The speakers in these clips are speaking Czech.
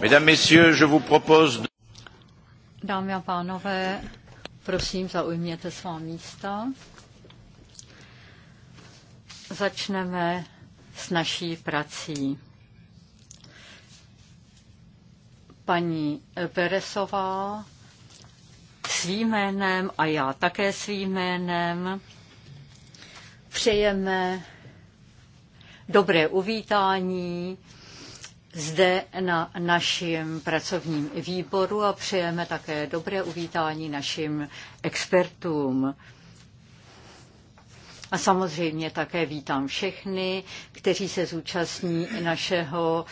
Mesdames, messieurs, je vous propose... Dámy a pánové, prosím, zaujměte svá místa. Začneme s naší prací. Paní Beresová svým jménem a já také svým jménem přejeme dobré uvítání zde na našem pracovním výboru a přejeme také dobré uvítání našim expertům. A samozřejmě také vítám všechny, kteří se zúčastní našeho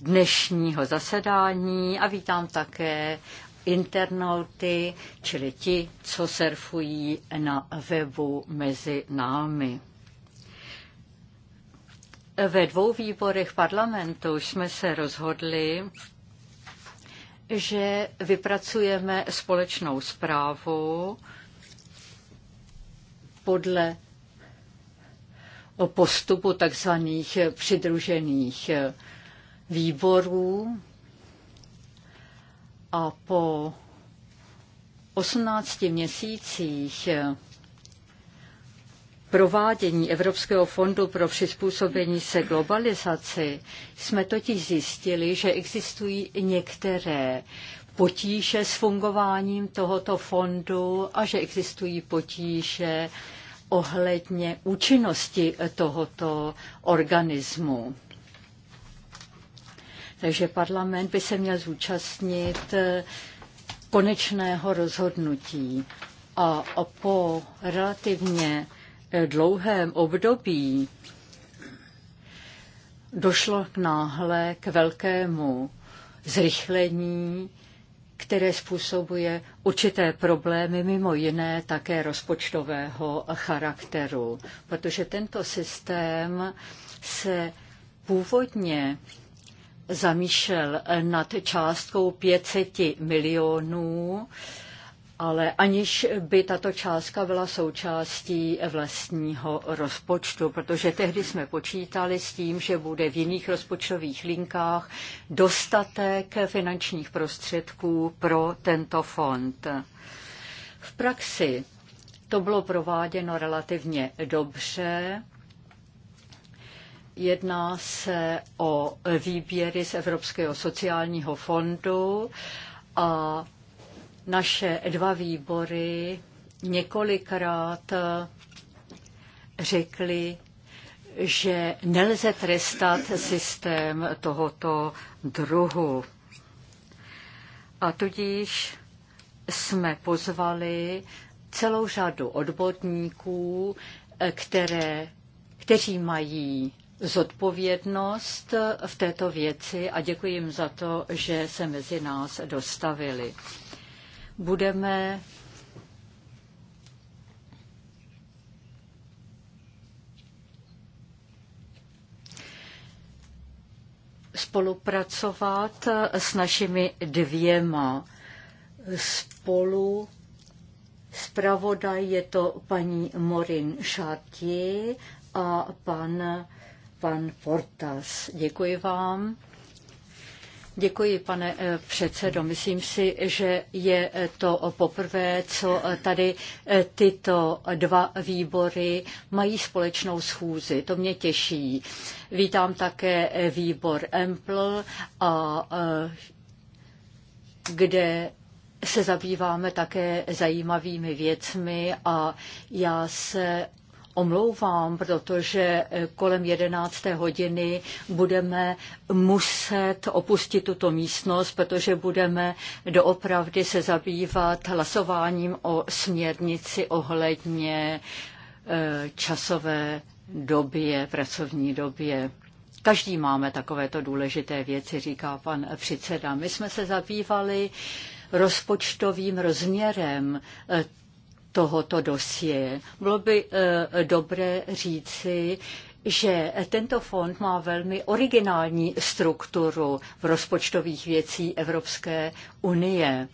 dnešního zasedání a vítám také internauty, čili ti, co surfují na webu mezi námi ve dvou výborech parlamentu jsme se rozhodli, že vypracujeme společnou zprávu podle postupu takzvaných přidružených výborů a po 18 měsících provádění Evropského fondu pro přizpůsobení se globalizaci jsme totiž zjistili, že existují některé potíže s fungováním tohoto fondu a že existují potíže ohledně účinnosti tohoto organismu. Takže parlament by se měl zúčastnit konečného rozhodnutí a po relativně dlouhém období došlo k náhle k velkému zrychlení, které způsobuje určité problémy, mimo jiné také rozpočtového charakteru, protože tento systém se původně zamýšlel nad částkou 500 milionů, ale aniž by tato částka byla součástí vlastního rozpočtu, protože tehdy jsme počítali s tím, že bude v jiných rozpočtových linkách dostatek finančních prostředků pro tento fond. V praxi to bylo prováděno relativně dobře. Jedná se o výběry z Evropského sociálního fondu a naše dva výbory několikrát eh, řekli, že nelze trestat systém tohoto druhu. A tudíž jsme pozvali celou řadu odborníků, eh, které, kteří mají zodpovědnost v této věci a děkuji jim za to, že se mezi nás dostavili budeme spolupracovat s našimi dvěma spolu Spravodaj je to paní Morin Šatě a pan, pan Portas. Děkuji vám. Děkuji, pane eh, předsedo. Myslím si, že je eh, to poprvé, co eh, tady tyto dva výbory mají společnou schůzi. To mě těší. Vítám také výbor EMPL, a, kde se zabýváme také zajímavými věcmi a já se omlouvám, protože eh, kolem 11. hodiny budeme muset opustit tuto místnost, protože budeme doopravdy se zabývat hlasováním o směrnici ohledně eh, časové době, pracovní době. Každý máme takovéto důležité věci, říká pan předseda. My jsme se zabývali rozpočtovým rozměrem eh, tohoto dosie. Bylo by eh, dobré říci, že tento fond má velmi originální strukturu v rozpočtových věcí Evropské unie.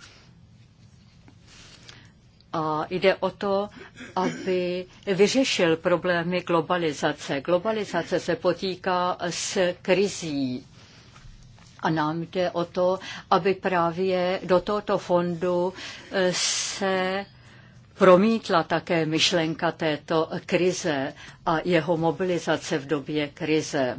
A jde o to, aby vyřešil problémy globalizace. Globalizace se potýká s krizí. A nám jde o to, aby právě do tohoto fondu eh, se promítla také myšlenka této krize a jeho mobilizace v době krize.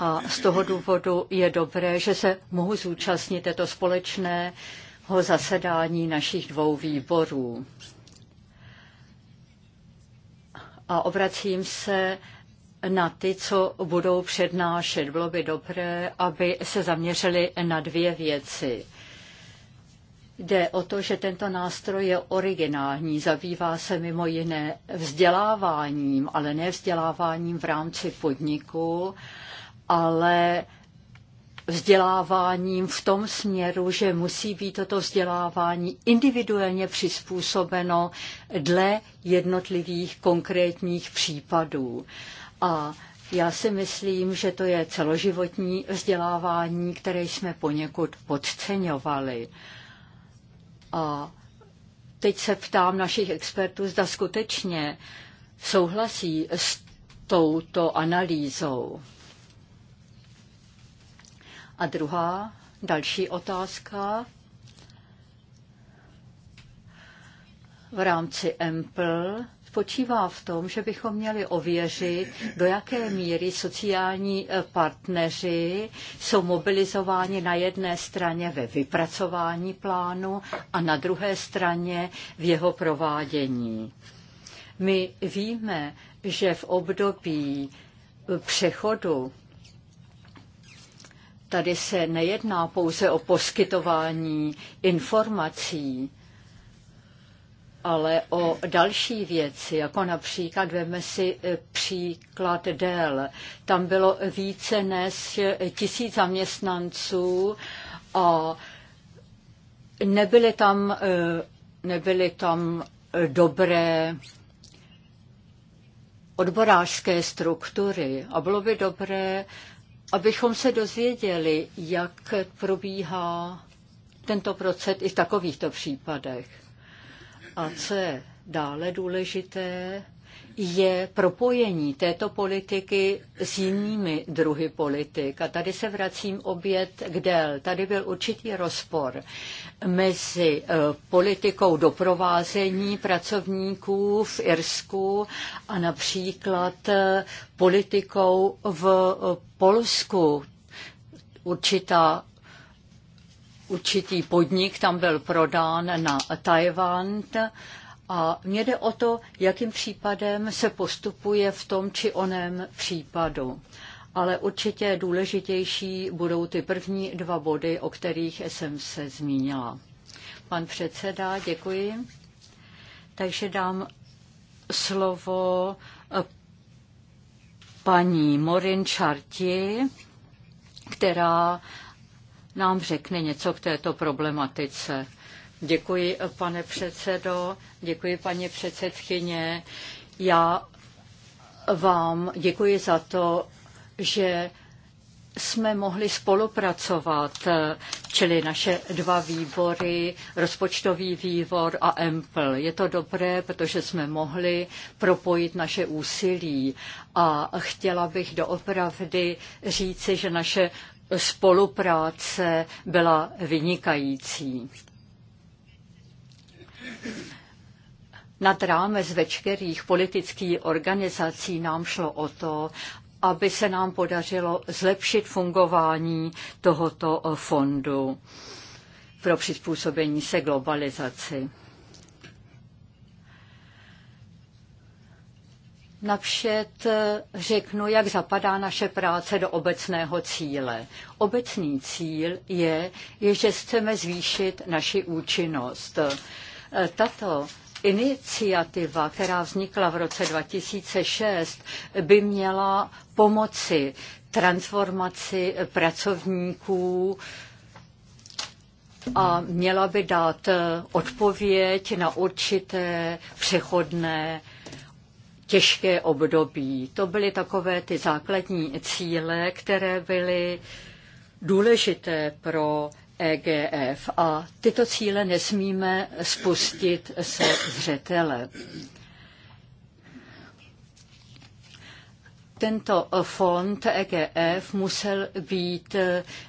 A z toho důvodu je dobré, že se mohu zúčastnit této společného zasedání našich dvou výborů. A obracím se na ty, co budou přednášet. Bylo by dobré, aby se zaměřili na dvě věci. Jde o to, že tento nástroj je originální, zabývá se mimo jiné vzděláváním, ale ne vzděláváním v rámci podniku, ale vzděláváním v tom směru, že musí být toto vzdělávání individuálně přizpůsobeno dle jednotlivých konkrétních případů. A já si myslím, že to je celoživotní vzdělávání, které jsme poněkud podceňovali. A teď se ptám našich expertů, zda skutečně souhlasí s touto analýzou. A druhá, další otázka. V rámci EMPL spočívá v tom, že bychom měli ověřit, do jaké míry sociální eh, partneři jsou mobilizováni na jedné straně ve vypracování plánu a na druhé straně v jeho provádění. My víme, že v období eh, přechodu tady se nejedná pouze o poskytování informací, ale o další věci, jako například veme si e, příklad DEL. Tam bylo více než tisíc zaměstnanců a nebyly tam, e, nebyly tam e, dobré odborářské struktury a bylo by dobré, abychom se dozvěděli, jak probíhá tento proces i v takovýchto případech. A co je dále důležité, je propojení této politiky s jinými druhy politik. A tady se vracím obět k DEL. Tady byl určitý rozpor mezi eh, politikou doprovázení pracovníků v Irsku a například eh, politikou v eh, Polsku. Určitá určitý podnik tam byl prodán na Tajván a mně jde o to, jakým případem se postupuje v tom či onem případu. Ale určitě důležitější budou ty první dva body, o kterých jsem se zmínila. Pan předseda, děkuji. Takže dám slovo eh, paní Morin Čarti, která nám řekne něco k této problematice. Děkuji, pane předsedo, děkuji, paní předsedkyně. Já vám děkuji za to, že jsme mohli spolupracovat, čili naše dva výbory, rozpočtový výbor a EMPL. Je to dobré, protože jsme mohli propojit naše úsilí a chtěla bych doopravdy říci, že naše spolupráce byla vynikající. Nad rámec veškerých politických organizací nám šlo o to, aby se nám podařilo zlepšit fungování tohoto fondu pro přizpůsobení se globalizaci. napřed eh, řeknu, jak zapadá naše práce do obecného cíle. Obecný cíl je, je že chceme zvýšit naši účinnost. Eh, tato iniciativa, která vznikla v roce 2006, by měla pomoci transformaci pracovníků a měla by dát eh, odpověď na určité přechodné těžké období. To byly takové ty základní cíle, které byly důležité pro EGF a tyto cíle nesmíme spustit se zřetele. Tento fond EGF musel být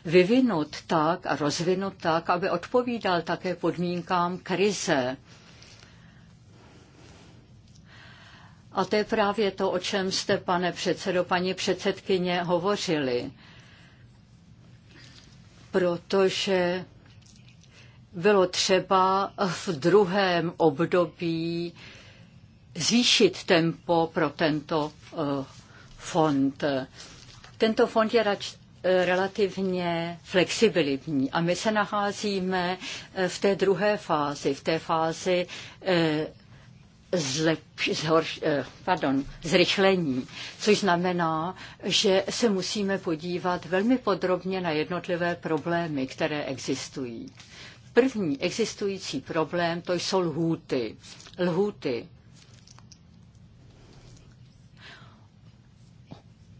vyvinut tak a rozvinut tak, aby odpovídal také podmínkám krize A to je právě to, o čem jste, pane předsedo, paní předsedkyně, hovořili. Protože bylo třeba v druhém období zvýšit tempo pro tento eh, fond. Tento fond je rač, eh, relativně flexibilní a my se nacházíme eh, v té druhé fázi, v té fázi zlep, zhorš, eh, pardon, zrychlení, což znamená, že se musíme podívat velmi podrobně na jednotlivé problémy, které existují. První existující problém to jsou lhůty. Lhůty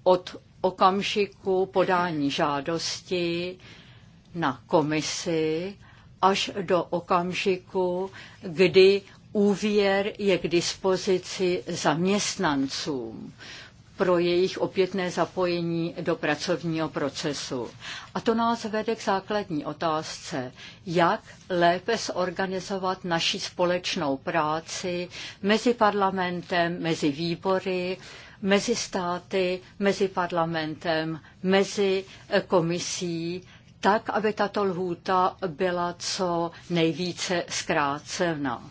od okamžiku podání žádosti na komisi až do okamžiku, kdy úvěr je k dispozici zaměstnancům pro jejich opětné zapojení do pracovního procesu. A to nás vede k základní otázce, jak lépe zorganizovat naši společnou práci mezi parlamentem, mezi výbory, mezi státy, mezi parlamentem, mezi eh, komisí, tak, aby tato lhůta byla co nejvíce zkrácena.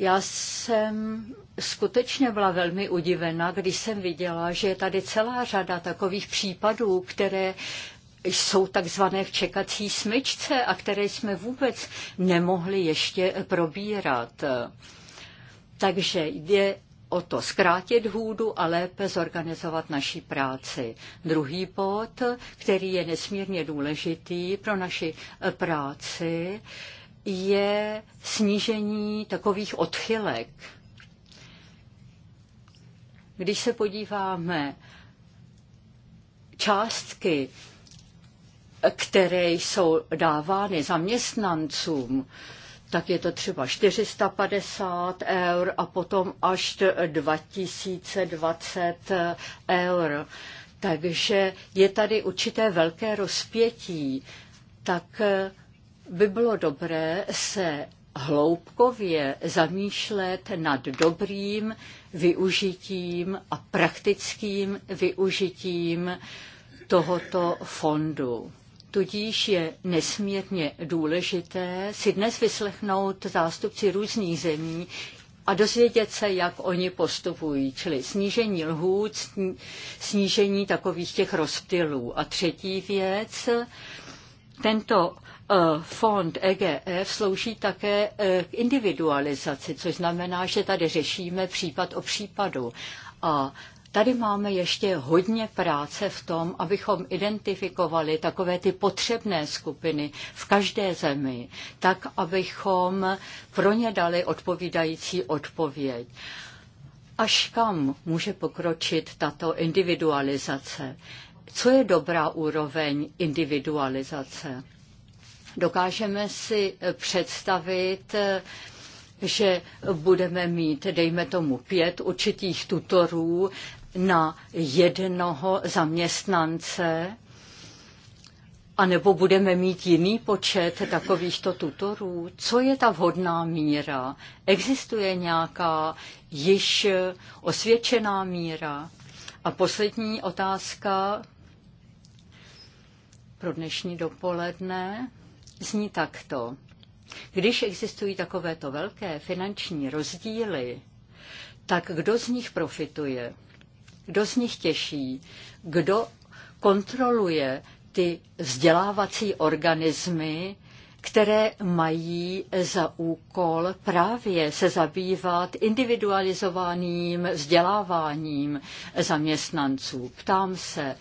Já jsem skutečně byla velmi udivena, když jsem viděla, že je tady celá řada takových případů, které jsou takzvané v čekací smyčce a které jsme vůbec nemohli ještě probírat. Takže je o to zkrátit hůdu a lépe zorganizovat naší práci. Druhý bod, který je nesmírně důležitý pro naši práci, je snížení takových odchylek. Když se podíváme částky, které jsou dávány zaměstnancům, tak je to třeba 450 eur a potom až 2020 eur. Takže je tady určité velké rozpětí. Tak by bylo dobré se hloubkově zamýšlet nad dobrým využitím a praktickým využitím tohoto fondu. Tudíž je nesmírně důležité si dnes vyslechnout zástupci různých zemí a dozvědět se, jak oni postupují, čili snížení lhůt, snížení takových těch rozptylů. A třetí věc, tento Eh, fond EGF slouží také eh, k individualizaci, což znamená, že tady řešíme případ o případu. A Tady máme ještě hodně práce v tom, abychom identifikovali takové ty potřebné skupiny v každé zemi, tak abychom pro ně dali odpovídající odpověď. Až kam může pokročit tato individualizace? Co je dobrá úroveň individualizace? Dokážeme si představit, že budeme mít, dejme tomu, pět určitých tutorů na jednoho zaměstnance, anebo budeme mít jiný počet takovýchto tutorů? Co je ta vhodná míra? Existuje nějaká již osvědčená míra? A poslední otázka pro dnešní dopoledne zní takto. Když existují takovéto velké finanční rozdíly, tak kdo z nich profituje? Kdo z nich těší? Kdo kontroluje ty vzdělávací organismy, které mají za úkol právě se zabývat individualizovaným vzděláváním zaměstnanců. Ptám se,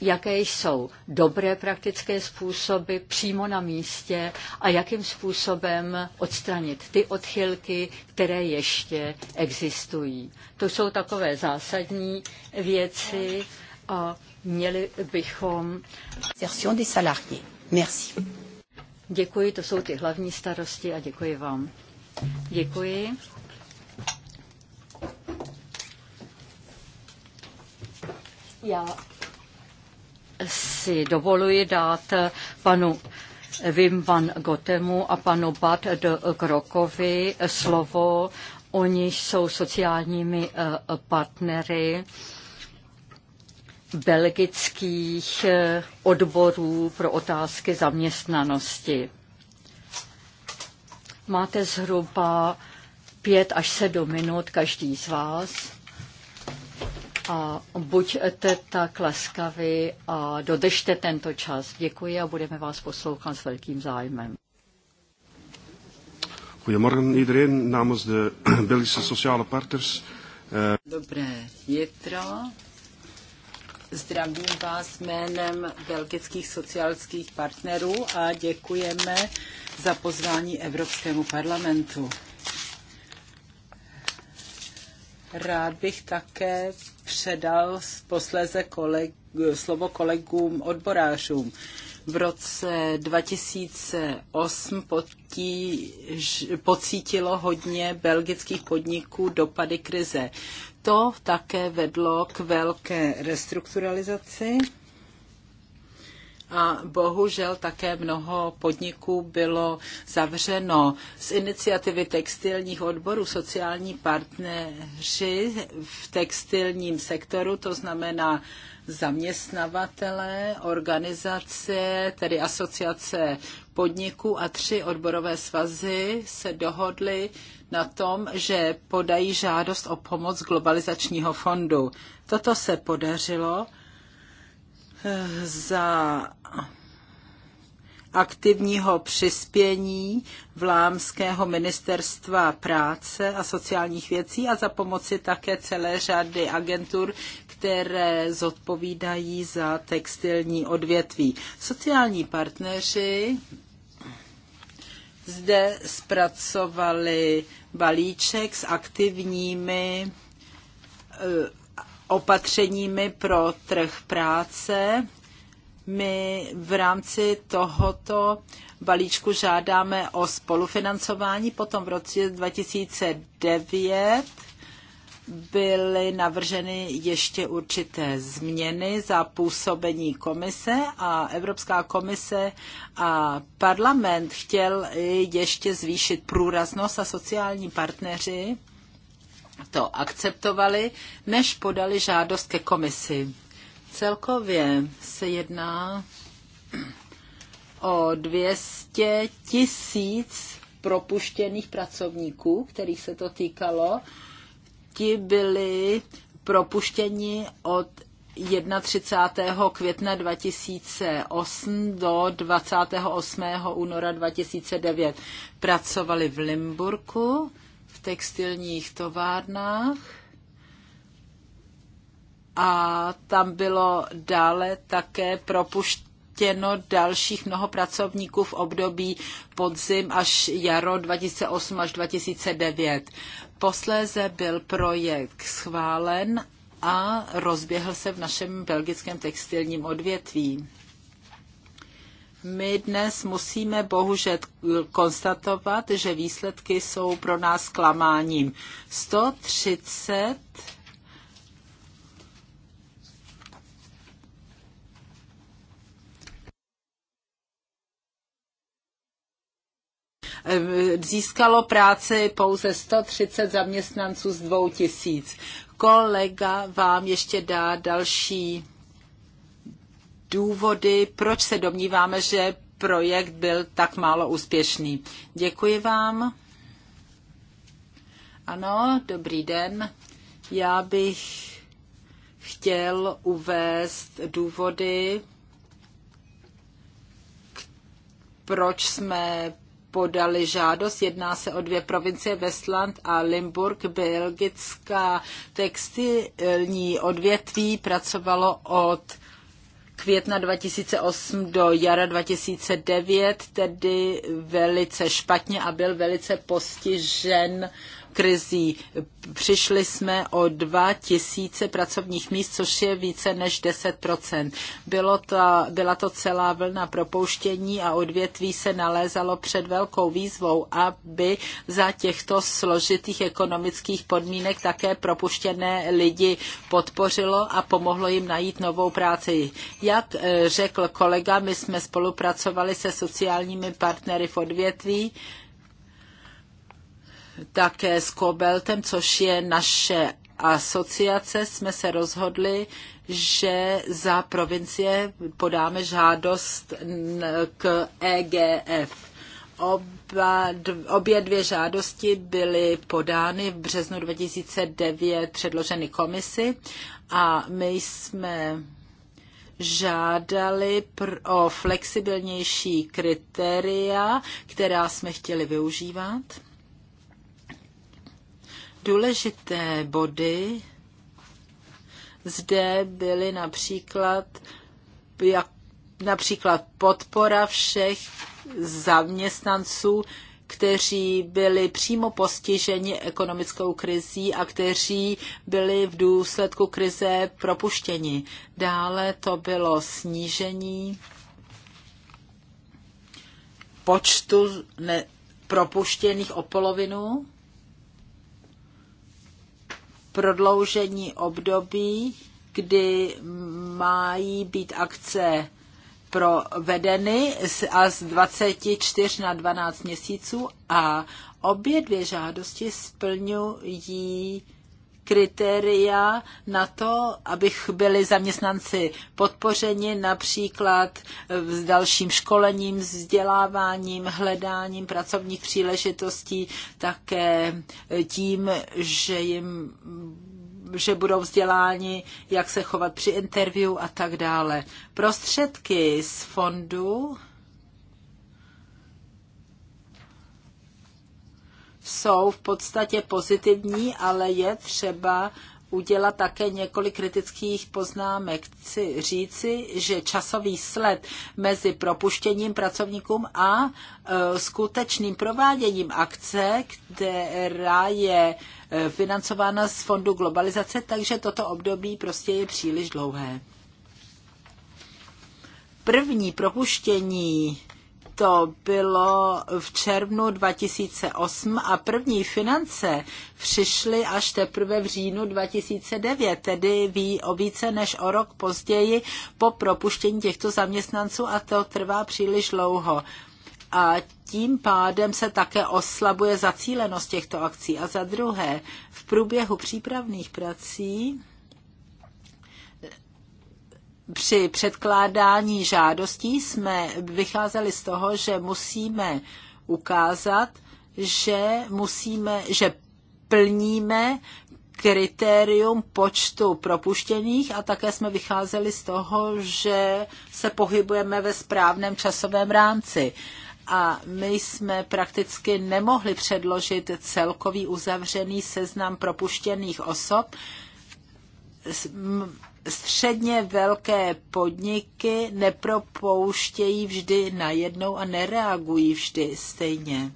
jaké jsou dobré praktické způsoby přímo na místě a jakým způsobem odstranit ty odchylky, které ještě existují. To jsou takové zásadní věci a měli bychom. Děkuji, to jsou ty hlavní starosti a děkuji vám. Děkuji. Já si dovoluji dát panu Wim van Gotemu a panu Bad de Krokovi slovo. Oni jsou sociálními eh, partnery belgických eh, odborů pro otázky zaměstnanosti. Máte zhruba pět až sedm minut každý z vás a buďte tak laskavi a dodržte tento čas. Děkuji a budeme vás poslouchat s velkým zájmem. Goedemorgen iedereen namens de Belgische sociale partners. Eh, Dobré jitro. Zdravím vás jménem belgických sociálních partnerů a děkujeme za pozvání Evropskému parlamentu. Rád bych také předal posléze koleg, slovo kolegům odborářům. V roce 2008 potíž, pocítilo hodně belgických podniků dopady krize. To také vedlo k velké restrukturalizaci a bohužel také mnoho podniků bylo zavřeno. Z iniciativy textilních odborů sociální partneři v textilním sektoru, to znamená zaměstnavatele, organizace, tedy asociace podniků a tři odborové svazy se dohodly na tom, že podají žádost o pomoc globalizačního fondu. Toto se podařilo za aktivního přispění vlámského ministerstva práce a sociálních věcí a za pomoci také celé řady agentur, které zodpovídají za textilní odvětví. Sociální partneři zde zpracovali balíček s aktivními eh, opatřeními pro trh práce. My v rámci tohoto balíčku žádáme o spolufinancování. Potom v roce 2009 byly navrženy ještě určité změny za působení komise a Evropská komise a parlament chtěl ještě zvýšit průraznost a sociální partneři to akceptovali, než podali žádost ke komisi. Celkově se jedná o 200 tisíc propuštěných pracovníků, kterých se to týkalo. Ti byli propuštěni od 31. května 2008 do 28. února 2009. Pracovali v Limburku, textilních továrnách a tam bylo dále také propuštěno dalších mnoho pracovníků v období podzim až jaro 2008 až 2009. Posléze byl projekt schválen a rozběhl se v našem belgickém textilním odvětví. My dnes musíme bohužel konstatovat, že výsledky jsou pro nás klamáním. 130 eh, získalo práci pouze 130 zaměstnanců z 2000. Kolega vám ještě dá další důvody, proč se domníváme, že projekt byl tak málo úspěšný. Děkuji vám. Ano, dobrý den. Já bych chtěl uvést důvody, proč jsme podali žádost. Jedná se o dvě provincie Westland a Limburg. Belgická textilní odvětví pracovalo od května 2008 do jara 2009, tedy velice špatně a byl velice postižen krizí. Přišli jsme o 2 tisíce pracovních míst, což je více než 10 Bylo to, Byla to celá vlna propouštění a odvětví se nalézalo před velkou výzvou, aby za těchto složitých ekonomických podmínek také propuštěné lidi podpořilo a pomohlo jim najít novou práci. Jak eh, řekl kolega, my jsme spolupracovali se sociálními partnery v odvětví, také s Kobeltem, což je naše asociace, jsme se rozhodli, že za provincie podáme žádost k EGF. Oba, obě dvě žádosti byly podány v březnu 2009 předloženy komisi a my jsme žádali o flexibilnější kritéria, která jsme chtěli využívat důležité body zde byly například, jak, například podpora všech zaměstnanců, kteří byli přímo postiženi ekonomickou krizí a kteří byli v důsledku krize propuštěni. Dále to bylo snížení počtu ne- propuštěných o polovinu prodloužení období, kdy mají být akce provedeny a z 24 na 12 měsíců a obě dvě žádosti splňují kritéria na to, abych byli zaměstnanci podpořeni například s dalším školením, vzděláváním, hledáním pracovních příležitostí, také tím, že jim že budou vzděláni, jak se chovat při interview a tak dále. Prostředky z fondu jsou v podstatě pozitivní, ale je třeba udělat také několik kritických poznámek. Chci říci, že časový sled mezi propuštěním pracovníkům a e, skutečným prováděním akce, která je e, financována z Fondu globalizace, takže toto období prostě je příliš dlouhé. První propuštění to bylo v červnu 2008 a první finance přišly až teprve v říjnu 2009, tedy ví o více než o rok později po propuštění těchto zaměstnanců a to trvá příliš dlouho. A tím pádem se také oslabuje zacílenost těchto akcí. A za druhé, v průběhu přípravných prací při předkládání žádostí jsme vycházeli z toho, že musíme ukázat, že musíme, že plníme kritérium počtu propuštěných a také jsme vycházeli z toho, že se pohybujeme ve správném časovém rámci. A my jsme prakticky nemohli předložit celkový uzavřený seznam propuštěných osob středně velké podniky nepropouštějí vždy najednou a nereagují vždy stejně.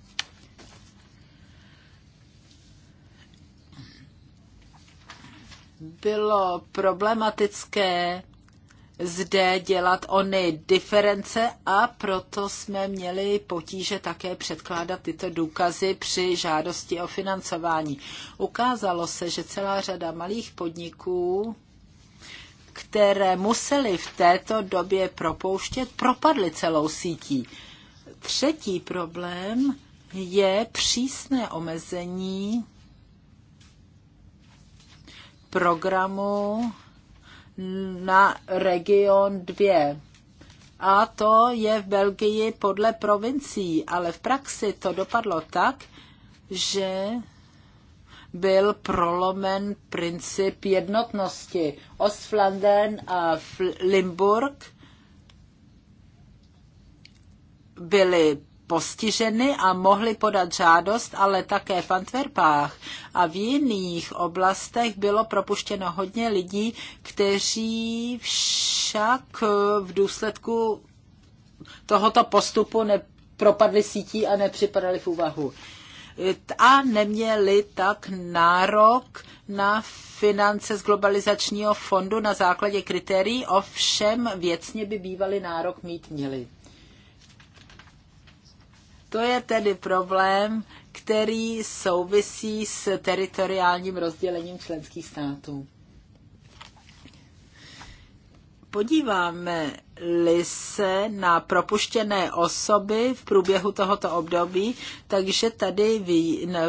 Bylo problematické zde dělat ony diference a proto jsme měli potíže také předkládat tyto důkazy při žádosti o financování. Ukázalo se, že celá řada malých podniků které museli v této době propouštět, propadly celou sítí. Třetí problém je přísné omezení programu na region 2. A to je v Belgii podle provincií, ale v praxi to dopadlo tak, že byl prolomen princip jednotnosti. Ostflanden a Limburg byly postiženy a mohly podat žádost, ale také v Antwerpách a v jiných oblastech bylo propuštěno hodně lidí, kteří však v důsledku tohoto postupu nepropadli sítí a nepřipadali v úvahu a neměli tak nárok na finance z globalizačního fondu na základě kritérií, ovšem věcně by bývali nárok mít měli. To je tedy problém, který souvisí s teritoriálním rozdělením členských států podíváme-li se na propuštěné osoby v průběhu tohoto období, takže tady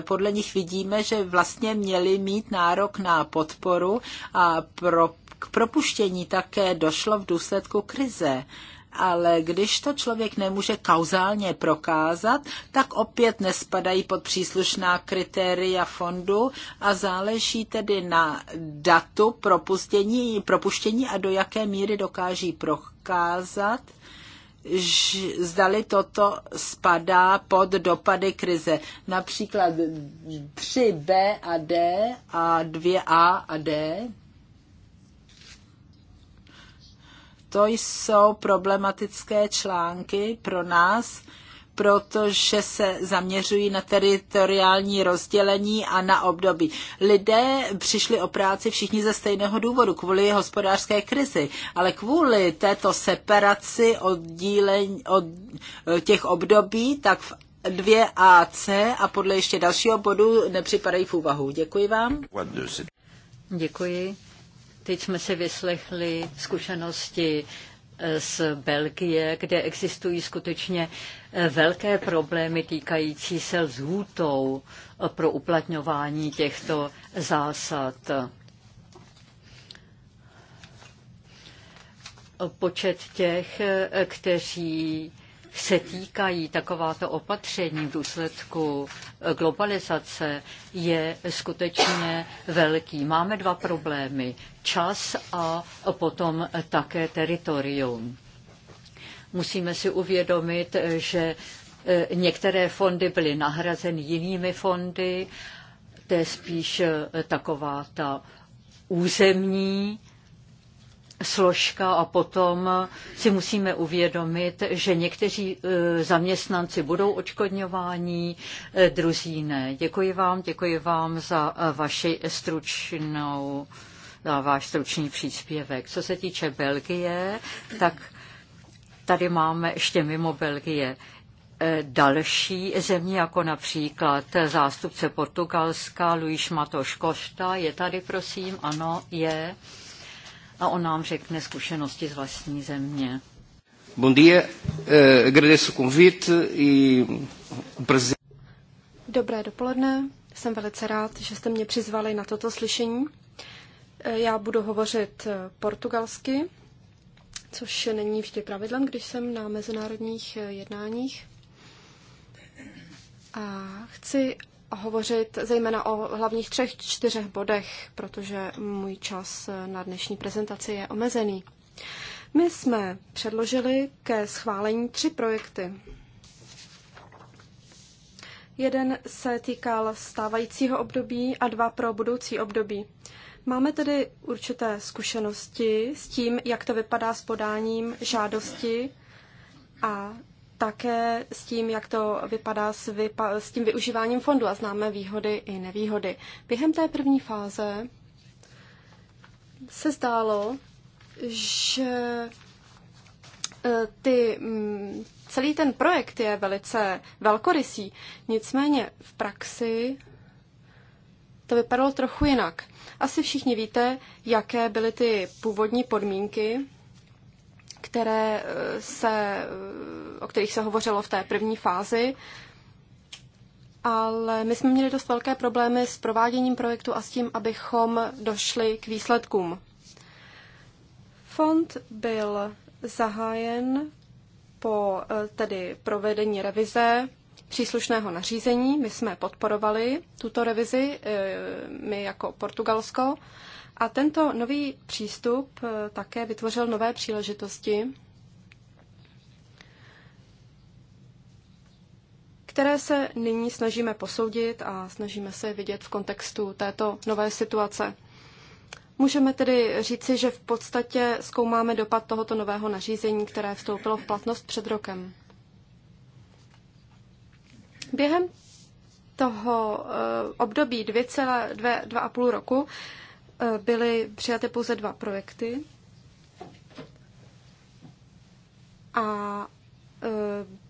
podle nich vidíme, že vlastně měli mít nárok na podporu a pro, k propuštění také došlo v důsledku krize. Uh, ale když to člověk nemůže kauzálně prokázat, tak opět nespadají pod příslušná kritéria fondu a záleží tedy na datu propuštění, propuštění a do jaké míry dokáží prokázat, zdali toto spadá pod dopady krize. Například 3B a D a 2A a D to jsou problematické články pro nás, protože se zaměřují na teritoriální rozdělení a na období. Lidé přišli o práci všichni ze stejného důvodu, kvůli hospodářské krizi, ale kvůli této separaci oddílení od těch období, tak v 2AC a podle ještě dalšího bodu nepřipadají v úvahu. Děkuji vám. Děkuji. Teď jsme si vyslechli zkušenosti eh, z Belgie, kde existují skutečně eh, velké problémy týkající se lhůtou eh, pro uplatňování těchto zásad. Počet těch, kteří se týkají takováto opatření v důsledku eh, globalizace, je skutečně velký. Máme dva problémy. Čas a potom také teritorium. Musíme si uvědomit, že eh, některé fondy byly nahrazeny jinými fondy, to je spíš eh, taková ta územní složka a potom si musíme uvědomit, že někteří e, zaměstnanci budou očkodňováni, e, druzí ne. Děkuji vám, děkuji vám za e, vaši stručnou za váš stručný příspěvek. Co se týče Belgie, tak tady máme ještě mimo Belgie další země, jako například zástupce Portugalska, Luis Matos Costa, je tady prosím, ano, je a on nám řekne zkušenosti z vlastní země. Bom dia, uh, agradeço o convite e prazer. Dobré dopoledne, jsem velice rád, že jste mě přizvali na toto slyšení. Eh, já budu hovořit eh, portugalsky, což není vždy pravidlem, když jsem na mezinárodních jednáních. A chci hovořit zejména o hlavních třech, čtyřech bodech, protože můj čas na dnešní prezentaci je omezený. My jsme předložili ke schválení tři projekty. Jeden se týkal stávajícího období a dva pro budoucí období. Máme tedy určité zkušenosti s tím, jak to vypadá s podáním žádosti a také s tím, jak to vypadá s, vypa- s tím využíváním fondu a známe výhody i nevýhody. Během té první fáze se zdálo, že e, ty, mm, celý ten projekt je velice velkorysý, nicméně v praxi to vypadalo trochu jinak. Asi všichni víte, jaké byly ty původní podmínky které eh, se, eh, o kterých se hovořilo v té první fázi, ale my jsme měli dost velké problémy s prováděním projektu a s tím, abychom došli k výsledkům. Fond byl zahájen po eh, tedy provedení revize příslušného nařízení. My jsme podporovali tuto revizi, my jako Portugalsko, a tento nový přístup eh, také vytvořil nové příležitosti, které se nyní snažíme posoudit a snažíme se vidět v kontextu této nové situace. Můžeme tedy říci, že v podstatě zkoumáme dopad tohoto nového nařízení, které vstoupilo v platnost před rokem. Během toho eh, období 2,5 roku Eh, byly přijaty pouze dva projekty a eh,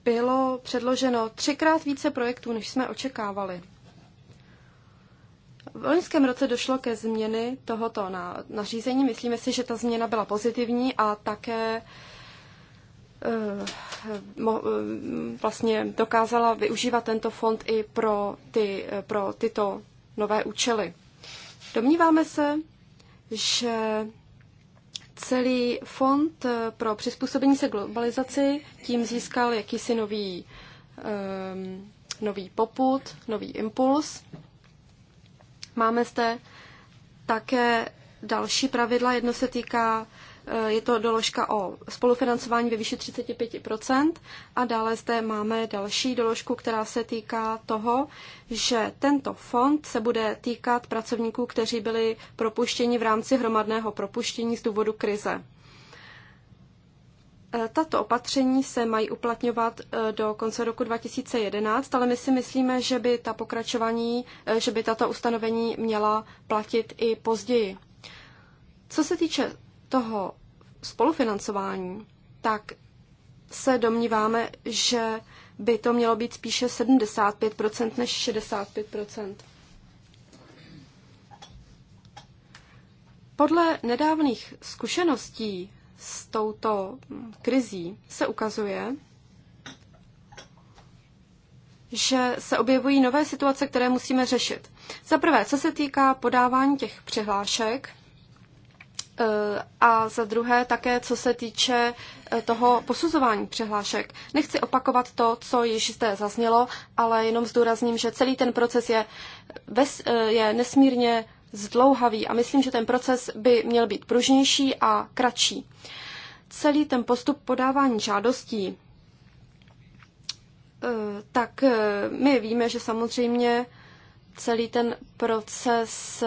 bylo předloženo třikrát více projektů, než jsme očekávali. V loňském roce došlo ke změny tohoto nařízení. Myslíme si, že ta změna byla pozitivní a také eh, vlastně dokázala využívat tento fond i pro, ty, pro tyto nové účely. Domníváme se, že celý fond pro přizpůsobení se globalizaci tím získal jakýsi nový, um, nový poput, nový impuls. Máme zde také další pravidla. Jedno se týká Eh, je to doložka o spolufinancování ve výši 35%. A dále zde máme další doložku, která se týká toho, že tento fond se bude týkat pracovníků, kteří byli propuštěni v rámci hromadného propuštění z důvodu krize. Eh, tato opatření se mají uplatňovat eh, do konce roku 2011, ale my si myslíme, že by ta pokračování, že by tato ustanovení měla platit i později. Co se týče toho spolufinancování, tak se domníváme, že by to mělo být spíše 75% než 65%. Podle nedávných zkušeností s touto krizí se ukazuje, že se objevují nové situace, které musíme řešit. Za prvé, co se týká podávání těch přihlášek, Eh, a za druhé také, co se týče eh, toho posuzování přihlášek. Nechci opakovat to, co již zde zaznělo, ale jenom zdůrazním, že celý ten proces je, bez, eh, je nesmírně zdlouhavý a myslím, že ten proces by měl být pružnější a kratší. Celý ten postup podávání žádostí, tak my víme, že samozřejmě celý ten proces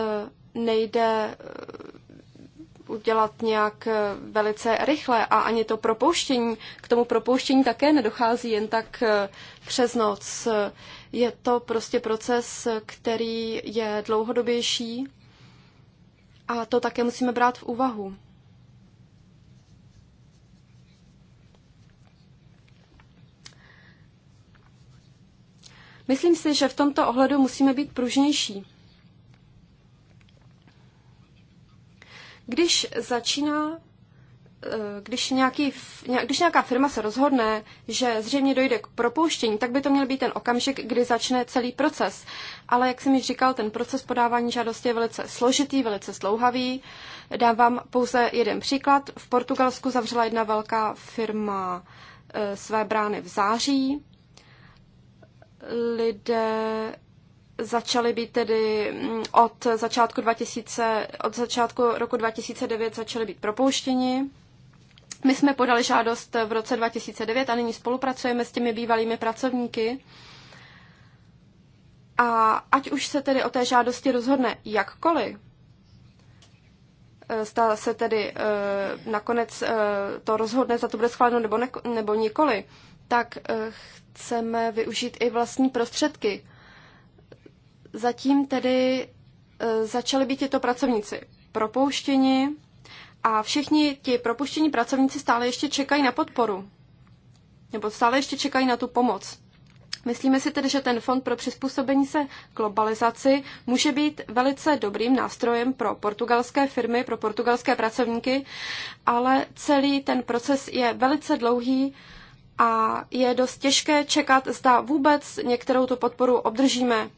nejde udělat nějak eh, velice rychle a ani to propouštění, k tomu propouštění také nedochází jen tak eh, přes noc. Je to prostě proces, který je dlouhodobější a to také musíme brát v úvahu. Myslím si, že v tomto ohledu musíme být pružnější. Když začíná eh, když, nějaký, když nějaká firma se rozhodne, že zřejmě dojde k propouštění, tak by to měl být ten okamžik, kdy začne celý proces. Ale jak jsem již říkal, ten proces podávání žádosti je velice složitý, velice slouhavý. Dám vám pouze jeden příklad. V Portugalsku zavřela jedna velká firma eh, své brány v září. Lidé začaly být tedy mm, od začátku, 2000, od začátku roku 2009 začaly být propouštěni. My jsme podali žádost v roce 2009 a nyní spolupracujeme s těmi bývalými pracovníky. A ať už se tedy o té žádosti rozhodne jakkoliv, eh, zda se tedy e, nakonec e, to rozhodne, za to bude schváleno nebo, ne, nebo nikoli, tak e, chceme využít i vlastní prostředky Zatím tedy e, začali být tyto pracovníci propouštěni a všichni ti propuštění pracovníci stále ještě čekají na podporu, nebo stále ještě čekají na tu pomoc. Myslíme si tedy, že ten fond pro přizpůsobení se globalizaci může být velice dobrým nástrojem pro portugalské firmy, pro portugalské pracovníky, ale celý ten proces je velice dlouhý a je dost těžké čekat, zda vůbec některou tu podporu obdržíme.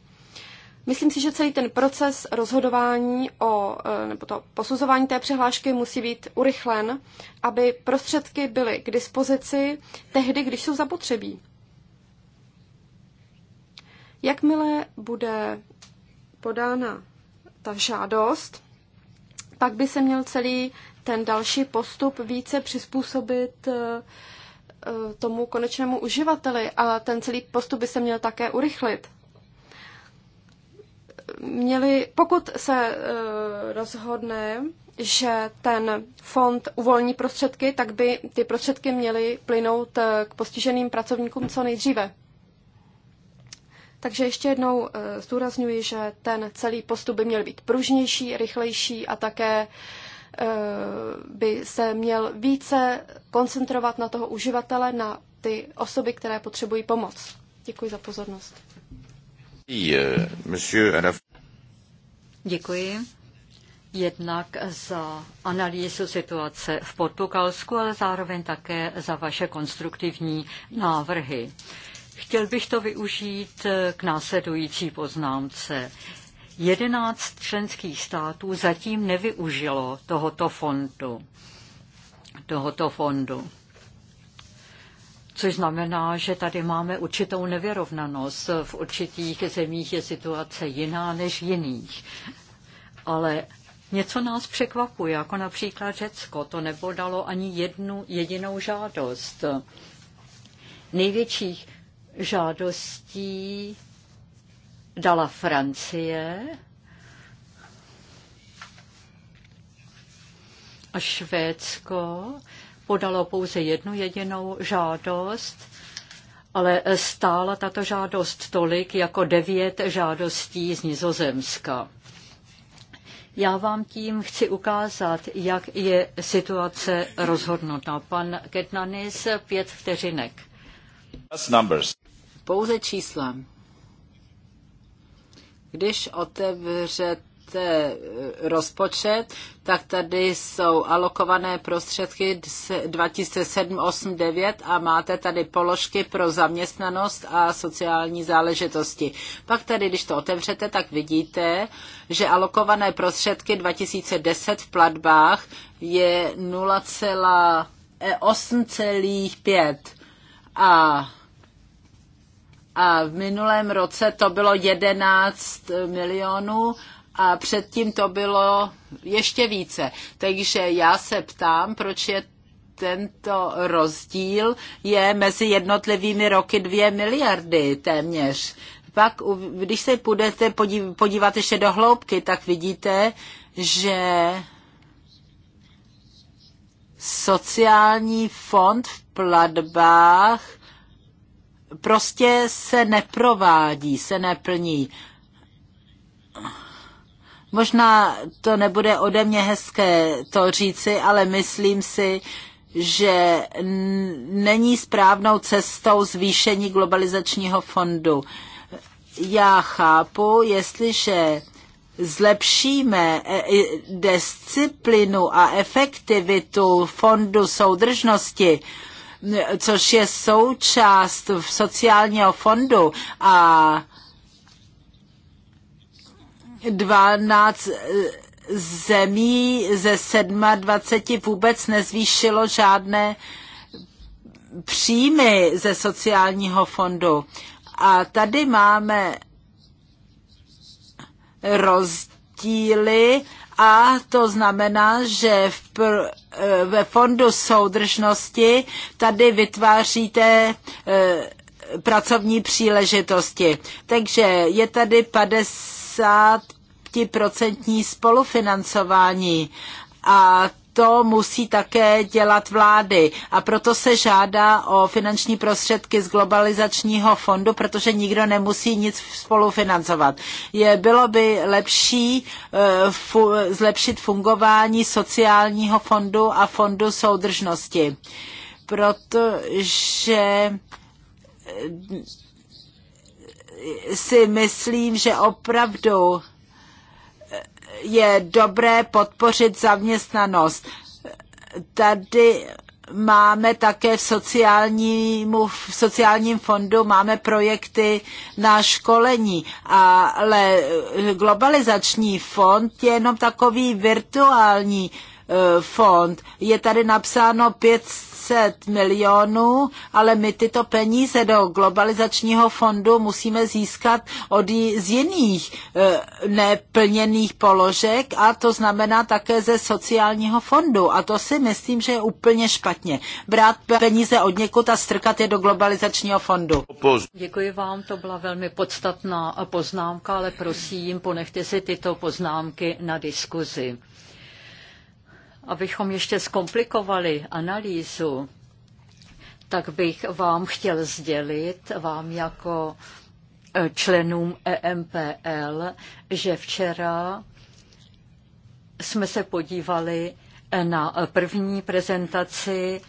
Myslím si, že celý ten proces rozhodování o, e, nebo to posuzování té přihlášky musí být urychlen, aby prostředky byly k dispozici tehdy, když jsou zapotřebí. Jakmile bude podána ta žádost, tak by se měl celý ten další postup více přizpůsobit e, e, tomu konečnému uživateli a ten celý postup by se měl také urychlit měli, pokud se eh, rozhodne, že ten fond uvolní prostředky, tak by ty prostředky měly plynout eh, k postiženým pracovníkům co nejdříve. Takže ještě jednou eh, zdůrazňuji, že ten celý postup by měl být pružnější, rychlejší a také by se měl více koncentrovat na toho uživatele, na ty osoby, které potřebují pomoc. Děkuji za pozornost. Děkuji jednak za analýzu situace v Portugalsku, ale zároveň také za vaše konstruktivní návrhy. Chtěl bych to využít k následující poznámce. 11 členských států zatím nevyužilo tohoto fondu. Tohoto fondu což znamená, že tady máme určitou nevyrovnanost. V určitých zemích je situace jiná než jiných. Ale Něco nás překvapuje, jako například Řecko, to dalo ani jednu jedinou žádost. Největších žádostí dala Francie a Švédsko podalo pouze jednu jedinou žádost, ale stála tato žádost tolik jako devět žádostí z Nizozemska. Já vám tím chci ukázat, jak je situace rozhodnuta. Pan Ketnanis, pět vteřinek. Pouze čísla. Když otevřete E, rozpočet, tak tady jsou alokované prostředky 2007, 8, a máte tady položky pro zaměstnanost a sociální záležitosti. Pak tady, když to otevřete, tak vidíte, že alokované prostředky 2010 v platbách je 0,8,5 a a v minulém roce to bylo 11 milionů a předtím to bylo ještě více. Takže já se ptám, proč je tento rozdíl je mezi jednotlivými roky dvě miliardy téměř. Pak, když se půjdete podívat ještě do hloubky, tak vidíte, že sociální fond v platbách prostě se neprovádí, se neplní. Možná to nebude ode mě hezké to říci, ale myslím si, že není správnou cestou zvýšení globalizačního fondu. Já chápu, jestliže zlepšíme e, disciplinu a efektivitu fondu soudržnosti, což je součást sociálního fondu a 12 eh, zemí ze 27 vůbec nezvýšilo žádné příjmy ze sociálního fondu. A tady máme rozdíly a to znamená, že v pr- eh, ve fondu soudržnosti tady vytváříte eh, pracovní příležitosti. Takže je tady 50 50% spolufinancování. A to musí také dělat vlády. A proto se žádá o finanční prostředky z globalizačního fondu, protože nikdo nemusí nic spolufinancovat. Je, bylo by lepší uh, fu, zlepšit fungování sociálního fondu a fondu soudržnosti, protože eh, si myslím, že opravdu je dobré podpořit zaměstnanost. Tady máme také v, sociálnímu, v sociálním fondu máme projekty na školení, ale globalizační fond je jenom takový virtuální eh, fond. Je tady napsáno 500 500 milionů, ale my tyto peníze do globalizačního fondu musíme získat od z jiných e, neplněných položek a to znamená také ze sociálního fondu. A to si myslím, že je úplně špatně. Brát peníze od někud a strkat je do globalizačního fondu. Děkuji vám, to byla velmi podstatná poznámka, ale prosím, ponechte si tyto poznámky na diskuzi abychom ještě zkomplikovali analýzu, tak bych vám chtěl sdělit, vám jako eh, členům EMPL, že včera jsme se podívali eh, na eh, první prezentaci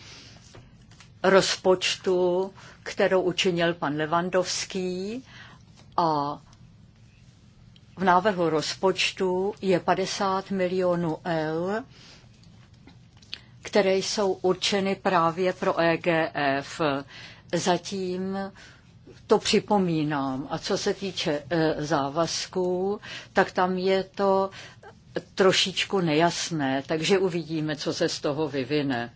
rozpočtu, kterou učinil pan Levandovský a v návrhu rozpočtu je 50 milionů eur které jsou určeny právě pro EGF. Zatím to připomínám. A co se týče e, závazků, tak tam je to trošičku nejasné, takže uvidíme, co se z toho vyvine.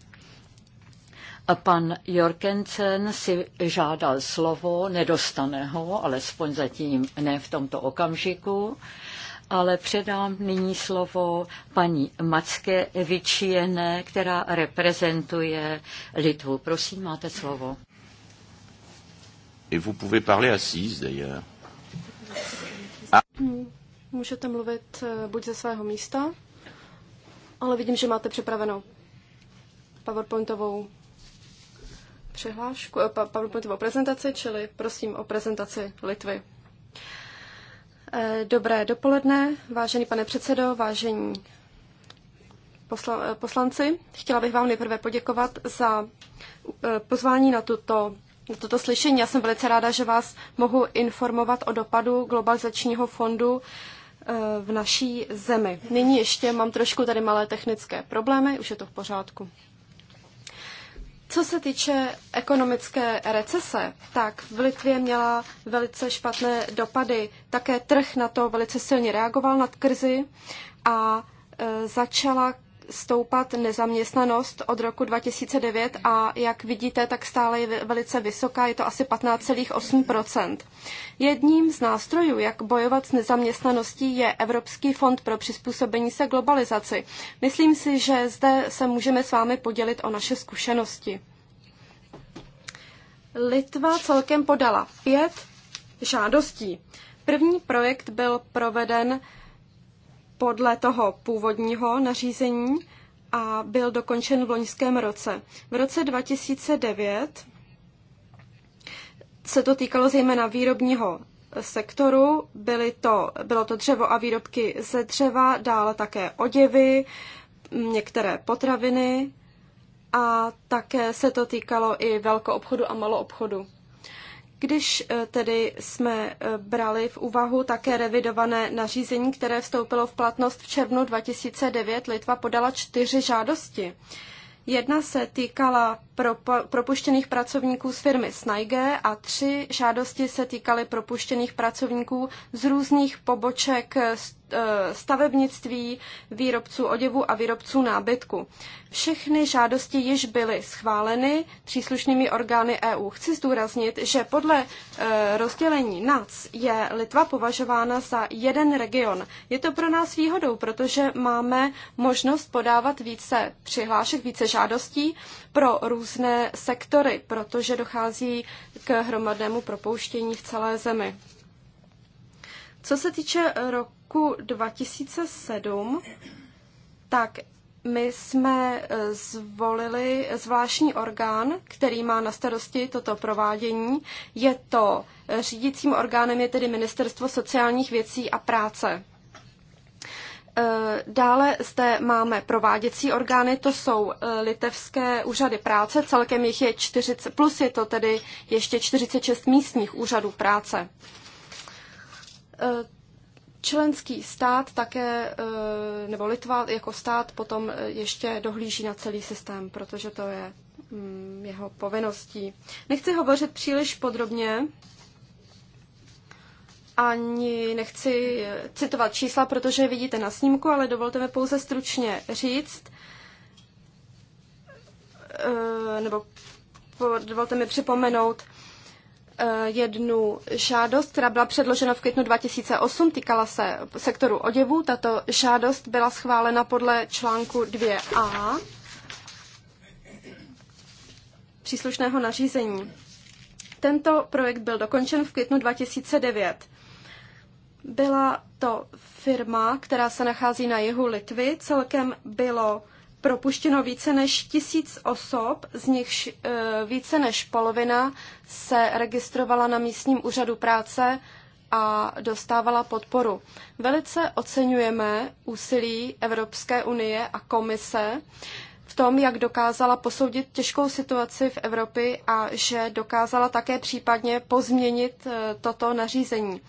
A pan Jorkensen si žádal slovo, nedostane ho, alespoň zatím ne v tomto okamžiku ale předám nyní slovo paní Macké Vičiene, která reprezentuje Litvu. Prosím, máte slovo. Et vous pouvez parler assise d'ailleurs. Ah. Můžete mluvit eh, buď ze svého místa, ale vidím, že máte připravenou PowerPointovou přihlášku, eh, PowerPointovou prezentaci, čili prosím o prezentaci Litvy. Eh, dobré dopoledne, vážený pane předsedo, vážení posla, eh, poslanci. Chtěla bych vám nejprve poděkovat za eh, pozvání na tuto na toto slyšení. Já jsem velice ráda, že vás mohu informovat o dopadu globalizačního fondu v naší zemi. Nyní ještě mám trošku tady malé technické problémy, už je to v pořádku. Co se týče ekonomické recese, tak v Litvě měla velice špatné dopady. Také trh na to velice silně reagoval nad krizi a e, začala stoupat nezaměstnanost od roku 2009 a jak vidíte, tak stále je velice vysoká, je to asi 15,8 Jedním z nástrojů, jak bojovat s nezaměstnaností, je Evropský fond pro přizpůsobení se globalizaci. Myslím si, že zde se můžeme s vámi podělit o naše zkušenosti. Litva celkem podala pět žádostí. První projekt byl proveden podle toho původního nařízení a byl dokončen v loňském roce. V roce 2009 se to týkalo zejména výrobního sektoru. Byly to, bylo to dřevo a výrobky ze dřeva, dále také oděvy, některé potraviny a také se to týkalo i velkoobchodu a maloobchodu. Když eh, tedy jsme eh, brali v úvahu také revidované nařízení, které vstoupilo v platnost v červnu 2009, Litva podala čtyři žádosti. Jedna se týkala propuštěných pracovníků z firmy Snajge a tři žádosti se týkaly propuštěných pracovníků z různých poboček eh, stavebnictví, výrobců oděvu a výrobců nábytku. Všechny žádosti již byly schváleny příslušnými orgány EU. Chci zdůraznit, že podle eh, rozdělení NAC je Litva považována za jeden region. Je to pro nás výhodou, protože máme možnost podávat více přihlášek, více žádostí pro různé různé sektory, protože dochází k hromadnému propouštění v celé zemi. Co se týče roku 2007, tak my jsme eh, zvolili zvláštní orgán, který má na starosti toto provádění. Je to eh, řídícím orgánem je tedy Ministerstvo sociálních věcí a práce. Eh, dále zde máme prováděcí orgány, to jsou eh, litevské úřady práce, celkem jich je 40, plus je to tedy ještě 46 místních úřadů práce. Eh, členský stát také, nebo Litva jako stát potom ještě dohlíží na celý systém, protože to je mm, jeho povinností. Nechci hovořit příliš podrobně ani nechci citovat čísla, protože je vidíte na snímku, ale dovolte mi pouze stručně říct, eh, nebo dovolte mi připomenout eh, jednu žádost, která byla předložena v květnu 2008, týkala se sektoru oděvu. Tato žádost byla schválena podle článku 2a příslušného nařízení. Tento projekt byl dokončen v květnu 2009. Byla to firma, která se nachází na jihu Litvy. Celkem bylo propuštěno více než tisíc osob, z nichž eh, více než polovina se registrovala na místním úřadu práce a dostávala podporu. Velice oceňujeme úsilí Evropské unie a komise v tom, jak dokázala posoudit těžkou situaci v Evropě a že dokázala také případně pozměnit eh, toto nařízení.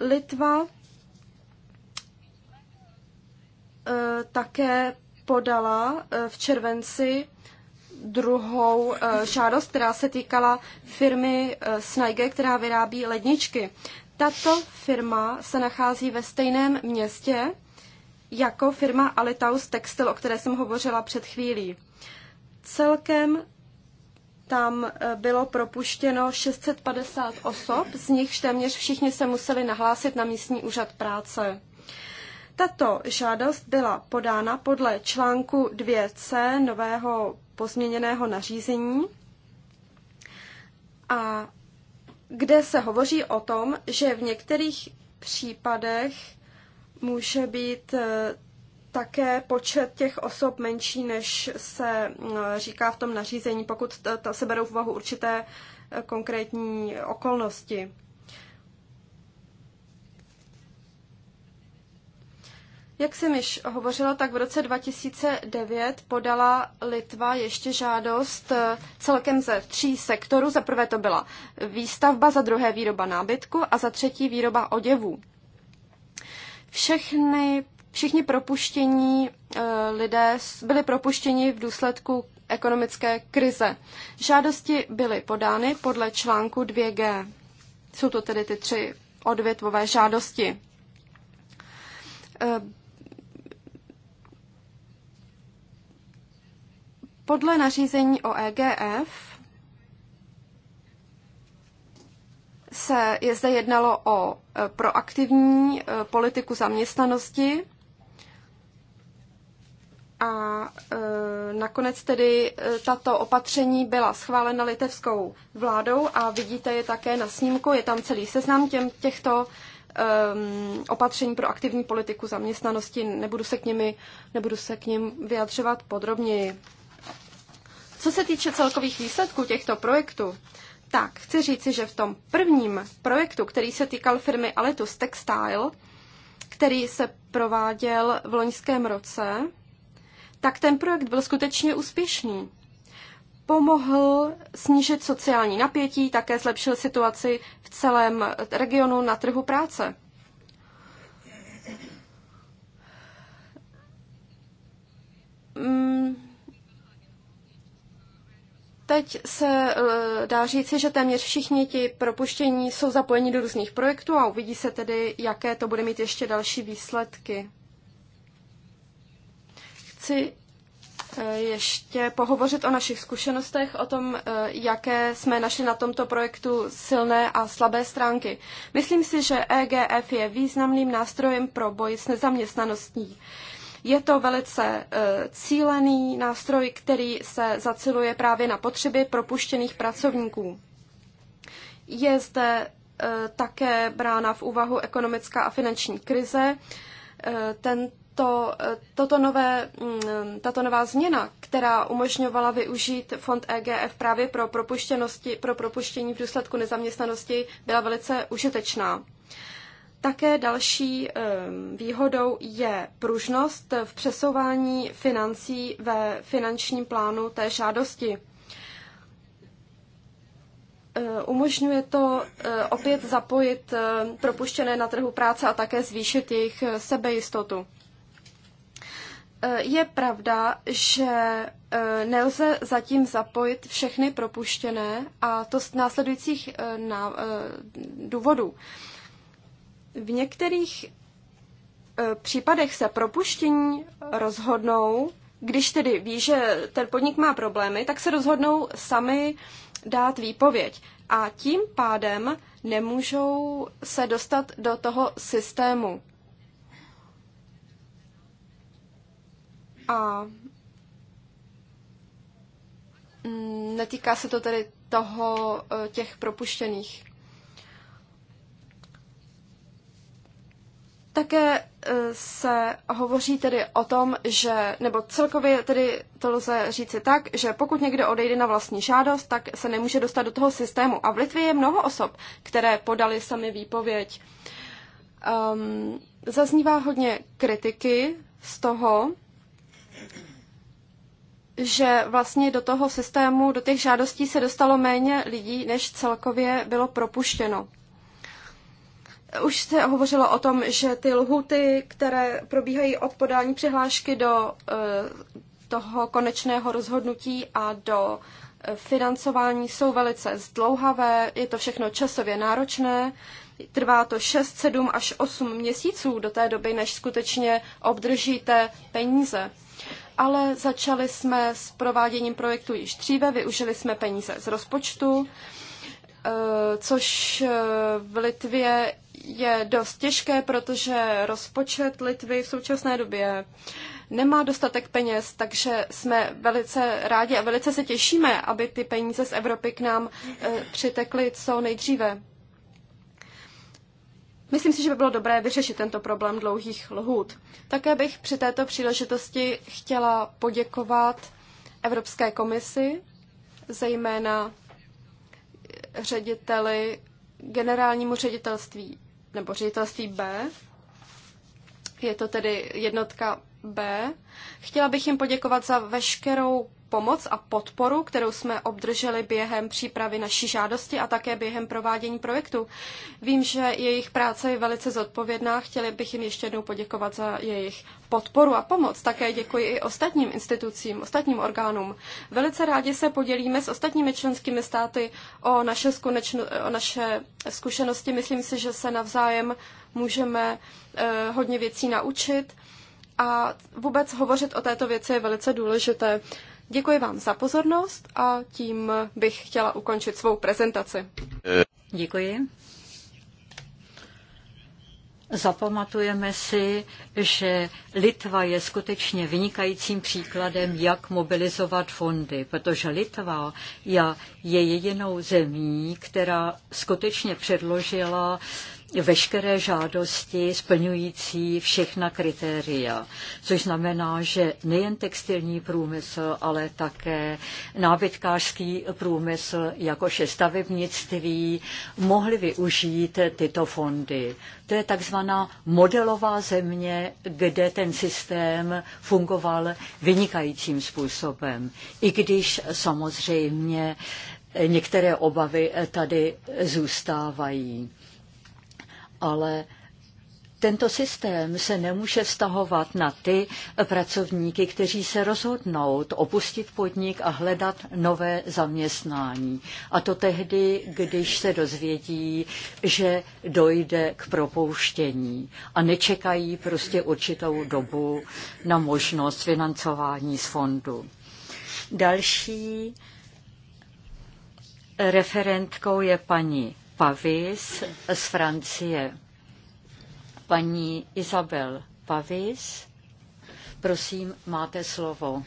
Litva eh, také podala eh, v červenci druhou eh, žádost, která se týkala firmy Snajge, která vyrábí ledničky. Tato firma se nachází ve stejném městě jako firma Alitaus Textil, o které jsem hovořila před chvílí. Celkem tam eh, bylo propuštěno 650 osob, z nichž téměř všichni se museli nahlásit na místní úřad práce. Tato žádost byla podána podle článku 2c nového pozměněného nařízení, a kde se hovoří o tom, že v některých případech může být eh, také počet těch osob menší, než se eh, říká v tom nařízení, pokud se berou v úvahu určité eh, konkrétní okolnosti. Jak jsem již hovořila, tak v roce 2009 podala Litva ještě žádost eh, celkem ze tří sektorů. Za prvé to byla výstavba, za druhé výroba nábytku a za třetí výroba oděvů. Všechny Všichni propuštění eh, lidé byli propuštěni v důsledku ekonomické krize. Žádosti byly podány podle článku 2G. Jsou to tedy ty tři odvětvové žádosti. Eh, podle nařízení o EGF se je zde jednalo o eh, proaktivní politiku zaměstnanosti a e, nakonec tedy e, tato opatření byla schválena litevskou vládou a vidíte je také na snímku, je tam celý seznam těm, těchto e, opatření pro aktivní politiku zaměstnanosti, nebudu se k, nimi, nebudu se k ním vyjadřovat podrobněji. Co se týče celkových výsledků těchto projektů, tak chci říci, že v tom prvním projektu, který se týkal firmy Aletus Textile, který se prováděl v loňském roce, tak ten projekt byl skutečně úspěšný. Pomohl snížit sociální napětí, také zlepšil situaci v celém regionu na trhu práce. Mm. Teď se eh, dá říci, že téměř všichni ti propuštění jsou zapojeni do různých projektů a uvidí se tedy, jaké to bude mít ještě další výsledky chci eh, ještě pohovořit o našich zkušenostech, o tom, eh, jaké jsme našli na tomto projektu silné a slabé stránky. Myslím si, že EGF je významným nástrojem pro boj s nezaměstnaností. Je to velice eh, cílený nástroj, který se zaciluje právě na potřeby propuštěných pracovníků. Je zde také brána v úvahu ekonomická a finanční krize. Ten to, toto nové, mm, tato nová změna, která umožňovala využít fond EGF právě pro, propuštěnosti, pro propuštění v důsledku nezaměstnanosti, byla velice užitečná. Také další výhodou je pružnost v přesouvání financí ve finančním plánu té žádosti. Umožňuje to opět zapojit propuštěné na trhu práce a také zvýšit jejich eh, sebejistotu. Je pravda, že e, nelze zatím zapojit všechny propuštěné a to z následujících e, e, důvodů. V některých případech se propuštění rozhodnou, když tedy ví, že ten podnik má problémy, tak se rozhodnou sami dát výpověď. A tím pádem nemůžou se dostat do toho systému A mm, netýká se to tedy toho e, těch propuštěných. Také e, se hovoří tedy o tom, že, nebo celkově tedy to lze říci tak, že pokud někdo odejde na vlastní žádost, tak se nemůže dostat do toho systému. A v Litvě je mnoho osob, které podali sami výpověď. Um, zaznívá hodně kritiky z toho, že vlastně do toho systému, do těch žádostí se dostalo méně lidí, než celkově bylo propuštěno. Už se hovořilo o tom, že ty lhuty, které probíhají od podání přihlášky do eh, toho konečného rozhodnutí a do eh, financování jsou velice zdlouhavé, je to všechno časově náročné, trvá to 6, 7 až 8 měsíců do té doby, než skutečně obdržíte peníze ale začali jsme s prováděním projektu již dříve, využili jsme peníze z rozpočtu, eh, což eh, v Litvě je dost těžké, protože rozpočet Litvy v současné době nemá dostatek peněz, takže jsme velice rádi a velice se těšíme, aby ty peníze z Evropy k nám eh, přitekly co nejdříve. Myslím si, že by bylo dobré vyřešit tento problém dlouhých lhůt. Také bych při této příležitosti chtěla poděkovat Evropské komisi, zejména řediteli, generálnímu ředitelství nebo ředitelství B. Je to tedy jednotka B. Chtěla bych jim poděkovat za veškerou pomoc a podporu, kterou jsme obdrželi během přípravy naší žádosti a také během provádění projektu. Vím, že jejich práce je velice zodpovědná, chtěli bych jim ještě jednou poděkovat za jejich podporu a pomoc. Také děkuji i ostatním institucím, ostatním orgánům. Velice rádi se podělíme s ostatními členskými státy o naše, skunečno, o naše zkušenosti. Myslím si, že se navzájem můžeme eh, hodně věcí naučit a vůbec hovořit o této věci je velice důležité. Děkuji vám za pozornost a tím bych chtěla ukončit svou prezentaci. Děkuji. Zapamatujeme si, že Litva je skutečně vynikajícím příkladem, jak mobilizovat fondy, protože Litva je jedinou zemí, která skutečně předložila veškeré žádosti splňující všechna kritéria, což znamená, že nejen textilní průmysl, ale také nábytkářský průmysl, jakož stavebnictví, mohli využít tyto fondy. To je takzvaná modelová země, kde ten systém fungoval vynikajícím způsobem. I když samozřejmě některé obavy tady zůstávají ale tento systém se nemůže vztahovat na ty pracovníky, kteří se rozhodnou opustit podnik a hledat nové zaměstnání. A to tehdy, když se dozvědí, že dojde k propouštění a nečekají prostě určitou dobu na možnost financování z fondu. Další referentkou je paní Pavis z Francie. Paní Isabel Pavis, prosím, máte slovo.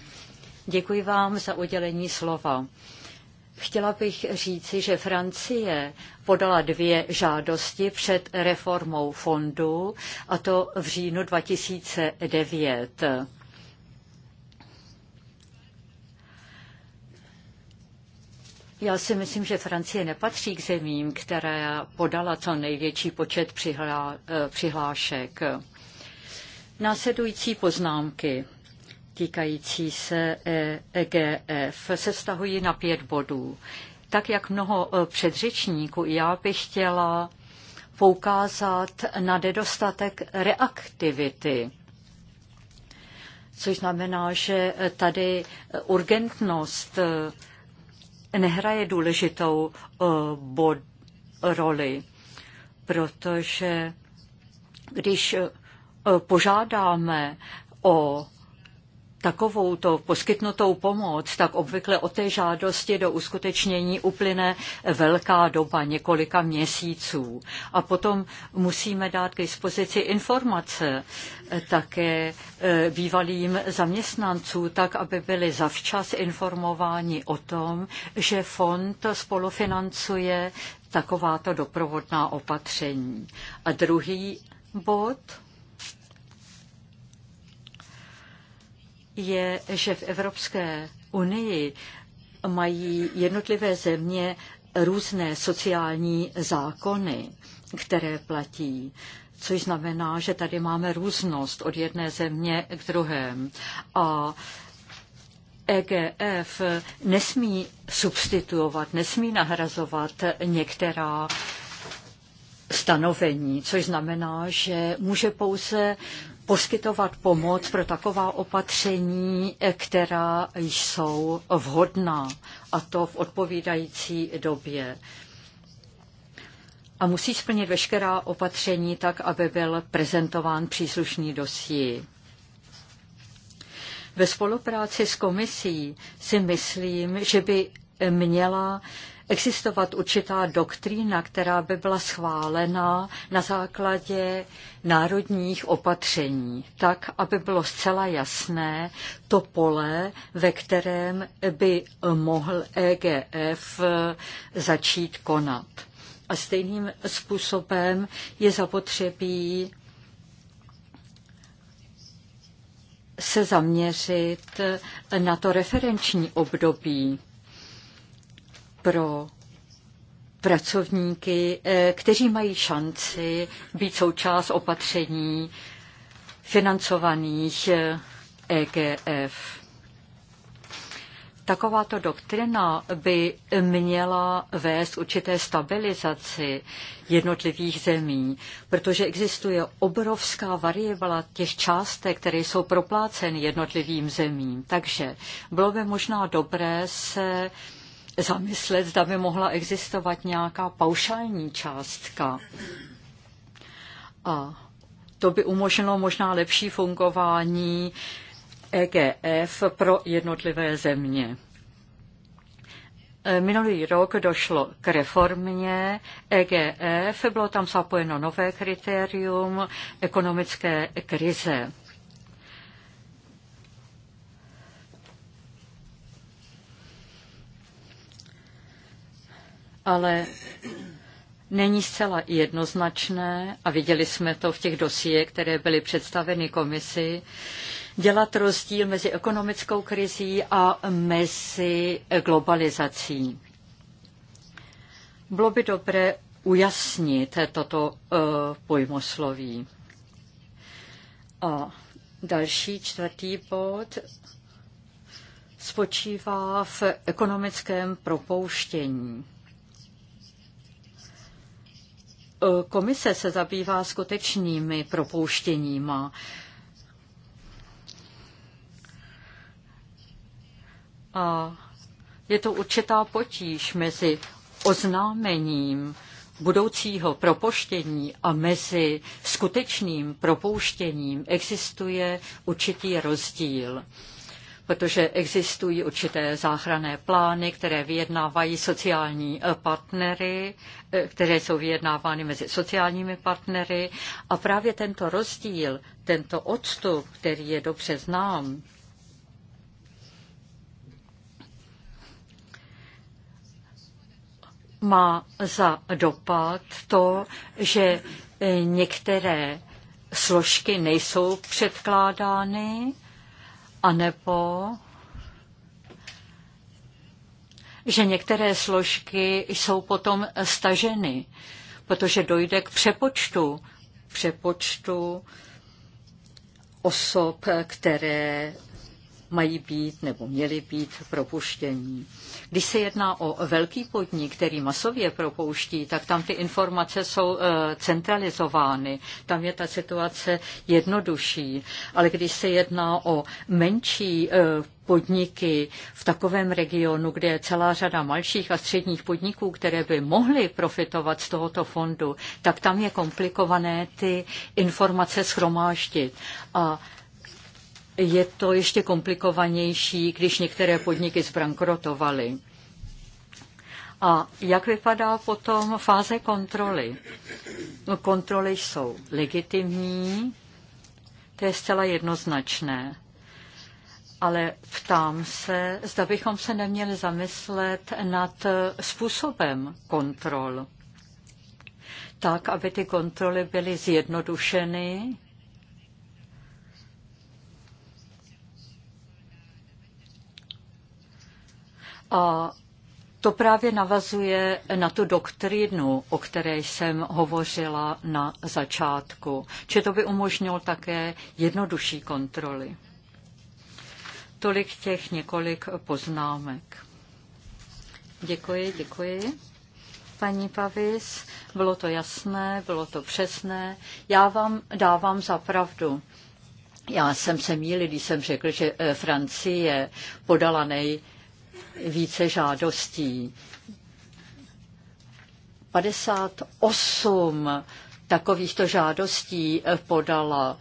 Děkuji vám za udělení slova. Chtěla bych říci, že Francie podala dvě žádosti před reformou fondu, a to v říjnu 2009. Já si myslím, že Francie nepatří k zemím, která podala co největší počet přihlá, eh, přihlášek. Následující poznámky týkající se EGF eh, e se vztahují na pět bodů. Tak jak mnoho eh, předřečníků, já bych chtěla poukázat na nedostatek reaktivity což znamená, že tady urgentnost nehraje důležitou eh, bod, roli, protože když eh, požádáme o takovouto poskytnutou pomoc, tak obvykle od té žádosti do uskutečnění uplyne velká doba několika měsíců. A potom musíme dát k dispozici informace také e, bývalým zaměstnanců, tak aby byli zavčas informováni o tom, že fond spolufinancuje takováto doprovodná opatření. A druhý bod je, že v Evropské unii mají jednotlivé země různé sociální zákony, které platí což znamená, že tady máme různost od jedné země k druhé. A EGF nesmí substituovat, nesmí nahrazovat některá stanovení, což znamená, že může pouze poskytovat pomoc pro taková opatření, eh, která jsou vhodná a to v odpovídající době. A musí splnit veškerá opatření tak, aby byl prezentován příslušný dosí. Ve spolupráci s komisí si myslím, že by měla existovat určitá doktrína, která by byla schválena na základě národních opatření, tak, aby bylo zcela jasné to pole, ve kterém by mohl EGF začít konat. A stejným způsobem je zapotřebí se zaměřit na to referenční období, pro pracovníky, eh, kteří mají šanci být součást opatření financovaných EGF. Eh, e Takováto doktrina by měla vést určité stabilizaci jednotlivých zemí, protože existuje obrovská variabla těch částek, které jsou propláceny jednotlivým zemím. Takže bylo by možná dobré se uh, zamyslet, zda by mohla existovat nějaká paušální částka. A to by umožnilo možná lepší fungování EGF pro jednotlivé země. E, minulý rok došlo k reformě EGF, bylo tam zapojeno nové kritérium ekonomické krize. ale není zcela jednoznačné, a viděli jsme to v těch dosie, které byly představeny komisi, dělat rozdíl mezi ekonomickou krizí a mezi globalizací. Bylo by dobré ujasnit toto uh, pojmosloví. A další čtvrtý bod spočívá v ekonomickém propouštění. Eh, komise se zabývá skutečnými propouštěníma. A je to určitá potíž mezi oznámením budoucího propuštění a mezi skutečným propouštěním existuje určitý rozdíl protože existují určité záchranné plány, které vyjednávají sociální eh, partnery, eh, které jsou vyjednávány mezi sociálními partnery. A právě tento rozdíl, tento odstup, který je dobře znám, má za dopad to, že eh, některé složky nejsou předkládány anebo že některé složky jsou potom staženy, protože dojde k přepočtu, přepočtu osob, které mají být nebo měli být propuštění. Když se jedná o velký podnik, který masově propouští, tak tam ty informace jsou eh, centralizovány. Tam je ta situace jednodušší. Ale když se jedná o menší eh, podniky v takovém regionu, kde je celá řada malších a středních podniků, které by mohly profitovat z tohoto fondu, tak tam je komplikované ty informace schromáždit. A je to ještě komplikovanější, když některé podniky zbankrotovaly. A jak vypadá potom fáze kontroly? No, kontroly jsou legitimní, to je zcela jednoznačné. Ale ptám se, zda bychom se neměli zamyslet nad způsobem kontrol. Tak, aby ty kontroly byly zjednodušeny A to právě navazuje na tu doktrínu, o které jsem hovořila na začátku, či to by umožnilo také jednodušší kontroly. Tolik těch několik poznámek. Děkuji, děkuji. Paní Pavis, bylo to jasné, bylo to přesné. Já vám dávám za pravdu. Já jsem se mýlil, když jsem řekl, že eh, Francie podala nej více žádostí. 58 takovýchto žádostí podala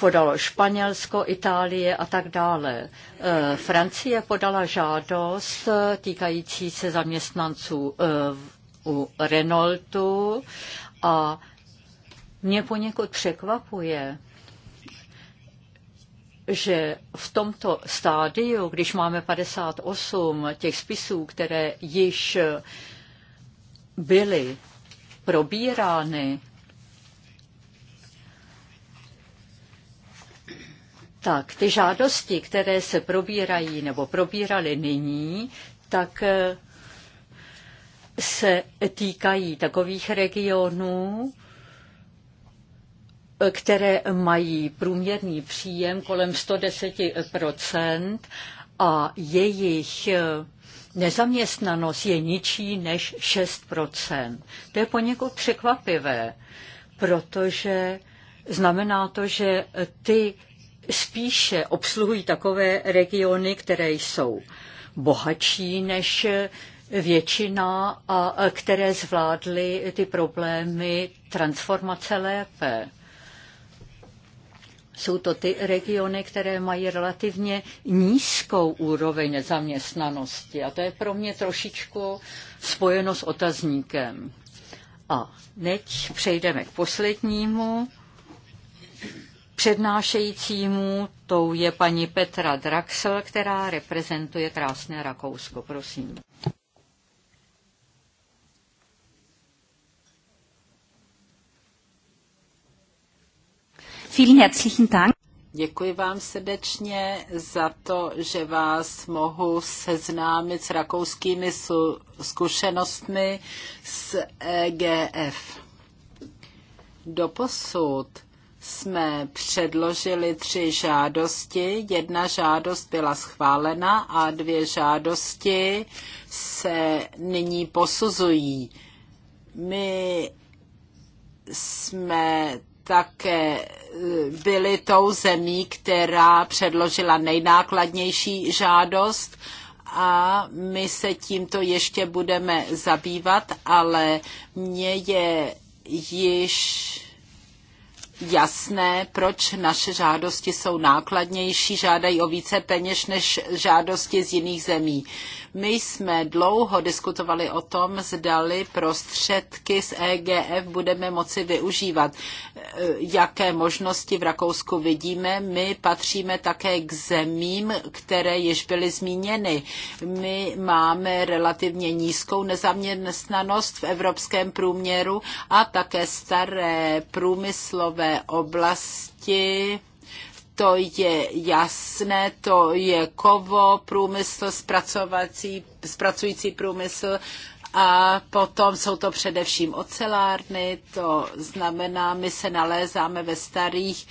podalo Španělsko, Itálie a tak dále. Eh, Francie podala žádost týkající se zaměstnanců eh, u Renaultu a mě poněkud překvapuje, že v tomto stádiu, když máme 58 těch spisů, které již byly probírány, tak ty žádosti, které se probírají nebo probíraly nyní, tak eh, se týkají takových regionů, které mají průměrný příjem kolem 110 a jejich eh, nezaměstnanost je ničí než 6 To je poněkud překvapivé, protože znamená to, že ty spíše obsluhují takové regiony, které jsou bohatší než většina a které zvládly ty problémy transformace lépe jsou to ty regiony, které mají relativně nízkou úroveň zaměstnanosti. A to je pro mě trošičku spojeno s otazníkem. A teď přejdeme k poslednímu přednášejícímu, tou je paní Petra Draxel, která reprezentuje krásné Rakousko. Prosím. Vielen herzlichen Dank. Děkuji vám srdečně za to, že vás mohu seznámit s rakouskými zkušenostmi z EGF. Doposud jsme předložili tři žádosti. Jedna žádost byla schválena a dvě žádosti se nyní posuzují. My jsme také eh, byly tou zemí, která předložila nejnákladnější žádost a my se tímto ještě budeme zabývat, ale mně je již jasné, proč naše žádosti jsou nákladnější, žádají o více peněž než žádosti z jiných zemí. My jsme dlouho diskutovali o tom, zdali prostředky z EGF budeme moci využívat. Jaké možnosti v Rakousku vidíme? My patříme také k zemím, které již byly zmíněny. My máme relativně nízkou nezaměstnanost v evropském průměru a také staré průmyslové oblasti to je jasné, to je kovo, průmysl, zpracovací, zpracující průmysl a potom jsou to především ocelárny, to znamená, my se nalézáme ve starých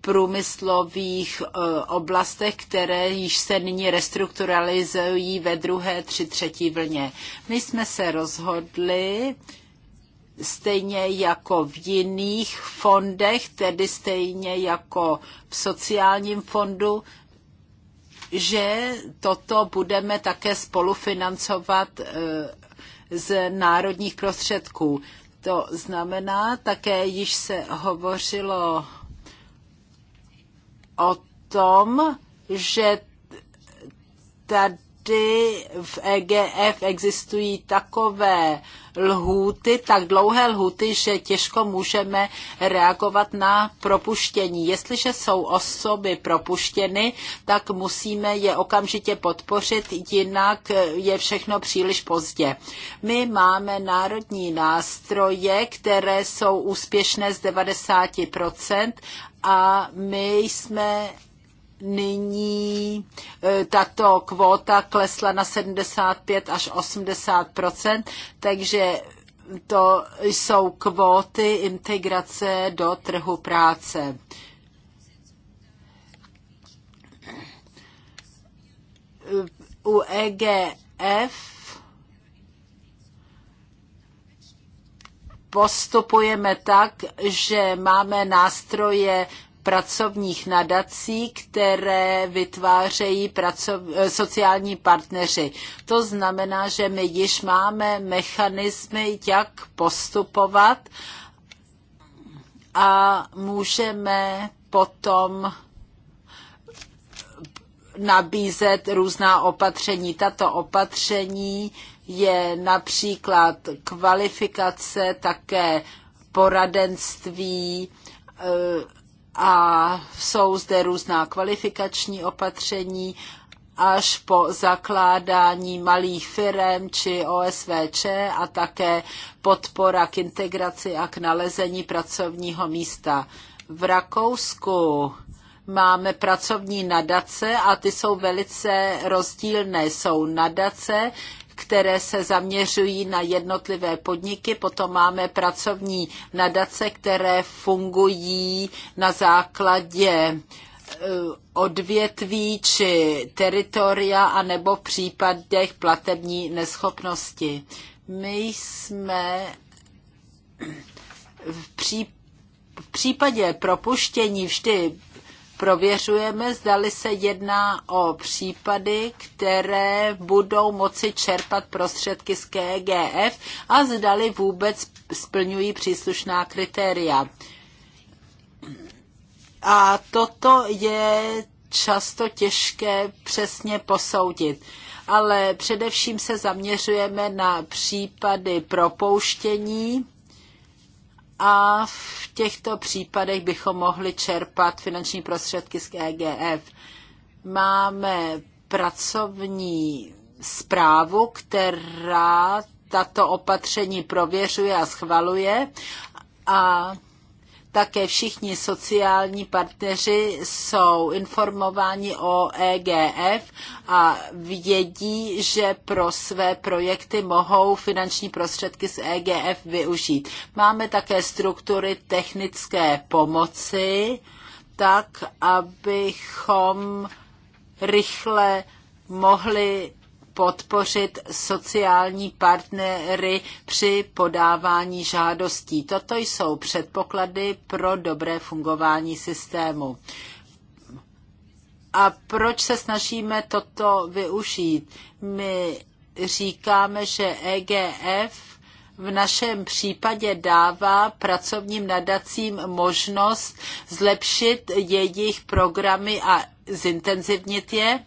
průmyslových eh, oblastech, které již se nyní restrukturalizují ve druhé, tři, třetí vlně. My jsme se rozhodli, stejně jako v jiných fondech, tedy stejně jako v sociálním fondu, že toto budeme také spolufinancovat eh, z národních prostředků. To znamená, také již se hovořilo o tom, že tady kdy v EGF existují takové lhůty, tak dlouhé lhůty, že těžko můžeme reagovat na propuštění. Jestliže jsou osoby propuštěny, tak musíme je okamžitě podpořit, jinak je všechno příliš pozdě. My máme národní nástroje, které jsou úspěšné z 90% a my jsme nyní e, tato kvóta klesla na 75 až 80 takže to jsou kvóty integrace do trhu práce. U EGF postupujeme tak, že máme nástroje pracovních nadací, které vytvářejí pracov, eh, sociální partneři. To znamená, že my již máme mechanismy, jak postupovat a můžeme potom nabízet různá opatření. Tato opatření je například kvalifikace, také poradenství, eh, a jsou zde různá kvalifikační opatření až po zakládání malých firm či OSVČ a také podpora k integraci a k nalezení pracovního místa. V Rakousku máme pracovní nadace a ty jsou velice rozdílné. Jsou nadace, které se zaměřují na jednotlivé podniky, potom máme pracovní nadace, které fungují na základě e, odvětví či teritoria a nebo v případech platební neschopnosti. My jsme v, pří, v případě propuštění vždy prověřujeme, zdali se jedná o případy, které budou moci čerpat prostředky z KGF a zdali vůbec splňují příslušná kritéria. A toto je často těžké přesně posoudit ale především se zaměřujeme na případy propouštění a v těchto případech bychom mohli čerpat finanční prostředky z EGF. Máme pracovní zprávu, která tato opatření prověřuje a schvaluje a také všichni sociální partneři jsou informováni o EGF a vědí, že pro své projekty mohou finanční prostředky z EGF využít. Máme také struktury technické pomoci, tak abychom rychle mohli podpořit sociální partnery při podávání žádostí. Toto jsou předpoklady pro dobré fungování systému. A proč se snažíme toto využít? My říkáme, že EGF v našem případě dává pracovním nadacím možnost zlepšit jejich programy a zintenzivnit je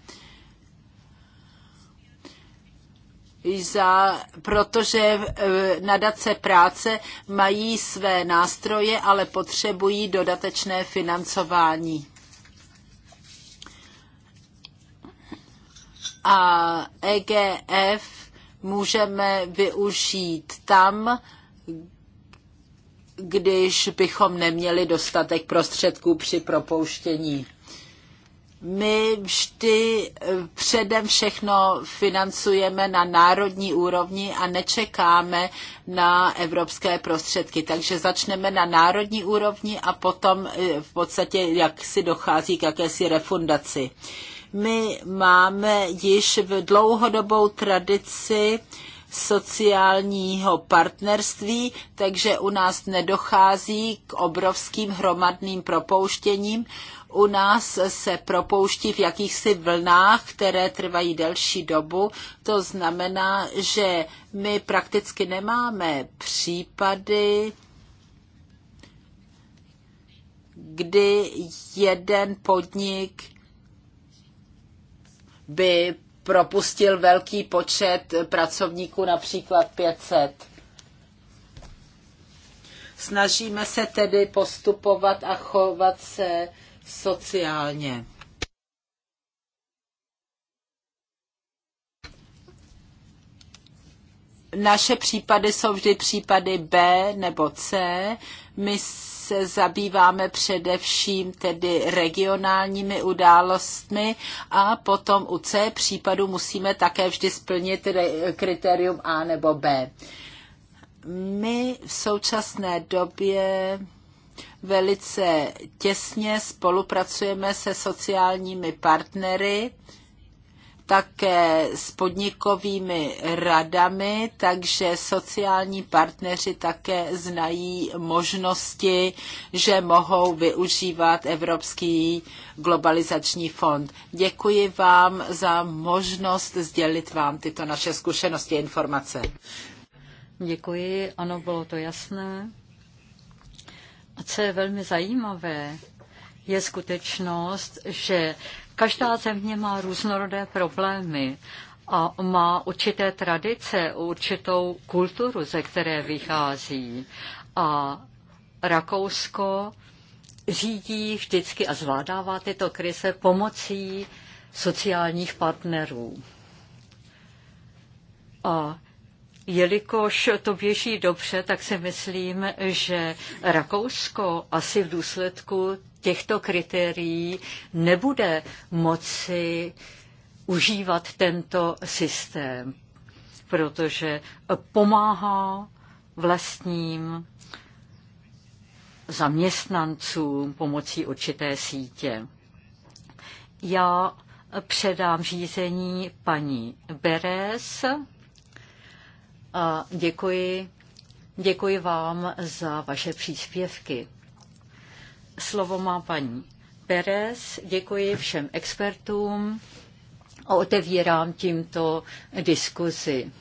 za, protože eh, nadace práce mají své nástroje, ale potřebují dodatečné financování. A EGF můžeme využít tam, když bychom neměli dostatek prostředků při propouštění. My vždy eh, předem všechno financujeme na národní úrovni a nečekáme na evropské prostředky. Takže začneme na národní úrovni a potom eh, v podstatě jak si dochází k jakési refundaci. My máme již v dlouhodobou tradici sociálního partnerství, takže u nás nedochází k obrovským hromadným propouštěním. U nás se propouští v jakýchsi vlnách, které trvají delší dobu. To znamená, že my prakticky nemáme případy, kdy jeden podnik by propustil velký počet pracovníků, například 500. Snažíme se tedy postupovat a chovat se sociálně. Naše případy jsou vždy případy B nebo C. My se zabýváme především tedy regionálními událostmi a potom u C případu musíme také vždy splnit kritérium A nebo B. My v současné době velice těsně spolupracujeme se sociálními partnery, také s podnikovými radami, takže sociální partneři také znají možnosti, že mohou využívat Evropský globalizační fond. Děkuji vám za možnost sdělit vám tyto naše zkušenosti a informace. Děkuji, ano, bylo to jasné. A co je velmi zajímavé, je skutečnost, že každá země má různorodé problémy a má určité tradice, určitou kulturu, ze které vychází. A Rakousko řídí vždycky a zvládává tyto krize pomocí sociálních partnerů. A jelikož to běží dobře, tak si myslím, že Rakousko asi v důsledku těchto kritérií nebude moci užívat tento systém, protože pomáhá vlastním zaměstnancům pomocí určité sítě. Já předám řízení paní Beres a děkuji, děkuji vám za vaše příspěvky. Slovo má paní Perez. Děkuji všem expertům a otevírám tímto diskuzi.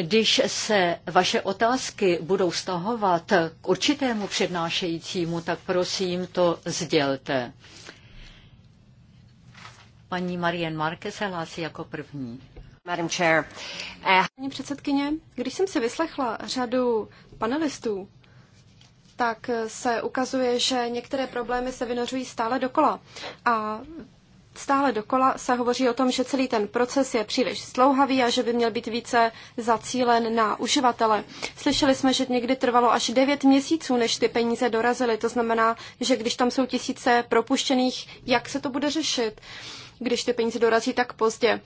Když se vaše otázky budou stahovat k určitému přednášejícímu, tak prosím to sdělte. Paní Marien Marke se hlásí jako první. Madam Chair. Eh, Paní předsedkyně, když jsem si vyslechla řadu panelistů, tak se ukazuje, že některé problémy se vynořují stále dokola. A stále dokola se hovoří o tom, že celý ten proces je příliš slouhavý a že by měl být více zacílen na uživatele. Slyšeli jsme, že někdy trvalo až 9 měsíců, než ty peníze dorazily. To znamená, že když tam jsou tisíce propuštěných, jak se to bude řešit? Uh, když ty peníze dorazí tak pozdě.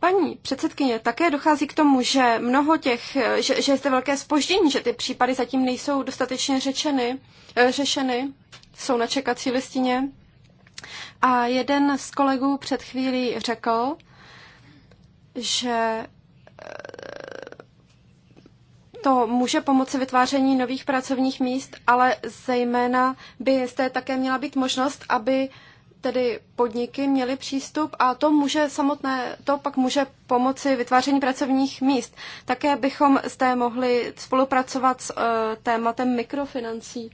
Paní předsedkyně, také dochází k tomu, že mnoho těch, že, že je zde velké spoždění, že ty případy zatím nejsou dostatečně řečeny, eh, řešeny, jsou na čekací listině. A jeden z kolegů před chvílí řekl, že eh, to může pomoci vytváření nových pracovních míst, ale zejména by zde také měla být možnost, aby tedy podniky měly přístup a to může samotné, to pak může pomoci vytváření pracovních míst. Také bychom zde mohli spolupracovat s eh, tématem mikrofinancí.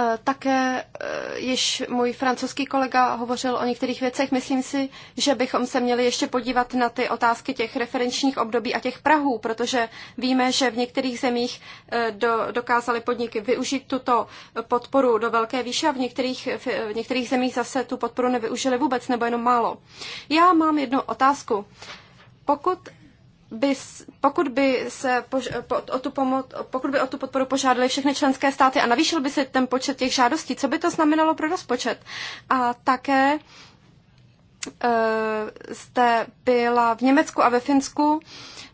Eh, také eh, již můj francouzský kolega hovořil o některých věcech. Myslím si, že bychom se měli ještě podívat na ty otázky těch referenčních období a těch Prahů, protože víme, že v některých zemích eh, do, dokázali podniky využít tuto podporu do velké výše a v některých, v některých zemích zase tu podporu nevyužili vůbec nebo jenom málo. Já mám jednu otázku. Pokud by, pokud by se pož, po, o tu pomoc, pokud by o tu podporu požádali všechny členské státy a navýšil by se ten počet těch žádostí, co by to znamenalo pro rozpočet? A také jste eh, byla v Německu a ve Finsku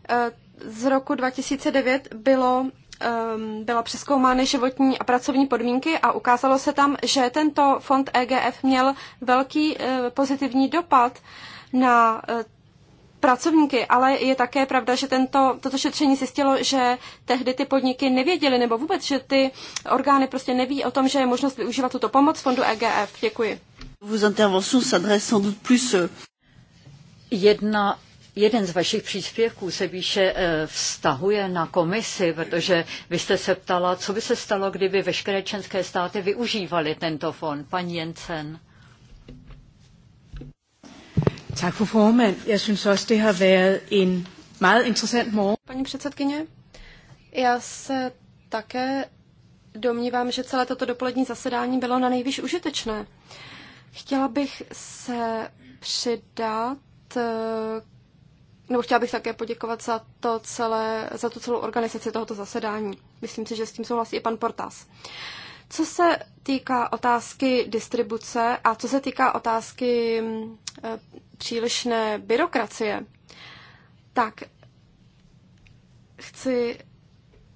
eh, z roku 2009 bylo ehm, byla přeskoumány životní a pracovní podmínky a ukázalo se tam, že tento fond EGF měl velký eh, pozitivní dopad na pracovníky, ale je také pravda, že tento, toto šetření zjistilo, že tehdy ty podniky nevěděly, nebo vůbec, že ty orgány prostě neví o tom, že je možnost využívat tuto pomoc fondu EGF. Děkuji. plus... Euh, Jedna Jeden z vašich příspěvků se výše eh, vztahuje na komisi, protože vy jste se ptala, co by se stalo, kdyby veškeré členské státy využívaly tento fond. Paní Jensen. Tak for formand. Jeg synes også, det har været en meget interessant morgen. Paní předsedkyně, já se také domnívám, že celé toto dopolední zasedání bylo na nejvyš užitečné. Chtěla bych se přidat eh, nebo chtěla bych také poděkovat za, to celé, za tu celou organizaci tohoto zasedání. Myslím si, že s tím souhlasí i pan Portas. Co se týká otázky distribuce a co se týká otázky eh, přílišné byrokracie, tak chci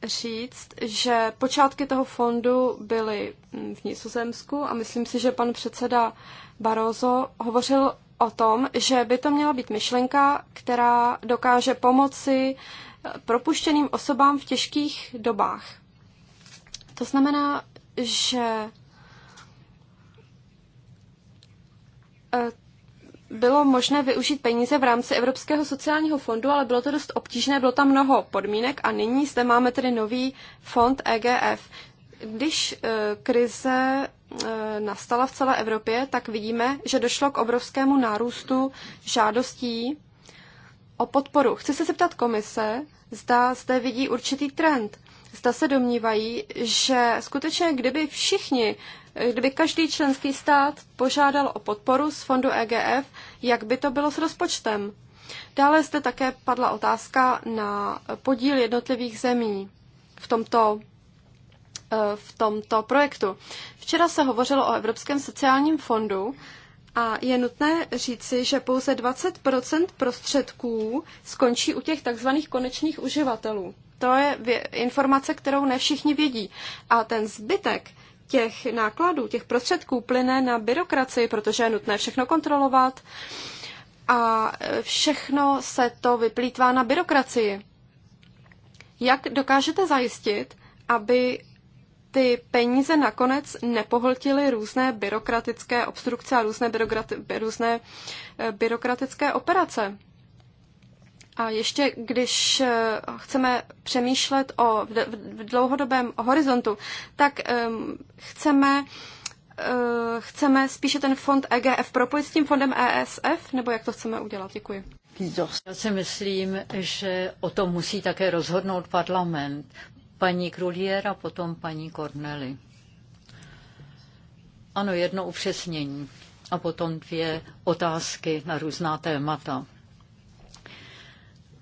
říct, že počátky toho fondu byly mm, v Nizozemsku a myslím si, že pan předseda Barozo hovořil o tom, že by to měla být myšlenka, která dokáže pomoci eh, propuštěným osobám v těžkých dobách. To znamená, že eh, bylo možné využít peníze v rámci Evropského sociálního fondu, ale bylo to dost obtížné, bylo tam mnoho podmínek a nyní zde máme tedy nový fond EGF. Když eh, krize eh, nastala v celé Evropě, tak vidíme, že došlo k obrovskému nárůstu žádostí o podporu. Chci se zeptat komise, zda zde vidí určitý trend. Zda se domnívají, že skutečně kdyby všichni Kdyby každý členský stát požádal o podporu z fondu EGF, jak by to bylo s rozpočtem? Dále zde také padla otázka na podíl jednotlivých zemí v tomto, eh, v tomto projektu. Včera se hovořilo o Evropském sociálním fondu a je nutné říci, že pouze 20 prostředků skončí u těch tzv. konečných uživatelů. To je informace, kterou ne všichni vědí. A ten zbytek těch nákladů, těch prostředků plyne na byrokracii, protože je nutné všechno kontrolovat a všechno se to vyplýtvá na byrokracii. Jak dokážete zajistit, aby ty peníze nakonec nepohltily různé byrokratické obstrukce a různé, byrokrati- různé eh, byrokratické operace? A ještě, když eh, chceme přemýšlet o v dlouhodobém horizontu, tak ehm, chceme eh, chceme spíše ten fond EGF propojit s tím fondem ESF, nebo jak to chceme udělat? Děkuji. Já si myslím, že o tom musí také rozhodnout parlament. Paní a potom paní Corneli. Ano, jedno upřesnění a potom dvě otázky na různá témata.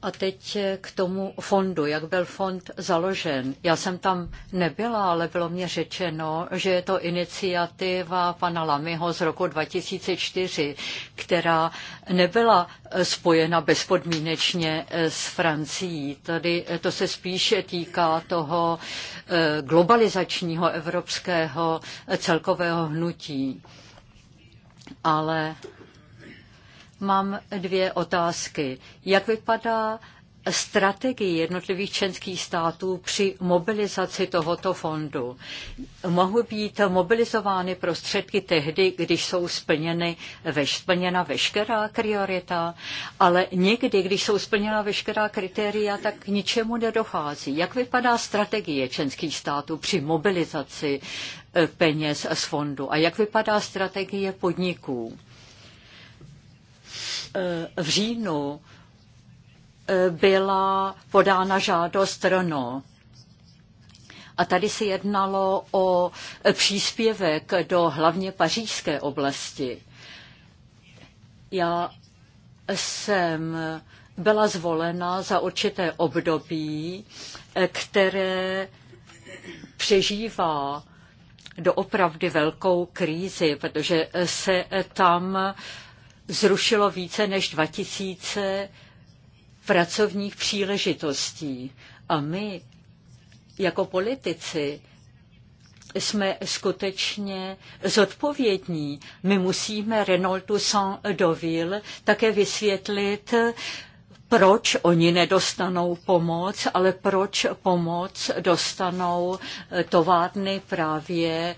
A teď k tomu fondu, jak byl fond založen. Já jsem tam nebyla, ale bylo mě řečeno, že je to iniciativa pana Lamyho z roku 2004, která nebyla spojena bezpodmínečně s Francií. Tady to se spíše týká toho eh, globalizačního evropského celkového hnutí. Ale mám dvě otázky. Jak vypadá strategii jednotlivých členských států při mobilizaci tohoto fondu. Mohou být mobilizovány prostředky tehdy, když jsou splněny, veš, splněna veškerá priorita, ale někdy, když jsou splněna veškerá kritéria, tak k ničemu nedochází. Jak vypadá strategie členských států při mobilizaci eh, peněz z fondu a jak vypadá strategie podniků? v říjnu eh, byla podána žádost RNO. A tady se jednalo o příspěvek do hlavně pařížské oblasti. Já jsem byla zvolena za určité období, eh, které přežívá doopravdy velkou krízi, protože se tam uh, zrušilo více než 2000 pracovních příležitostí. A my jako politici jsme skutečně zodpovědní. My musíme Renaultu Saint-Deauville také vysvětlit, proč oni nedostanou pomoc, ale proč pomoc dostanou továrny právě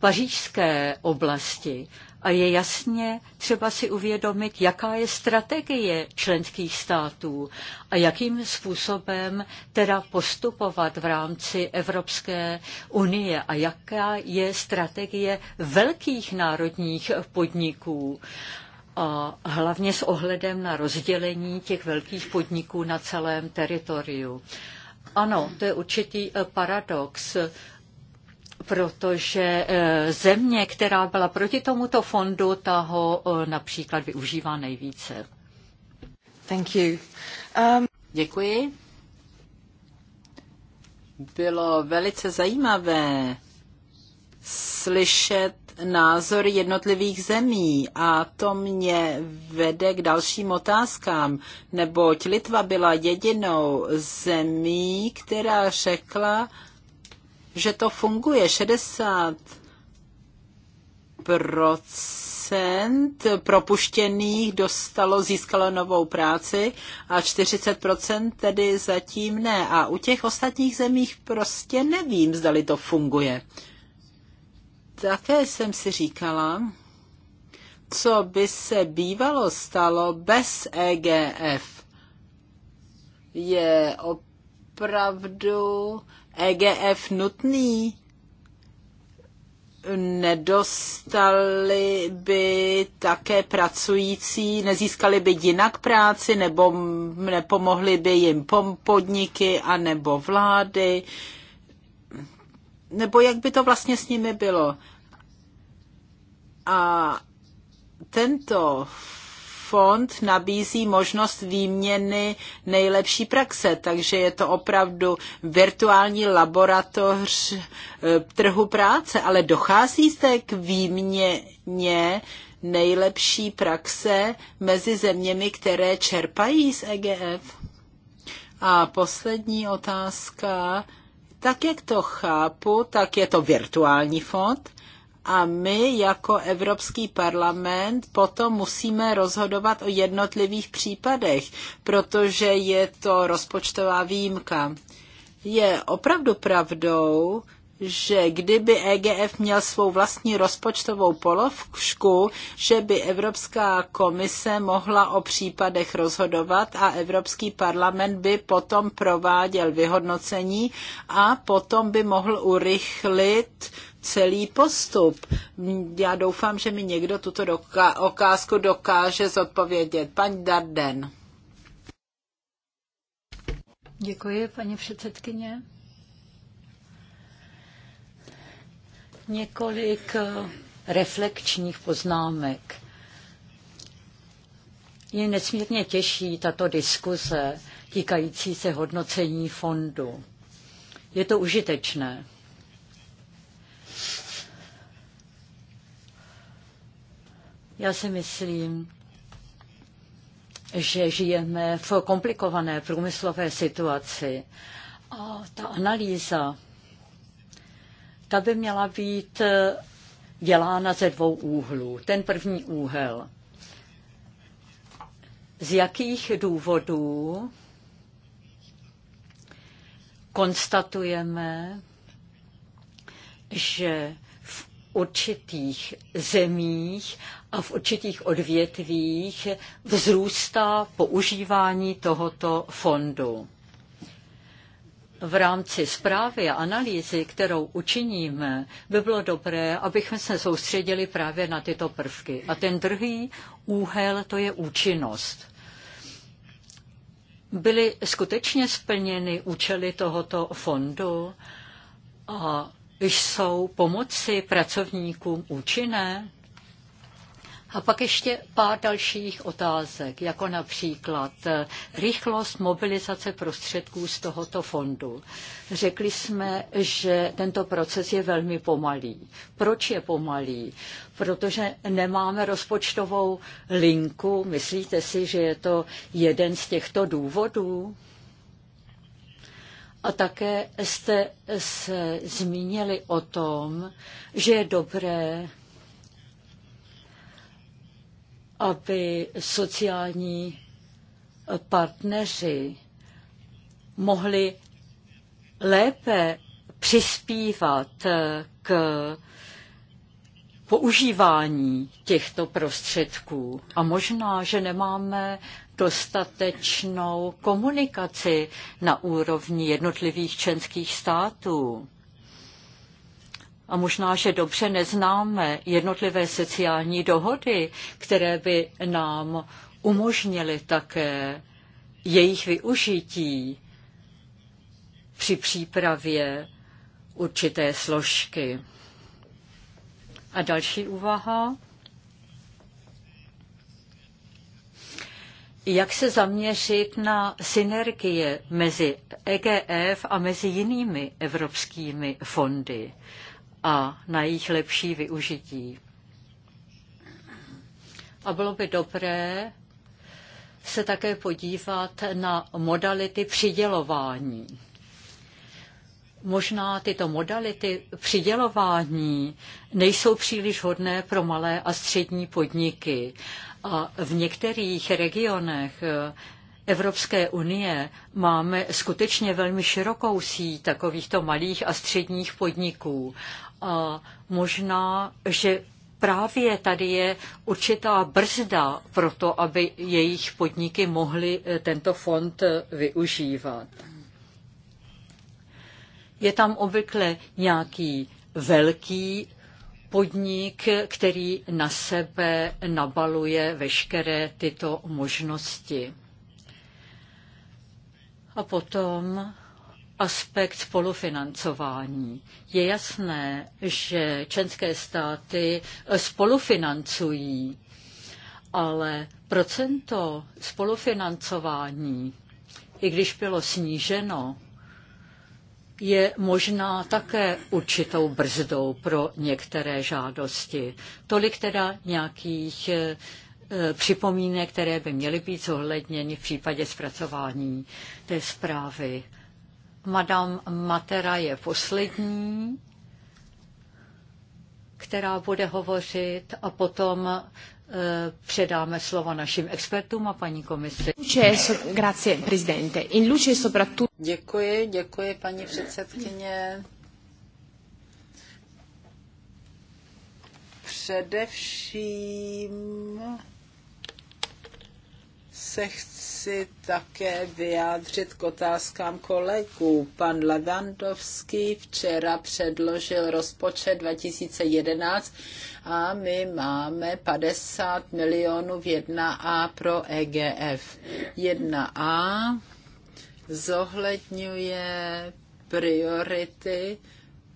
pařížské oblasti. A je jasně třeba si uvědomit, jaká je strategie členských států a jakým způsobem teda postupovat v rámci Evropské unie a jaká je strategie velkých národních podniků. A hlavně s ohledem na rozdělení těch velkých podniků na celém teritoriu. Ano, to je určitý paradox protože e, země, která byla proti tomuto fondu, ta ho e, například využívá nejvíce. Thank you. Um... Děkuji. Bylo velice zajímavé slyšet názory jednotlivých zemí a to mě vede k dalším otázkám, neboť Litva byla jedinou zemí, která řekla, že to funguje. 60 procent propuštěných dostalo, získalo novou práci a 40 procent tedy zatím ne. A u těch ostatních zemích prostě nevím, zdali to funguje. Také jsem si říkala, co by se bývalo stalo bez EGF. Je opravdu EGF nutný? Nedostali by také pracující, nezískali by jinak práci, nebo nepomohli by jim podniky a nebo vlády? Nebo jak by to vlastně s nimi bylo? A tento fond nabízí možnost výměny nejlepší praxe, takže je to opravdu virtuální laboratoř eh, trhu práce, ale dochází zde k výměně nejlepší praxe mezi zeměmi, které čerpají z EGF? A poslední otázka. Tak, jak to chápu, tak je to virtuální fond, a my jako Evropský parlament potom musíme rozhodovat o jednotlivých případech, protože je to rozpočtová výjimka. Je opravdu pravdou, že kdyby EGF měl svou vlastní rozpočtovou polovku, že by Evropská komise mohla o případech rozhodovat a Evropský parlament by potom prováděl vyhodnocení a potom by mohl urychlit celý postup. Já doufám, že mi někdo tuto doka- okázku dokáže zodpovědět. Paní Darden. Děkuji, paní předsedkyně. Několik eh, reflekčních poznámek. Je nesmírně těžší tato diskuze týkající se hodnocení fondu. Je to užitečné. Já si myslím, že žijeme v komplikované průmyslové situaci. A ta analýza, ta by měla být eh, dělána ze dvou úhlů. Ten první úhel. Z jakých důvodů konstatujeme, že v určitých zemích a v určitých odvětvích vzrůstá používání tohoto fondu. V rámci zprávy a analýzy, kterou učiníme, by bylo dobré, abychom se soustředili právě na tyto prvky. A ten druhý úhel, to je účinnost byly skutečně splněny účely tohoto fondu a jsou pomoci pracovníkům účinné? A pak ještě pár dalších otázek, jako například eh, rychlost mobilizace prostředků z tohoto fondu. Řekli jsme, že tento proces je velmi pomalý. Proč je pomalý? Protože nemáme rozpočtovou linku. Myslíte si, že je to jeden z těchto důvodů? A také jste se zmínili o tom, že je dobré aby sociální partneři mohli lépe přispívat k používání těchto prostředků. A možná, že nemáme dostatečnou komunikaci na úrovni jednotlivých členských států a možná, že dobře neznáme jednotlivé sociální dohody, které by nám umožnily také jejich využití při přípravě určité složky. A další úvaha. Jak se zaměřit na synergie mezi EGF a mezi jinými evropskými fondy? a na jejich lepší využití. A bylo by dobré se také podívat na modality přidělování. Možná tyto modality přidělování nejsou příliš hodné pro malé a střední podniky. A v některých regionech Evropské unie máme skutečně velmi širokou síť takovýchto malých a středních podniků a možná, že právě tady je určitá brzda pro to, aby jejich podniky mohly eh, tento fond eh, využívat. Je tam obvykle nějaký velký podnik, který na sebe nabaluje veškeré tyto možnosti. A potom aspekt spolufinancování. Je jasné, že členské státy spolufinancují, ale procento spolufinancování, i když bylo sníženo, je možná také určitou brzdou pro některé žádosti. Tolik teda nějakých eh, připomínek, které by měly být zohledněny v případě zpracování té zprávy. Madame Matera je poslední, která bude hovořit a potom eh, předáme slovo našim expertům a paní komisi. In luce e e Děkuji, děkuji, paní předsedkyně. Především se chci chci také vyjádřit k otázkám kolegů. Pan Lavandovský včera předložil rozpočet 2011 a my máme 50 milionů v 1A pro EGF. 1A zohledňuje priority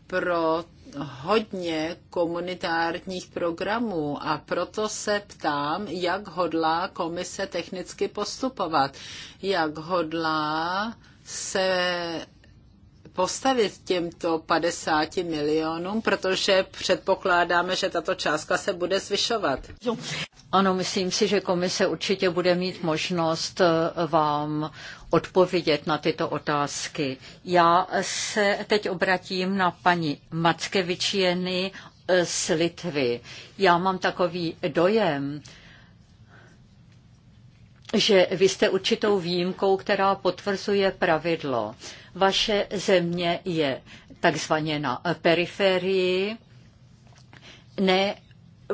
pro hodně komunitárních programů a proto se ptám, jak hodlá komise technicky postupovat, jak hodlá se postavit těmto 50 milionům, protože předpokládáme, že tato částka se bude zvyšovat. Ano, myslím si, že komise určitě bude mít možnost eh, vám odpovědět na tyto otázky. Já se teď obratím na paní Mackevičieny eh, z Litvy. Já mám takový dojem, že vy jste určitou výjimkou, která potvrzuje pravidlo. Vaše země je takzvaně na periferii, ne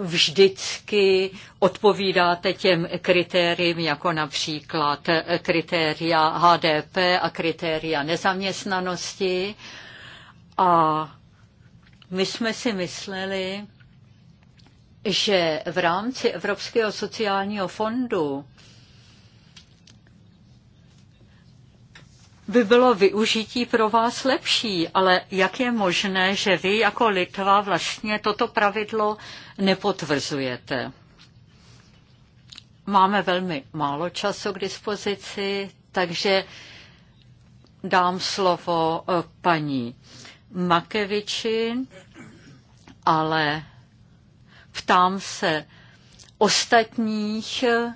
vždycky odpovídáte těm kritériím, jako například kritéria HDP a kritéria nezaměstnanosti. A my jsme si mysleli, že v rámci Evropského sociálního fondu by bylo využití pro vás lepší, ale jak je možné, že vy jako Litva vlastně toto pravidlo nepotvrzujete. Máme velmi málo času k dispozici, takže dám slovo eh, paní Makeviči, ale ptám se ostatních eh,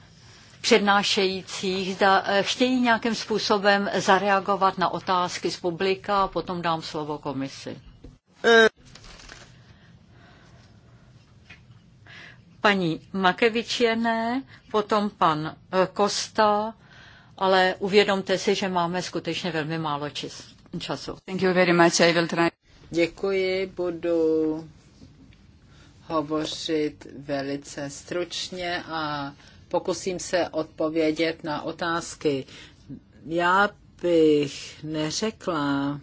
přednášejících, zda eh, chtějí nějakým způsobem zareagovat na otázky z publika a potom dám slovo komisi. paní Makevičené, potom pan eh, Kosta, ale uvědomte si, že máme skutečně velmi málo čis, času. Thank you very much. I will try. Děkuji, budu hovořit velice stručně a pokusím se odpovědět na otázky. Já bych neřekla,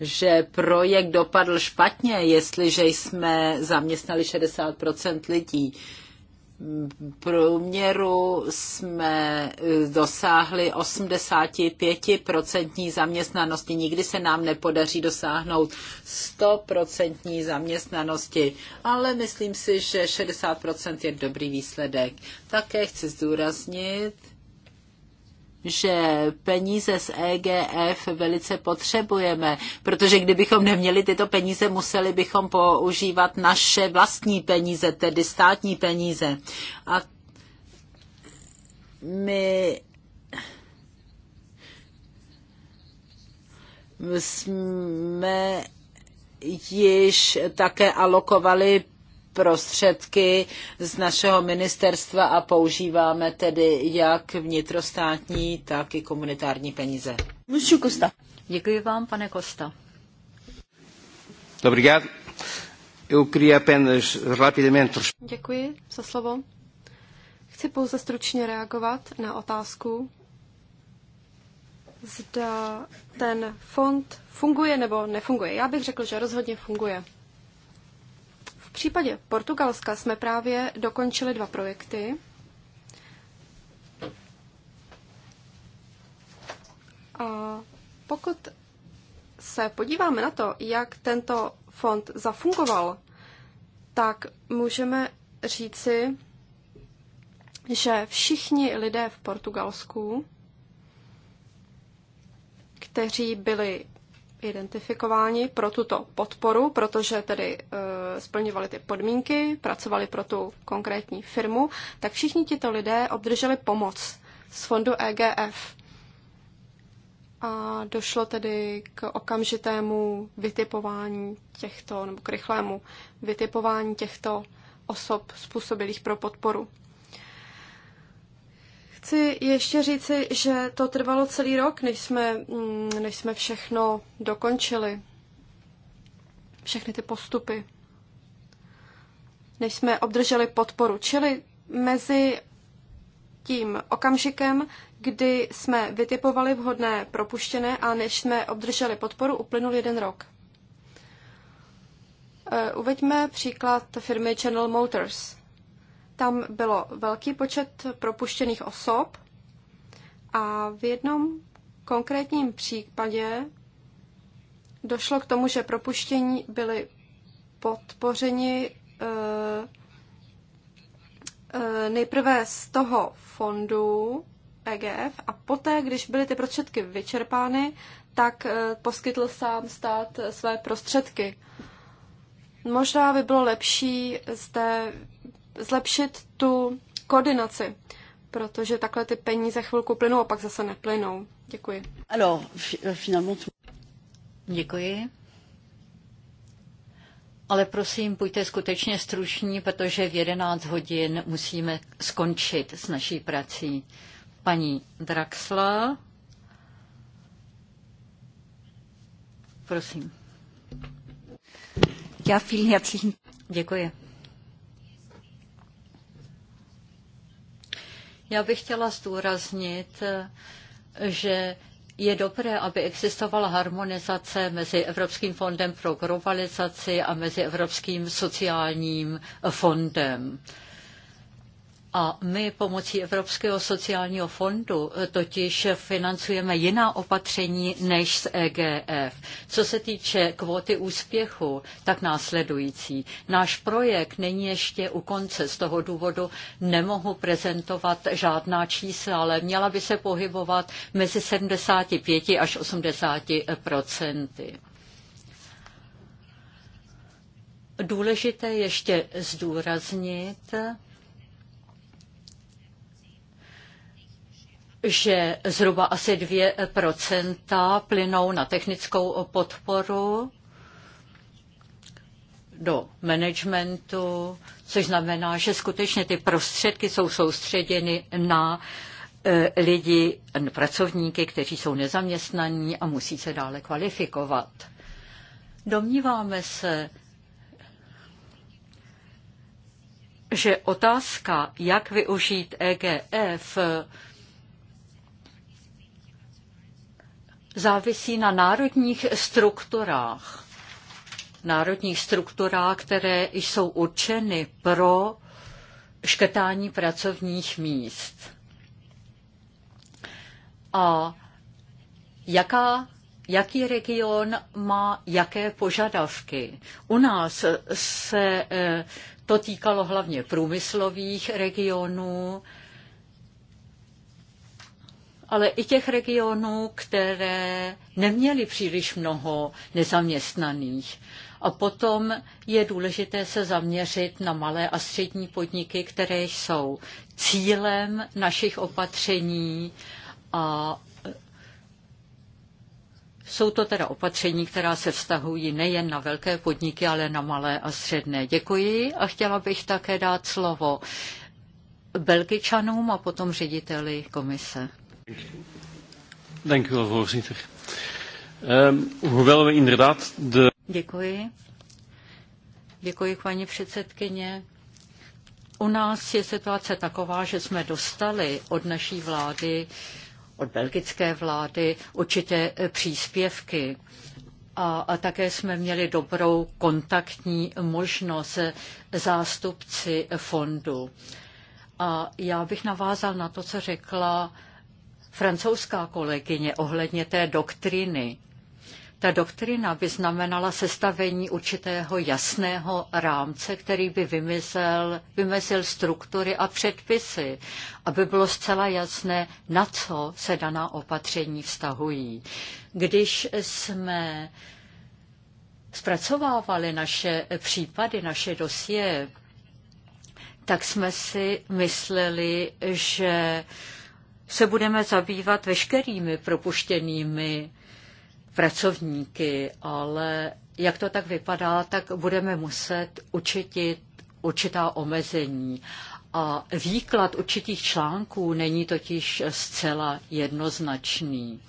že projekt dopadl špatně, jestliže jsme zaměstnali 60 lidí. průměru jsme eh, dosáhli 85% zaměstnanosti. Nikdy se nám nepodaří dosáhnout 100% zaměstnanosti, ale myslím si, že 60% je dobrý výsledek. Také chci zdůraznit, že peníze z EGF velice potřebujeme, protože kdybychom neměli tyto peníze, museli bychom používat naše vlastní peníze, tedy státní peníze. A my jsme již také alokovali prostředky z našeho ministerstva a používáme tedy jak vnitrostátní, tak i komunitární peníze. Kosta. Děkuji vám, pane Kosta. Eu queria apenas rapidamente... Děkuji za slovo. Chci pouze stručně reagovat na otázku, zda ten fond funguje nebo nefunguje. Já bych řekl, že rozhodně funguje. V případě Portugalska jsme právě dokončili dva projekty. A pokud se podíváme na to, jak tento fond zafungoval, tak můžeme říci, že všichni lidé v Portugalsku, kteří byli identifikováni pro tuto podporu, protože tedy e, splňovali ty podmínky, pracovali pro tu konkrétní firmu, tak všichni tito lidé obdrželi pomoc z fondu EGF. A došlo tedy k okamžitému vytipování těchto, nebo k rychlému vytipování těchto osob způsobilých pro podporu. Chci ještě říci, že to trvalo celý rok, než jsme, mm, než jsme všechno dokončili. Všechny ty postupy. Než jsme obdrželi podporu. Čili mezi tím okamžikem, kdy jsme vytipovali vhodné propuštěné a než jsme obdrželi podporu, uplynul jeden rok. E, uveďme příklad firmy Channel Motors. Tam bylo velký počet propuštěných osob a v jednom konkrétním případě došlo k tomu, že propuštění byly podpořeni eh, eh, nejprve z toho fondu EGF a poté, když byly ty prostředky vyčerpány, tak eh, poskytl sám stát své prostředky. Možná by bylo lepší zde zlepšit tu koordinaci, protože takhle ty peníze chvilku plynou a pak zase neplynou. Děkuji. Euh, finalement... Děkuji. Ale prosím, buďte skutečně struční, protože v 11 hodin musíme skončit s naší prací. Paní Draxla, prosím. Já vielen herzlichen Děkuji. Já bych chtěla zdůraznit, že je dobré, aby existovala harmonizace mezi Evropským fondem pro globalizaci a mezi Evropským sociálním fondem. A my pomocí Evropského sociálního fondu eh, totiž financujeme jiná opatření než z EGF. Co se týče kvóty úspěchu, tak následující. Náš projekt není ještě u konce, z toho důvodu nemohu prezentovat žádná čísla, ale měla by se pohybovat mezi 75 až 80 procenty. Důležité ještě zdůraznit, že zhruba asi 2% plynou na technickou podporu do managementu, což znamená, že skutečně ty prostředky jsou soustředěny na e, lidi, na pracovníky, kteří jsou nezaměstnaní a musí se dále kvalifikovat. Domníváme se, že otázka, jak využít EGF, závisí na národních strukturách. Národních strukturách, které jsou určeny pro škrtání pracovních míst. A jaká jaký region má jaké požadavky. U nás se eh, to týkalo hlavně průmyslových regionů, ale i těch regionů, které neměly příliš mnoho nezaměstnaných. A potom je důležité se zaměřit na malé a střední podniky, které jsou cílem našich opatření a e, jsou to teda opatření, která se vztahují nejen na velké podniky, ale na malé a středné. Děkuji a chtěla bych také dát slovo Belgičanům a potom řediteli komise. Ehm, Děkuji. Děkuji, paní předsedkyně. U nás je situace taková, že jsme dostali od naší vlády, od belgické vlády, určité e, příspěvky. A, a také jsme měli dobrou kontaktní možnost zástupci fondu. A já bych navázal na to, co řekla francouzská kolegyně ohledně té doktriny. Ta doktrina by znamenala sestavení určitého jasného rámce, který by vymezil, vymezil struktury a předpisy, aby bylo zcela jasné, na co se daná opatření vztahují. Když jsme zpracovávali naše případy, naše dosie, tak jsme si mysleli, že se budeme zabývat veškerými propuštěnými pracovníky, ale jak to tak vypadá, tak budeme muset učitit určitá omezení. A výklad určitých článků není totiž zcela jednoznačný.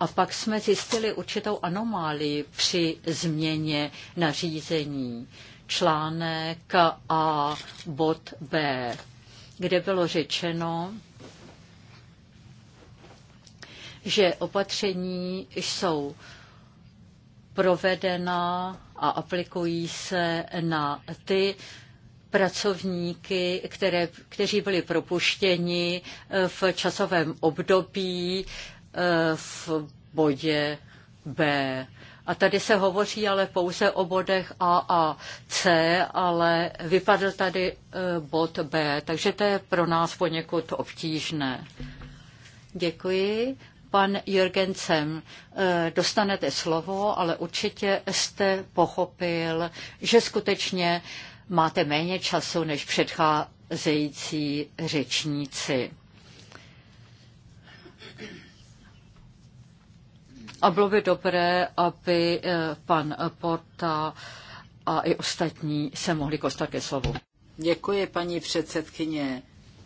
A pak jsme zjistili určitou anomálii při změně nařízení článek A bod B, kde bylo řečeno, že opatření jsou provedena a aplikují se na ty pracovníky, které, kteří byli propuštěni eh, v časovém období eh, v bodě B. A tady se hovoří ale pouze o bodech A a C, ale vypadl tady eh, bod B, takže to je pro nás poněkud obtížné. Děkuji. Pan Jürgensen, eh, dostanete slovo, ale určitě jste pochopil, že skutečně máte méně času než předcházející řečníci. A bylo by dobré, aby eh, pan Porta a i ostatní se mohli kostat ke slovu. Děkuji, paní předsedkyně.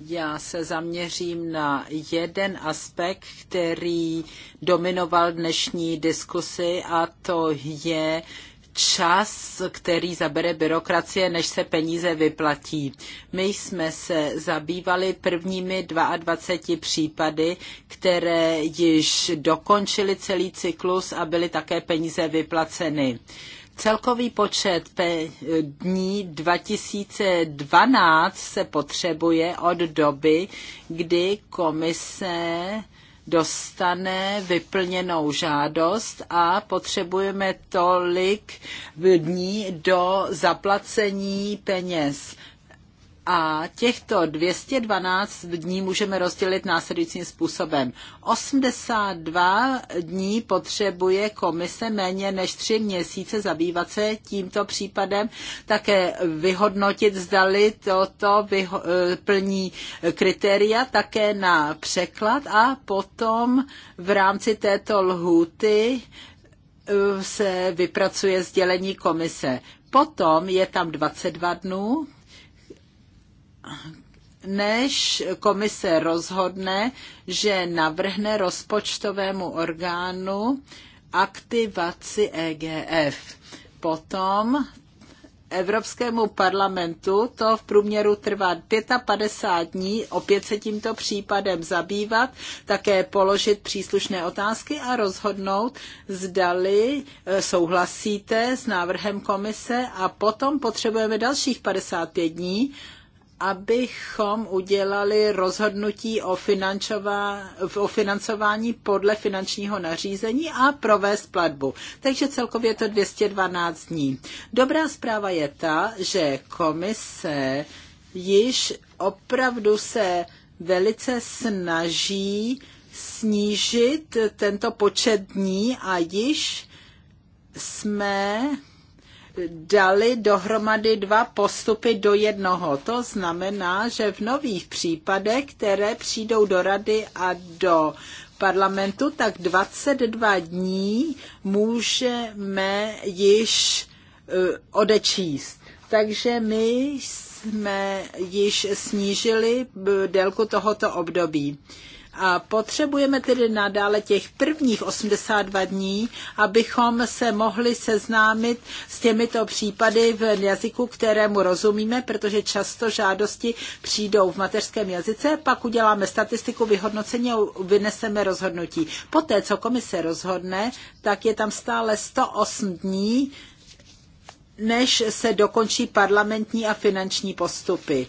Já se zaměřím na jeden aspekt, který dominoval dnešní diskusi a to je čas, který zabere byrokracie, než se peníze vyplatí. My jsme se zabývali prvními 22 případy, které již dokončily celý cyklus a byly také peníze vyplaceny. Celkový počet dní 2012 se potřebuje od doby, kdy komise dostane vyplněnou žádost a potřebujeme tolik dní do zaplacení peněz. A těchto 212 dní můžeme rozdělit následujícím způsobem. 82 dní potřebuje komise méně než 3 měsíce zabývat se tímto případem, také vyhodnotit, zdali toto vyho- e, plní kritéria, také na překlad a potom v rámci této lhuty e, se vypracuje sdělení komise. Potom je tam 22 dnů než komise rozhodne, že navrhne rozpočtovému orgánu aktivaci EGF. Potom Evropskému parlamentu to v průměru trvá 55 dní, opět se tímto případem zabývat, také položit příslušné otázky a rozhodnout, zdali e, souhlasíte s návrhem komise a potom potřebujeme dalších 55 dní, abychom udělali rozhodnutí o, o financování podle finančního nařízení a provést platbu. Takže celkově je to 212 dní. Dobrá zpráva je ta, že komise již opravdu se velice snaží snížit tento počet dní a již jsme dali dohromady dva postupy do jednoho. To znamená, že v nových případech, které přijdou do rady a do parlamentu, tak 22 dní můžeme již eh, odečíst. Takže my jsme již snížili eh, délku tohoto období. A potřebujeme tedy nadále těch prvních 82 dní, abychom se mohli seznámit s těmito případy v jazyku, kterému rozumíme, protože často žádosti přijdou v mateřském jazyce, pak uděláme statistiku vyhodnocení a vyneseme rozhodnutí. Poté, co komise rozhodne, tak je tam stále 108 dní, než se dokončí parlamentní a finanční postupy.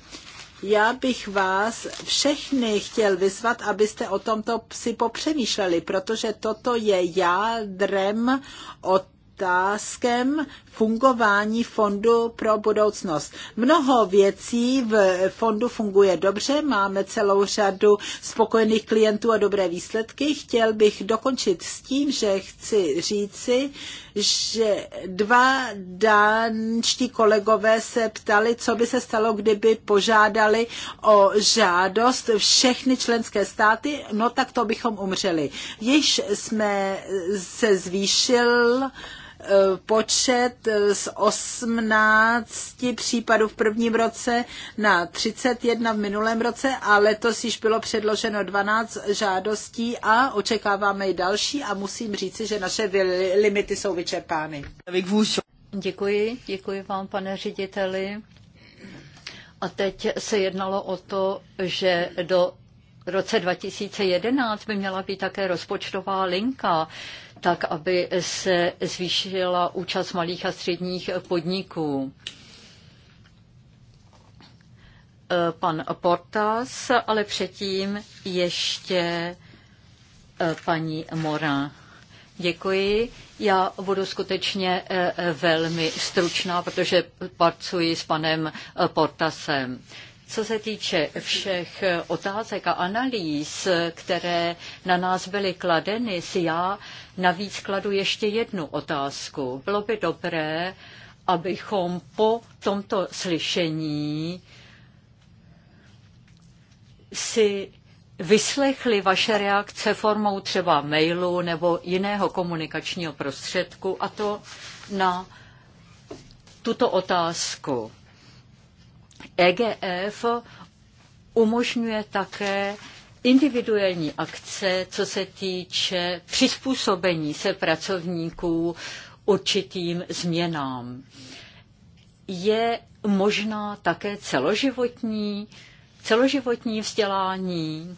Já bych vás všechny chtěl vyzvat, abyste o tomto si popřemýšleli, protože toto je jádrem otázkem fungování fondu pro budoucnost. Mnoho věcí v fondu funguje dobře, máme celou řadu spokojených klientů a dobré výsledky. Chtěl bych dokončit s tím, že chci říci, že dva dánští kolegové se ptali, co by se stalo, kdyby požádali o žádost všechny členské státy, no tak to bychom umřeli. Již jsme se zvýšil Eh, počet eh, z 18 případů v prvním roce na 31 v minulém roce a letos již bylo předloženo 12 žádostí a očekáváme i další a musím říci, že naše limity jsou vyčerpány. Děkuji, děkuji vám, pane řediteli. A teď se jednalo o to, že do roce 2011 by měla být také rozpočtová linka tak aby se zvýšila účast malých a středních podniků eh, pan Portas, ale předtím ještě eh, paní Mora. Děkuji. Já budu skutečně eh, velmi stručná, protože pracuji s panem Portasem. Co se týče všech otázek a analýz, které na nás byly kladeny, si já navíc kladu ještě jednu otázku. Bylo by dobré, abychom po tomto slyšení si vyslechli vaše reakce formou třeba mailu nebo jiného komunikačního prostředku a to na tuto otázku. EGF umožňuje také individuální akce, co se týče přizpůsobení se pracovníků určitým změnám. Je možná také celoživotní, celoživotní vzdělání,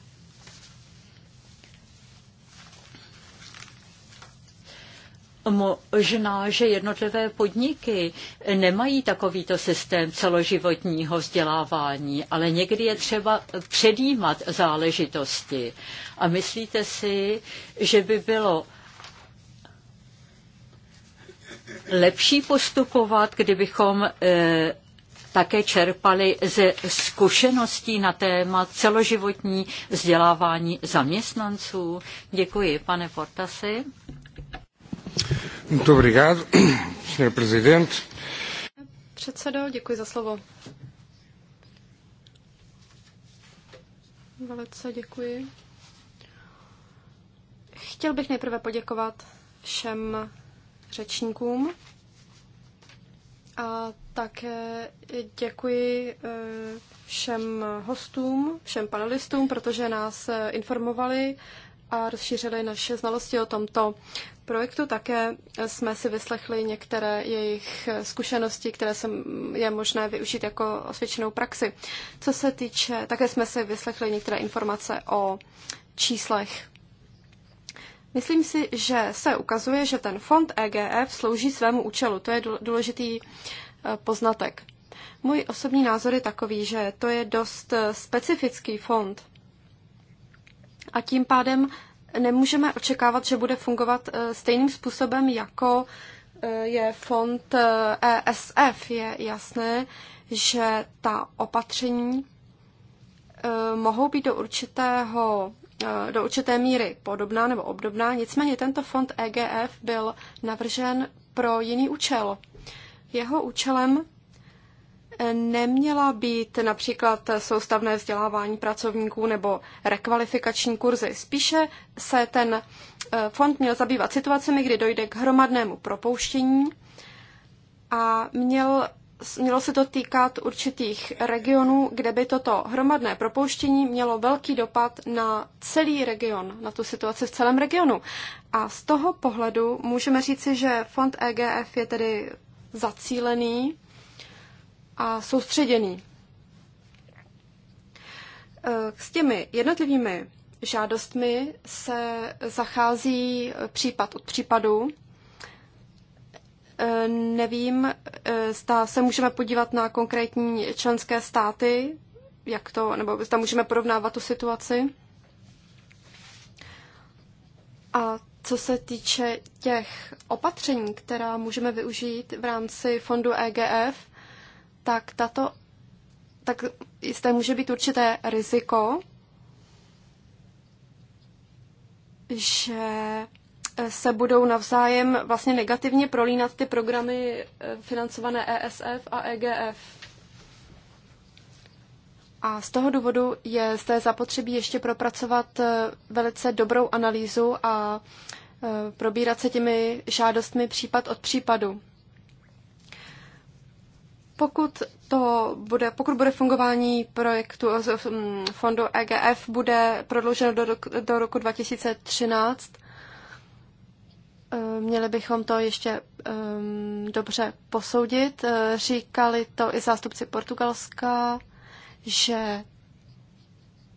Možná, že jednotlivé podniky nemají takovýto systém celoživotního vzdělávání, ale někdy je třeba předjímat záležitosti. A myslíte si, že by bylo lepší postupovat, kdybychom eh, také čerpali ze zkušeností na téma celoživotní vzdělávání zaměstnanců? Děkuji, pane Portasi. Muito Předsedo, děkuji za slovo. Velice děkuji. Chtěl bych nejprve poděkovat všem řečníkům a také děkuji eh, všem hostům, všem panelistům, protože nás eh, informovali a rozšířili naše znalosti o tomto projektu. Také jsme si vyslechli některé jejich zkušenosti, které se je možné využít jako osvědčenou praxi. Co se týče, také jsme si vyslechli některé informace o číslech. Myslím si, že se ukazuje, že ten fond EGF slouží svému účelu. To je důležitý eh, poznatek. Můj osobní názor je takový, že to je dost eh, specifický fond. A tím pádem nemůžeme očekávat, že bude fungovat eh, stejným způsobem, jako eh, je fond ESF. Eh, e je jasné, že ta opatření mohou být do určitého do určité míry podobná nebo obdobná, nicméně tento fond EGF byl navržen pro jiný účel. Jeho účelem neměla být například soustavné vzdělávání pracovníků nebo rekvalifikační kurzy. Spíše se ten eh, fond měl zabývat situacemi, kdy dojde k hromadnému propouštění a měl, mělo se to týkat určitých regionů, kde by toto hromadné propouštění mělo velký dopad na celý region, na tu situaci v celém regionu. A z toho pohledu můžeme říci, že fond EGF je tedy zacílený a soustředěný. E, s těmi jednotlivými žádostmi se zachází případ od případu. E, nevím, e, zda se můžeme podívat na konkrétní členské státy, jak to, nebo zda můžeme porovnávat tu situaci. A co se týče těch opatření, která můžeme využít v rámci fondu EGF, tak tato tak jisté může být určité riziko, že eh, se budou navzájem vlastně negativně prolínat ty programy eh, financované ESF a EGF. A z toho důvodu je zde zapotřebí ještě propracovat eh, velice dobrou analýzu a probírat se těmi žádostmi případ od případu. Pokud, to bude, pokud bude fungování projektu eh, mm, fondu EGF bude prodlouženo do, do roku 2013, eh, Měli bychom to ještě um, dobře posoudit. Eh, říkali to i zástupci Portugalska, že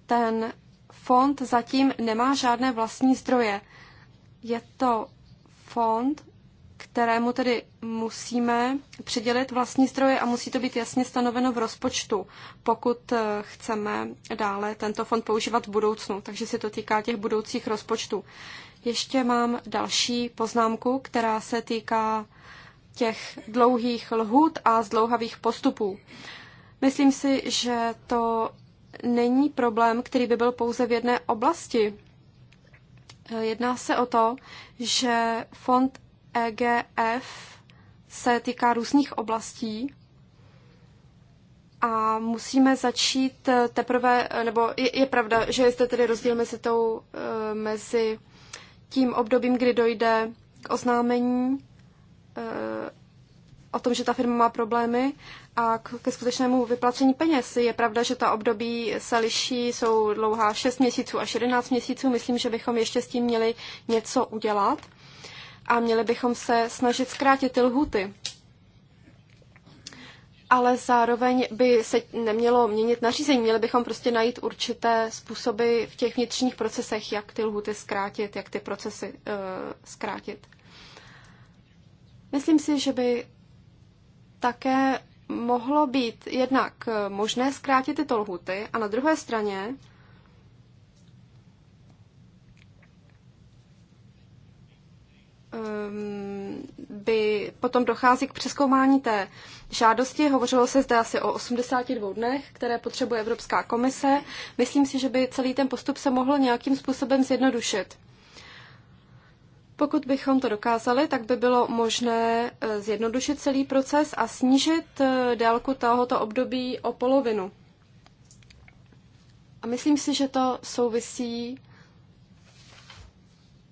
ten fond zatím nemá žádné vlastní zdroje. Je to fond, kterému tedy musíme přidělit vlastní zdroje a musí to být jasně stanoveno v rozpočtu, pokud eh, chceme dále tento fond používat v budoucnu. Takže se to týká těch budoucích rozpočtů. Ještě mám další poznámku, která se týká těch dlouhých lhůt a zdlouhavých postupů. Myslím si, že to není problém, který by byl pouze v jedné oblasti. Eh, jedná se o to, že fond EGF se týká různých oblastí a musíme začít teprve, nebo je, je pravda, že jste tedy rozdíl mezi, tou, eh, mezi tím obdobím, kdy dojde k oznámení eh, o tom, že ta firma má problémy a ke skutečnému vyplacení peněz. Je pravda, že ta období se liší, jsou dlouhá 6 měsíců až 11 měsíců. Myslím, že bychom ještě s tím měli něco udělat a měli bychom se snažit zkrátit ty lhuty. Ale zároveň by se nemělo měnit nařízení, měli bychom prostě najít určité způsoby v těch vnitřních procesech, jak ty lhuty zkrátit, jak ty procesy uh, zkrátit. Myslím si, že by také mohlo být jednak eh, možné zkrátit tyto lhuty a na druhé straně Ehm, by potom dochází k přeskoumání té žádosti. Hovořilo se zde asi o 82 dnech, které potřebuje Evropská komise. Myslím si, že by celý ten postup se mohl nějakým způsobem zjednodušit. Pokud bychom to dokázali, tak by bylo možné eh, zjednodušit celý proces a snížit eh, délku tohoto období o polovinu. A myslím si, že to souvisí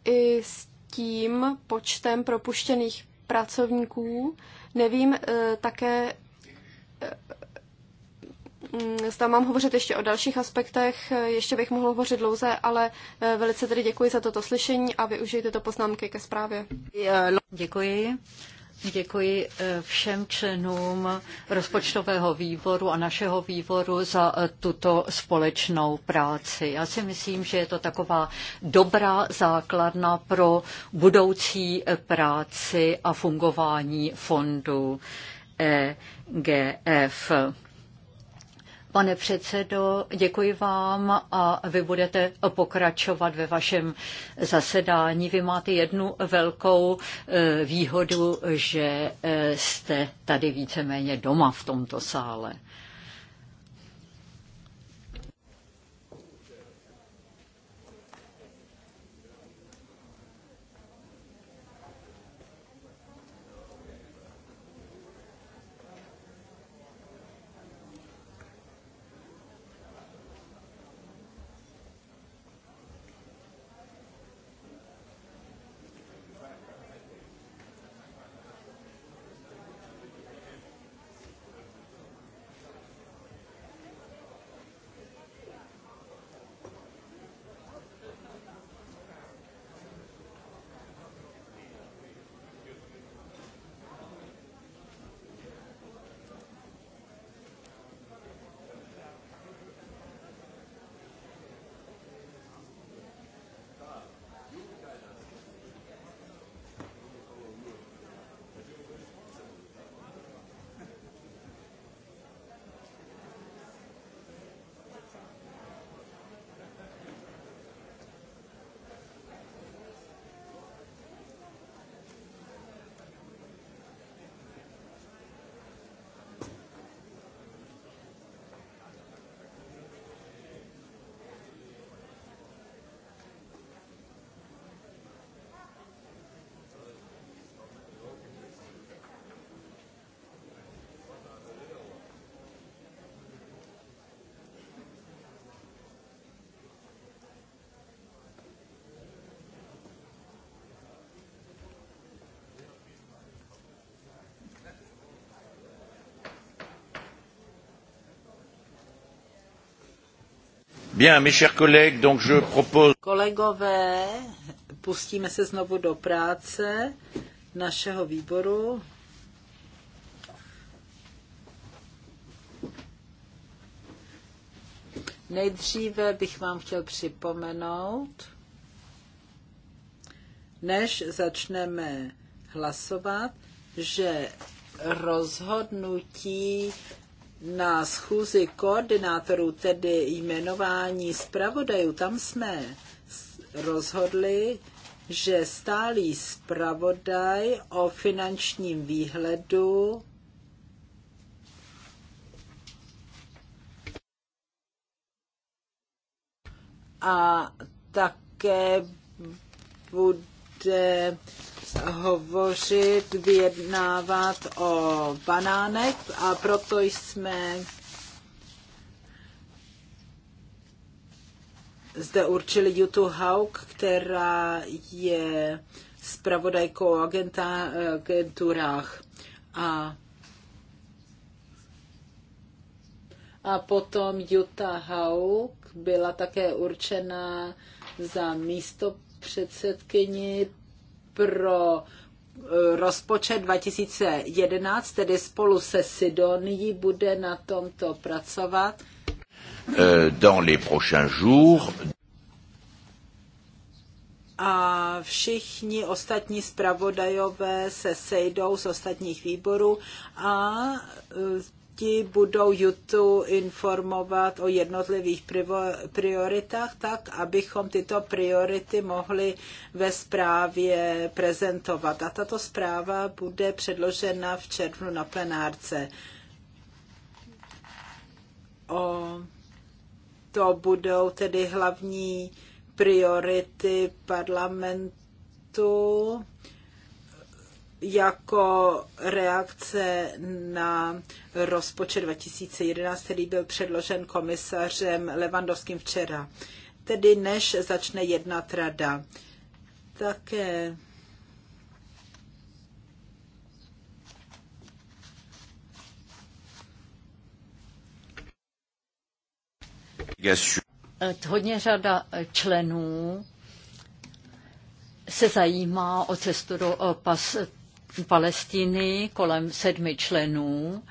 i s tím počtem propuštěných pracovníků. Nevím eh, také, eh, mm, zda mám hovořit ještě o dalších aspektech, eh, ještě bych mohl hovořit dlouze, ale velice tedy děkuji za toto slyšení a využijte to poznámky ke zprávě. Děkuji. Děkuji eh, všem členům rozpočtového výboru a našeho výboru za eh, tuto společnou práci. Já si myslím, že je to taková dobrá základna pro budoucí eh, práci a fungování fondu EGF. Pane předsedo, děkuji vám a vy budete pokračovat ve vašem zasedání. Vy máte jednu velkou eh, výhodu, že eh, jste tady víceméně doma v tomto sále. Bien, mes chers collègues, donc je propose... Kolegové, pustíme se znovu do práce našeho výboru. Nejdříve bych vám chtěl připomenout, než začneme hlasovat, že rozhodnutí na schůzi koordinátorů, tedy jmenování zpravodajů, tam jsme rozhodli, že stálý zpravodaj o finančním výhledu a také bude bude hovořit, vyjednávat o banánech a proto jsme zde určili Jutu Hauk, která je zpravodajkou o agenturách. A, a potom Jutta Hauk byla také určena za místo předsedkyni pro e, rozpočet 2011, tedy spolu se Sidonií, bude na tomto pracovat. E, dans les prochains jours. A všichni ostatní zpravodajové se sejdou z ostatních výborů a e, ti budou Jutu informovat o jednotlivých prioritách, tak abychom tyto priority mohli ve zprávě prezentovat. A tato zpráva bude předložena v červnu na plenárce. O, to budou tedy hlavní priority parlamentu jako reakce na rozpočet 2011, který byl předložen komisařem Levandovským včera. Tedy než začne jednat rada. Také eh, Hodně řada eh, členů se zajímá o cestu do eh, pas Palestiny kolem sedmi členů.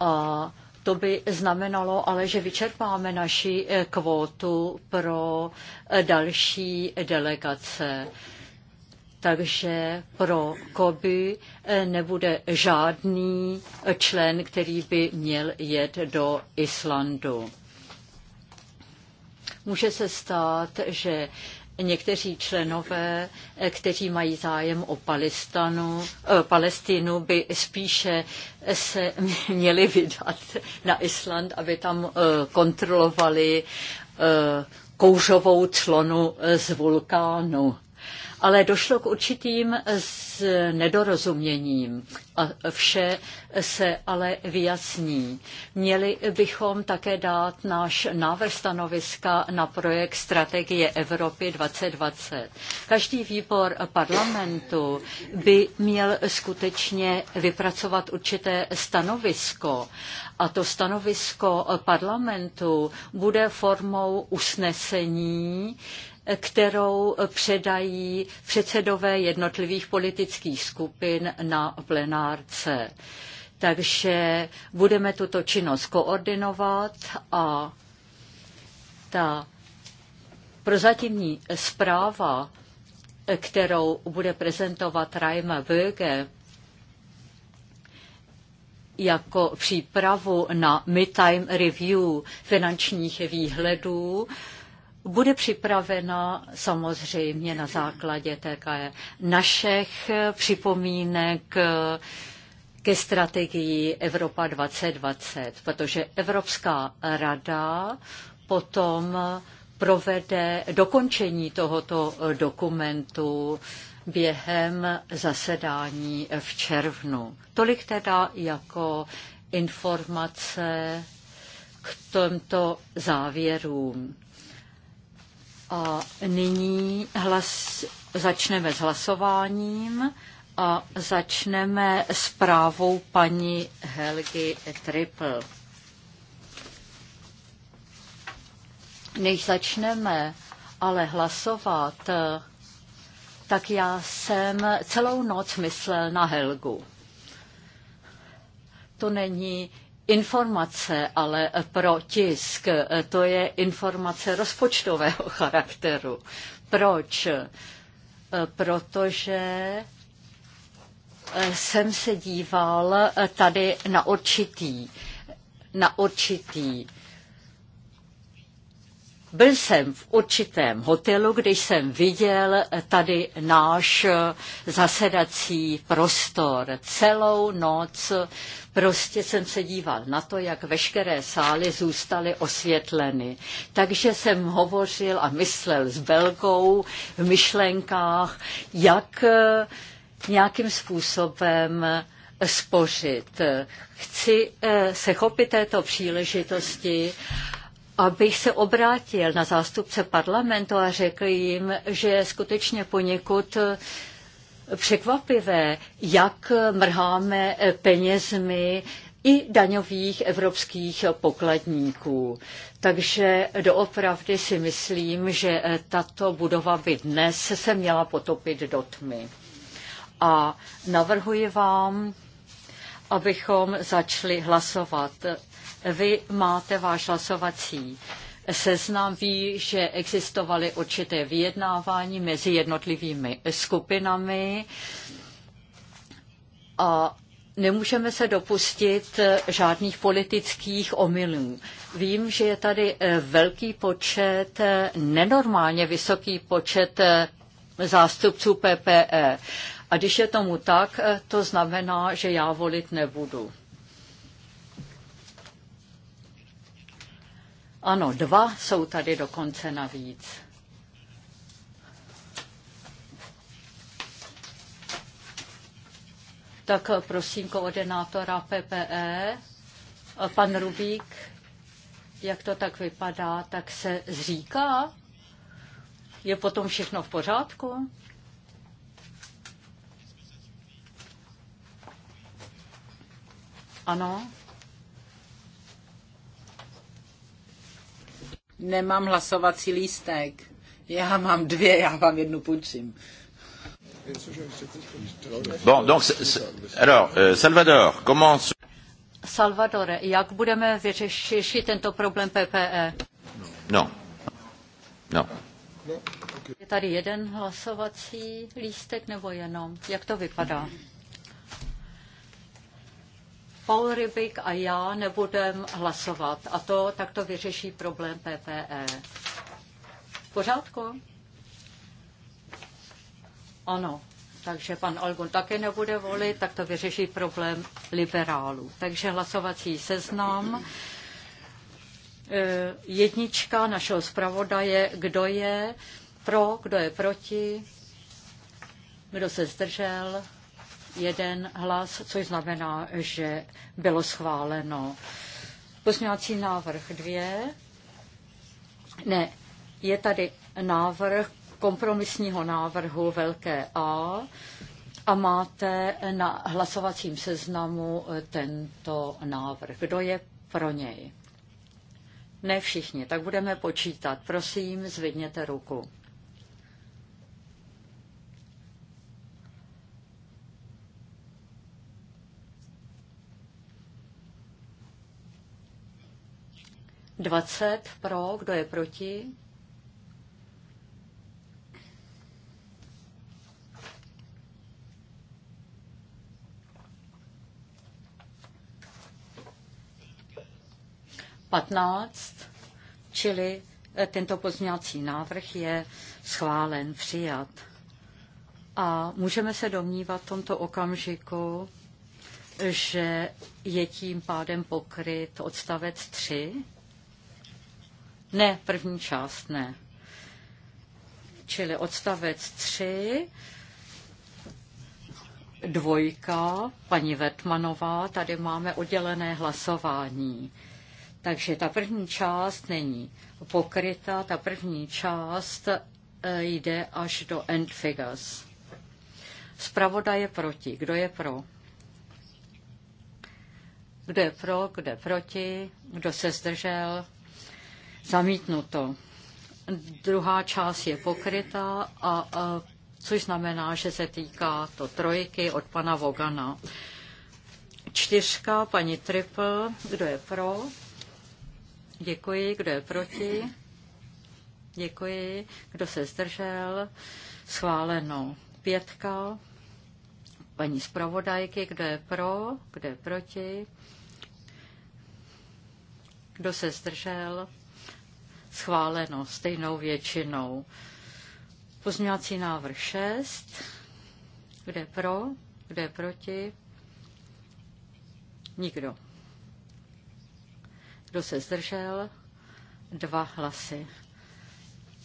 A to by znamenalo ale, že vyčerpáme naši eh, kvótu pro eh, další delegace. Takže pro Koby eh, nebude žádný člen, který by měl jet do Islandu. Může se stát, že někteří členové, eh, kteří mají zájem o Palestinu, eh, Palestinu by spíše se měli vydat na Island, aby tam eh, kontrolovali kouřovou clonu z vulkánu ale došlo k určitým s nedorozuměním. A vše se ale vyjasní. Měli bychom také dát náš návrh stanoviska na projekt Strategie Evropy 2020. Každý výbor parlamentu by měl skutečně vypracovat určité stanovisko a to stanovisko parlamentu bude formou usnesení, kterou předají předsedové jednotlivých politických skupin na plenárce. Takže budeme tuto činnost koordinovat a ta prozatímní zpráva, kterou bude prezentovat Raima Böge, jako přípravu na midtime review finančních výhledů bude připravena samozřejmě na základě TK našich připomínek ke strategii Evropa 2020, protože Evropská rada potom provede dokončení tohoto dokumentu během zasedání v červnu. Tolik teda jako informace k tomto závěrům. A nyní hlas, začneme s hlasováním a začneme s právou paní Helgy Triple. Než začneme ale hlasovat, tak já jsem celou noc myslel na Helgu. To není informace, ale pro tisk to je informace rozpočtového charakteru. Proč? Protože jsem se díval tady na určitý, na určitý byl jsem v určitém hotelu, když jsem viděl tady náš zasedací prostor. Celou noc prostě jsem se díval na to, jak veškeré sály zůstaly osvětleny. Takže jsem hovořil a myslel s Belgou v myšlenkách, jak eh, nějakým způsobem spořit. Chci eh, se chopit této příležitosti abych se obrátil na zástupce parlamentu a řekl jim, že je skutečně poněkud eh, překvapivé, jak mrháme eh, penězmi i daňových evropských pokladníků. Takže doopravdy si myslím, že eh, tato budova by dnes se měla potopit do tmy. A navrhuji vám, abychom začali hlasovat. Vy máte váš hlasovací seznam ví, že existovaly určité vyjednávání mezi jednotlivými skupinami a nemůžeme se dopustit žádných politických omylů. Vím, že je tady eh, velký počet, eh, nenormálně vysoký počet eh, zástupců PPE. A když je tomu tak, to znamená, že já volit nebudu. Ano, dva jsou tady dokonce navíc. Tak prosím koordinátora PPE, pan Rubík, jak to tak vypadá, tak se zříká? Je potom všechno v pořádku? Ano, nemám hlasovací lístek. Já mám dvě, já vám jednu půjčím. Bon, donc, alors, euh, Salvador, comment... Salvador, jak budeme vyřešit tento problém PPE? No. No. Je tady jeden hlasovací lístek nebo jenom? Jak to vypadá? Mm-hmm. Paul Rybik a já nebudeme hlasovat a to takto vyřeší problém PPE. V pořádku? Ano, takže pan Algon také nebude volit, tak to vyřeší problém liberálů. Takže hlasovací seznam. E, jednička našeho zpravodaje, kdo je pro, kdo je proti, kdo se zdržel, jeden hlas, což znamená, že bylo schváleno. Pozměňovací návrh dvě. Ne, je tady návrh kompromisního návrhu velké A a máte na hlasovacím seznamu tento návrh. Kdo je pro něj? Ne všichni, tak budeme počítat. Prosím, zvedněte ruku. 20 pro, kdo je proti? Patnáct, čili eh, tento pozměňovací návrh je schválen, přijat. A můžeme se domnívat v tomto okamžiku, že je tím pádem pokryt odstavec 3 ne, první část ne. Čili odstavec 3, dvojka, paní Vetmanová, tady máme oddělené hlasování. Takže ta první část není pokryta, ta první část e, jde až do end figures. Zpravoda je proti. Kdo je pro? Kdo je pro, kdo je proti, kdo se zdržel, zamítnuto. Druhá část je pokrytá, a, a, což znamená, že se týká to trojky od pana Vogana. Čtyřka, paní Triple, kdo je pro? Děkuji, kdo je proti? Děkuji, kdo se zdržel? Schváleno. Pětka, paní zpravodajky, kdo je pro, kdo je proti? Kdo se zdržel? schváleno stejnou většinou. Pozměňovací návrh 6. Kde pro? Kde proti? Nikdo. Kdo se zdržel? Dva hlasy.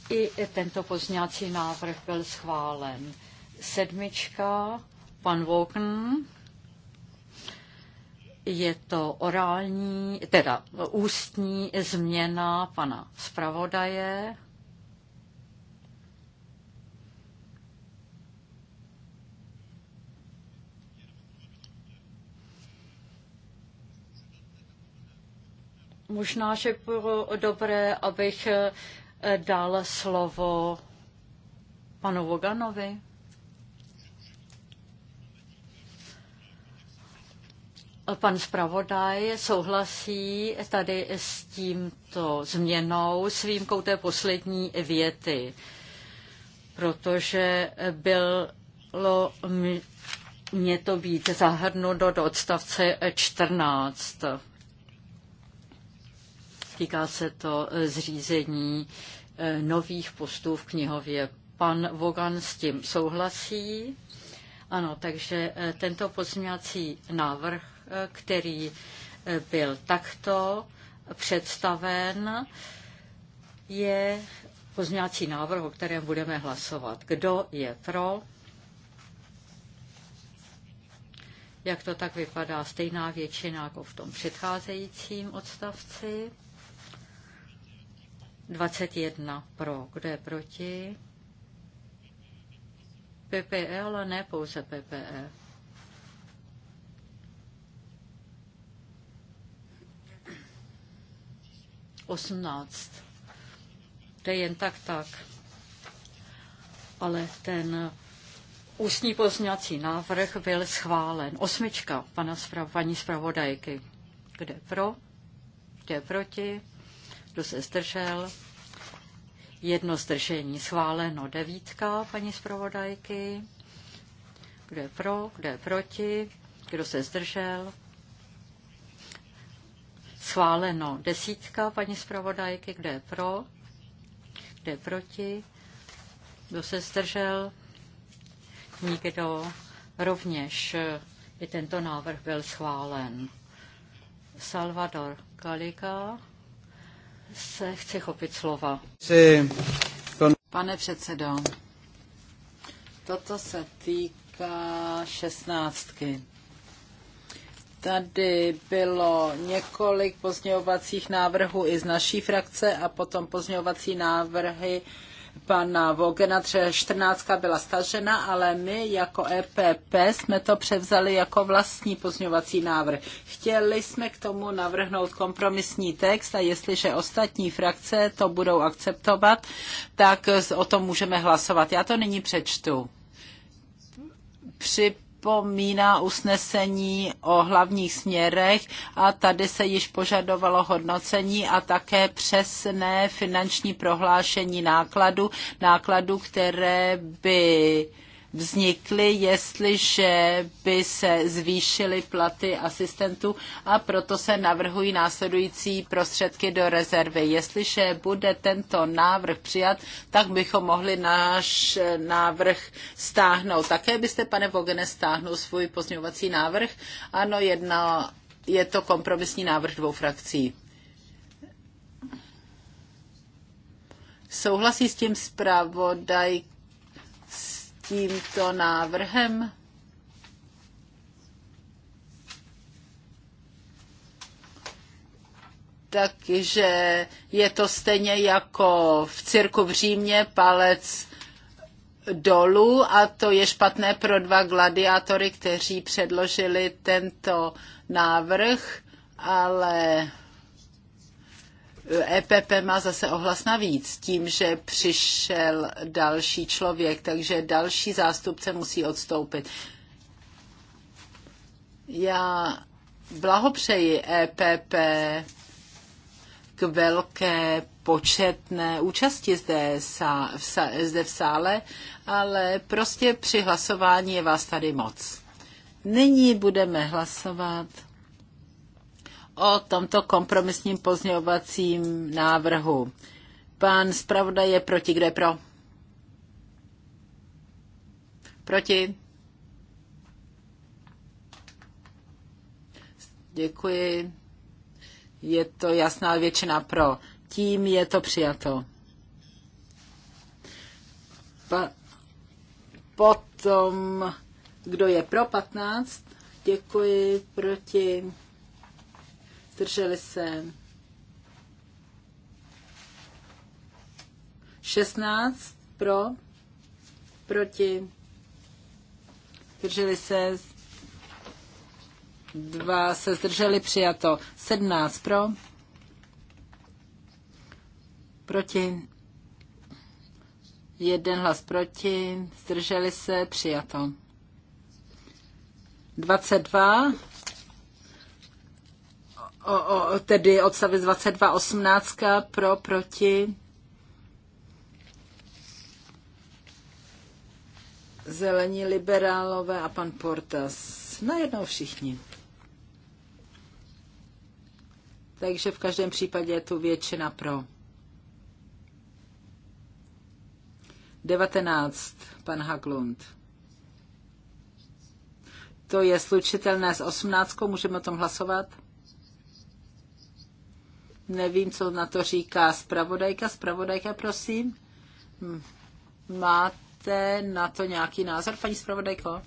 I tento pozměňovací návrh byl schválen. Sedmička, pan Woken, je to orální, teda ústní změna pana zpravodaje. Možná, že bylo dobré, abych dal slovo panu Voganovi. Pan zpravodaj souhlasí tady s tímto změnou s výjimkou té poslední věty, protože bylo mě to být zahrnuto do odstavce 14. Týká se to zřízení eh, nových postů v knihově. Pan Vogan s tím souhlasí. Ano, takže eh, tento pozměňovací návrh který eh, byl takto představen, je pozměňovací návrh, o kterém budeme hlasovat. Kdo je pro? Jak to tak vypadá? Stejná většina jako v tom předcházejícím odstavci. 21 pro. Kdo je proti? PPE, ale ne pouze PPE. 18. To je jen tak tak. Ale ten ústní pozměňovací návrh byl schválen. Osmička pana spra- paní zpravodajky. Kde pro? Kde proti? Kdo se zdržel? Jedno zdržení schváleno. Devítka paní zpravodajky. Kdo je pro? Kdo je proti? Kdo se zdržel? Schváleno. Desítka paní zpravodajky, kde je pro, kde je proti, kdo se zdržel, nikdo. Rovněž eh, i tento návrh byl schválen. Salvador Kalika se chce chopit slova. Pane předsedo, toto se týká šestnáctky. Tady bylo několik pozměňovacích návrhů i z naší frakce a potom pozměňovací návrhy pana Vogena, že 14 byla stažena, ale my jako EPP jsme to převzali jako vlastní pozměňovací návrh. Chtěli jsme k tomu navrhnout kompromisní text a jestliže ostatní frakce to budou akceptovat, tak o tom můžeme hlasovat. Já to nyní přečtu. Při připomíná usnesení o hlavních směrech a tady se již požadovalo hodnocení a také přesné finanční prohlášení nákladu, nákladu, které by vznikly, jestliže by se zvýšily platy asistentů a proto se navrhují následující prostředky do rezervy. Jestliže bude tento návrh přijat, tak bychom mohli náš návrh stáhnout. Také byste, pane Vogene, stáhnul svůj pozměňovací návrh? Ano, jedna, je to kompromisní návrh dvou frakcí. Souhlasí s tím zpravodajka? tímto návrhem? Takže je to stejně jako v cirku v Římě palec dolů a to je špatné pro dva gladiátory, kteří předložili tento návrh, ale EPP má zase ohlas navíc tím, že přišel další člověk, takže další zástupce musí odstoupit. Já blahopřeji EPP k velké početné účasti zde, zde v sále, ale prostě při hlasování je vás tady moc. Nyní budeme hlasovat o tomto kompromisním pozměňovacím návrhu. Pan zpravodaj je proti, kde pro? Proti. Děkuji. Je to jasná většina pro. Tím je to přijato. Pa, potom, kdo je pro 15? Děkuji proti zdrželi se. 16 pro, proti, zdrželi se, dva se zdrželi, přijato 17 pro, proti, jeden hlas proti, zdrželi se, přijato. 22 o, o, tedy odstavec 22.18 pro, proti. Zelení liberálové a pan Portas. Najednou všichni. Takže v každém případě je tu většina pro. 19. Pan Haglund. To je slučitelné s 18. Můžeme o tom hlasovat? Nevím, co na to říká zpravodajka. Zpravodajka, prosím. Hm. Máte na to nějaký názor, paní zpravodajko?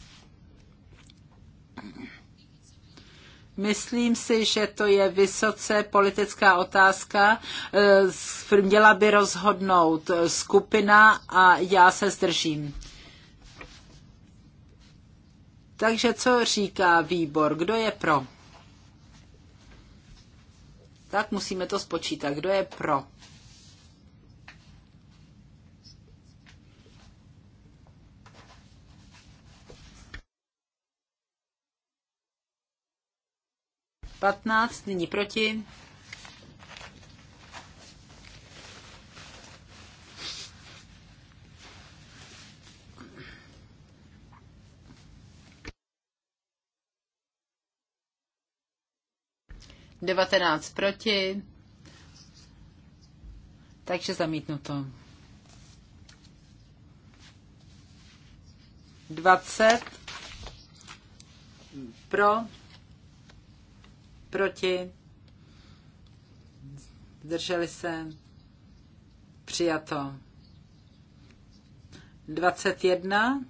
Myslím si, že to je vysoce politická otázka. Eh, měla by rozhodnout skupina a já se zdržím. Takže co říká výbor? Kdo je pro? tak musíme to spočítat. Kdo je pro? Patnáct, nyní proti. 19 proti, takže zamítnuto. 20 pro, proti, zdrželi se, přijato. 21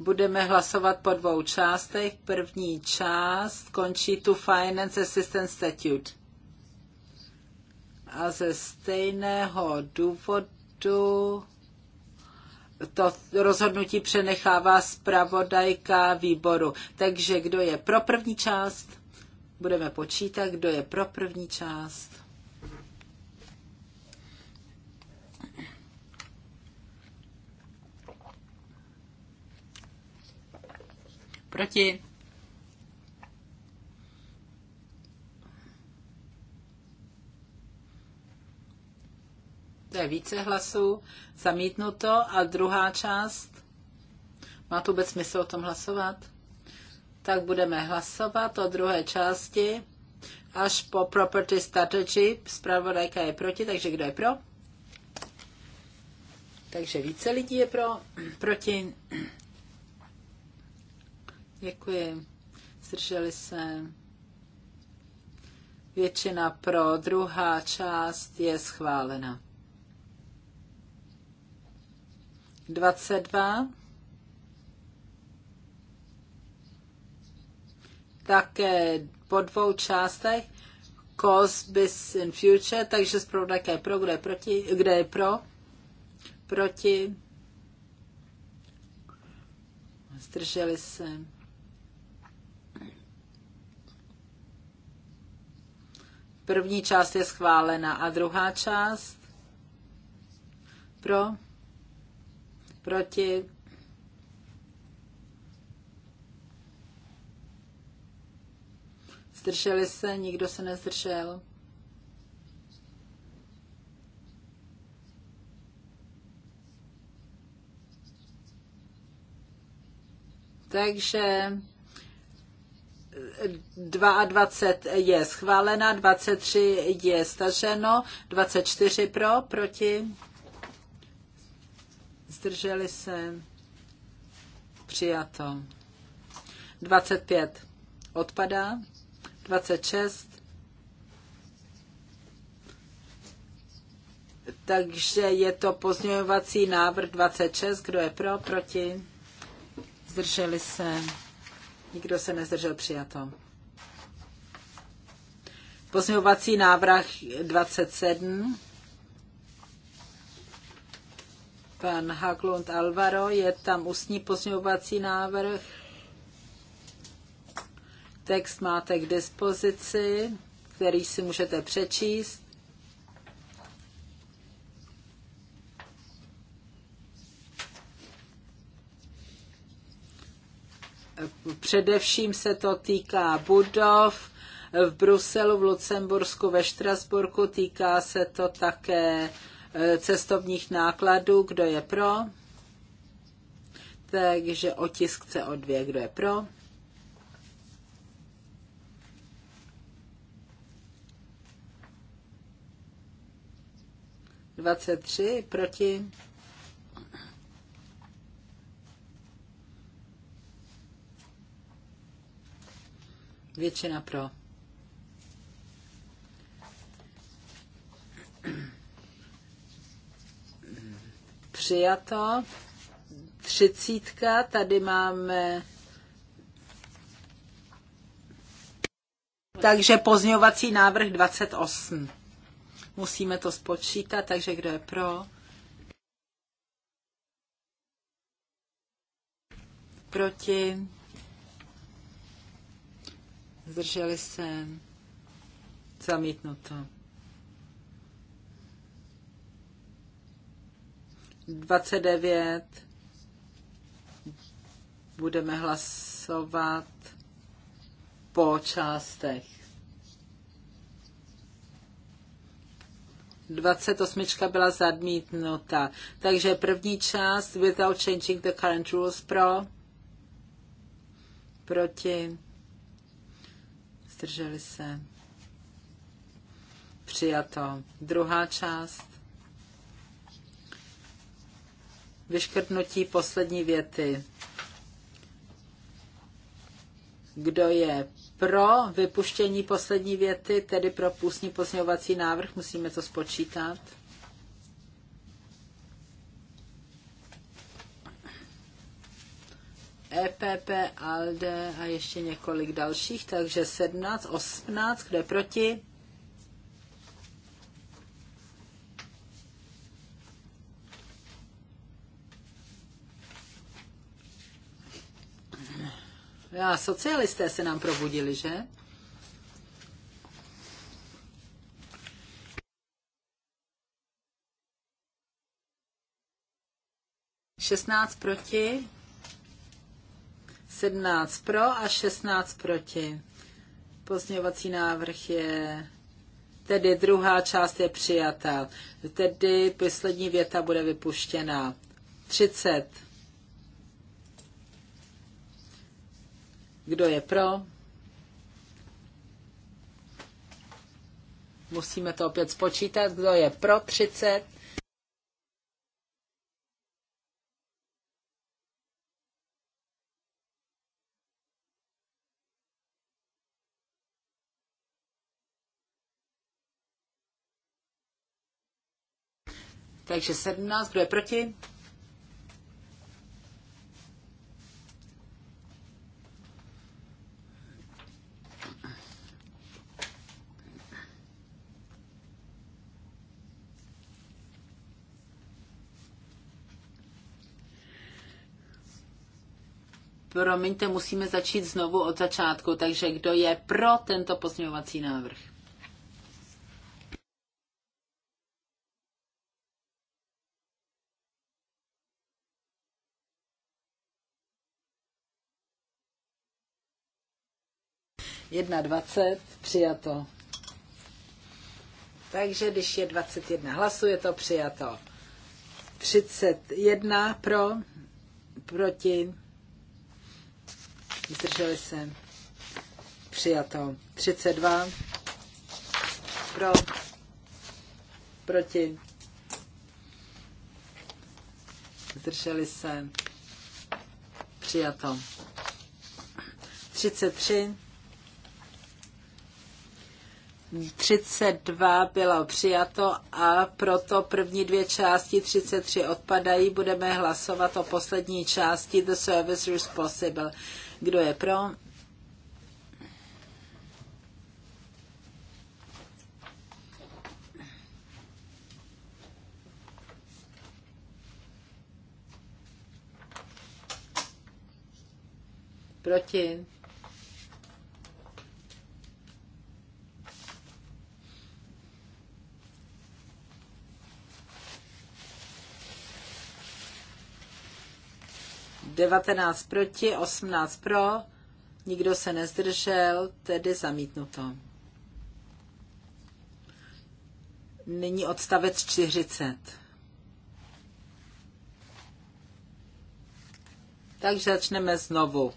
Budeme hlasovat po dvou částech. První část končí tu Finance Assistance Statute. A ze stejného důvodu to rozhodnutí přenechává zpravodajka výboru. Takže kdo je pro první část? Budeme počítat, kdo je pro první část. Proti? To je více hlasů. Zamítnuto. A druhá část? Má to vůbec smysl o tom hlasovat? Tak budeme hlasovat o druhé části až po Property Strategy. Zpravodajka je proti, takže kdo je pro? Takže více lidí je pro, proti. Děkuji. Zdrželi se. Většina pro. Druhá část je schválena. 22. Také po dvou částech. Cause bis in future, takže zpravodajka je pro, kde je, proti, kde je pro, proti, zdrželi se. První část je schválena a druhá část pro, proti, zdrželi se, nikdo se nezdržel. Takže 22 je schválena, 23 je staženo, 24 pro, proti, zdrželi se, přijato. 25 odpadá, 26 Takže je to pozměňovací návrh 26. Kdo je pro, proti? Zdrželi se. Nikdo se nezdržel přijato. Pozměňovací návrh 27. Pan Haglund Alvaro, je tam ústní pozměňovací návrh. Text máte k dispozici, který si můžete přečíst. Především se to týká budov v Bruselu, v Lucembursku, ve Štrasburku. Týká se to také e, cestovních nákladů. Kdo je pro? Takže otisk CO2. Kdo je pro? Dvacet tři proti. Většina pro. Přijato. Třicítka, tady máme Takže pozňovací návrh 28. Musíme to spočítat, takže kdo je pro? Proti? zdrželi se, zamítnuto. 29 budeme hlasovat po částech. 28 byla zadmítnuta. Takže první část without changing the current rules pro, proti, zdrželi se. Přijato. Druhá část. Vyškrtnutí poslední věty. Kdo je pro vypuštění poslední věty, tedy pro půstní pozměňovací návrh, musíme to spočítat. EPP, ALDE a ještě několik dalších, takže 17, 18, kde proti? Já socialisté se nám probudili, že? Šestnáct proti. 17 pro a 16 proti. Pozměňovací návrh je tedy druhá část je přijata. Tedy poslední věta bude vypuštěna. 30. Kdo je pro? Musíme to opět spočítat. Kdo je pro 30? Takže 17, kdo je proti? Promiňte, musíme začít znovu od začátku, takže kdo je pro tento pozměňovací návrh? 21 přijato. Takže když je 21 hlasů, je to přijato. 31 pro, proti, zdrželi se, přijato. 32 pro, proti, zdrželi se, přijato. 33 32 bylo přijato a proto první dvě části 33 odpadají. Budeme hlasovat o poslední části The Service Responsible. Possible. Kdo je pro? Proti. 19 proti, 18 pro, nikdo se nezdržel, tedy zamítnuto. Nyní odstavec 40. Takže začneme znovu.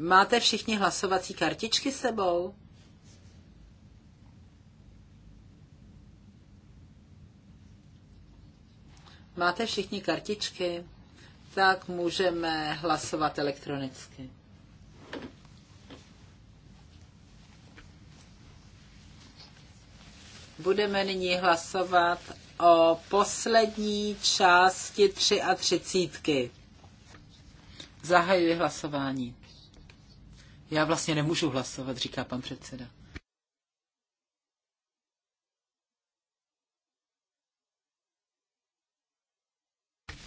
Máte všichni hlasovací kartičky sebou? Máte všichni kartičky? tak můžeme hlasovat elektronicky. Budeme nyní hlasovat o poslední části 33. Zahajuji hlasování. Já vlastně nemůžu hlasovat, říká pan předseda.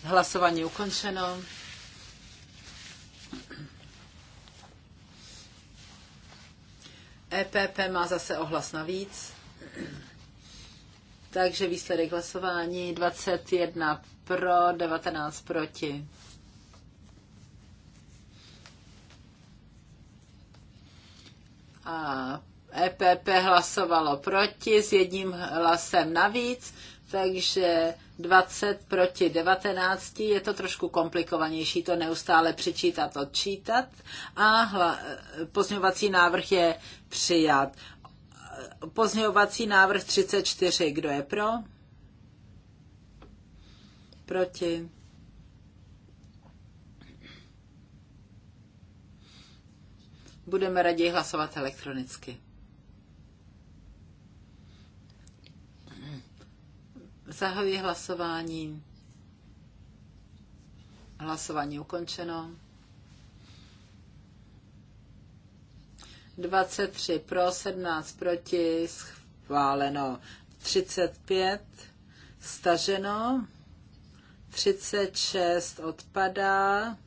Hlasování ukončeno. EPP má zase ohlas navíc. Takže výsledek hlasování 21 pro, 19 proti. A EPP hlasovalo proti s jedním hlasem navíc, takže 20 proti 19. Je to trošku komplikovanější to neustále přečítat, odčítat. A hla, pozňovací návrh je přijat. Pozňovací návrh 34. Kdo je pro? Proti. Budeme raději hlasovat elektronicky. Zahajuji hlasování. Hlasování ukončeno. 23 pro, 17 proti, schváleno. 35 staženo. 36 odpadá.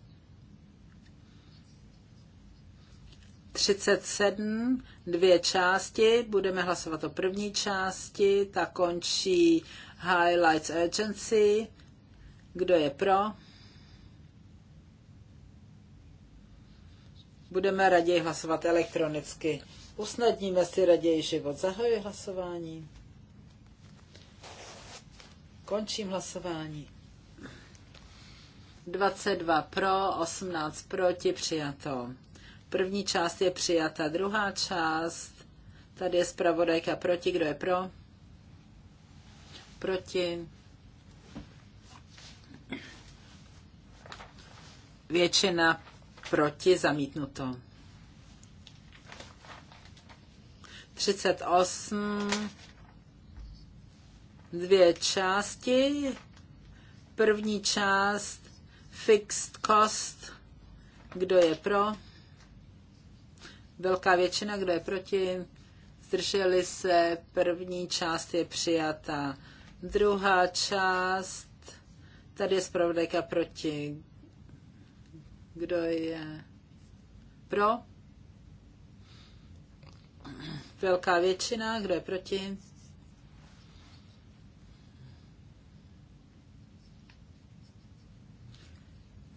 37, dvě části. Budeme hlasovat o první části. Ta končí Highlights Urgency. Kdo je pro? Budeme raději hlasovat elektronicky. Usnadníme si raději život. Zahajuji hlasování. Končím hlasování. 22 pro, 18 proti, přijato. První část je přijata, druhá část, tady je zpravodajka proti, kdo je pro? proti. Většina proti zamítnuto. 38 dvě části. První část fixed cost. Kdo je pro? Velká většina, kdo je proti? Zdrželi se. První část je přijata. Druhá část, tady je zpravodajka proti. Kdo je pro? Velká většina, kdo je proti?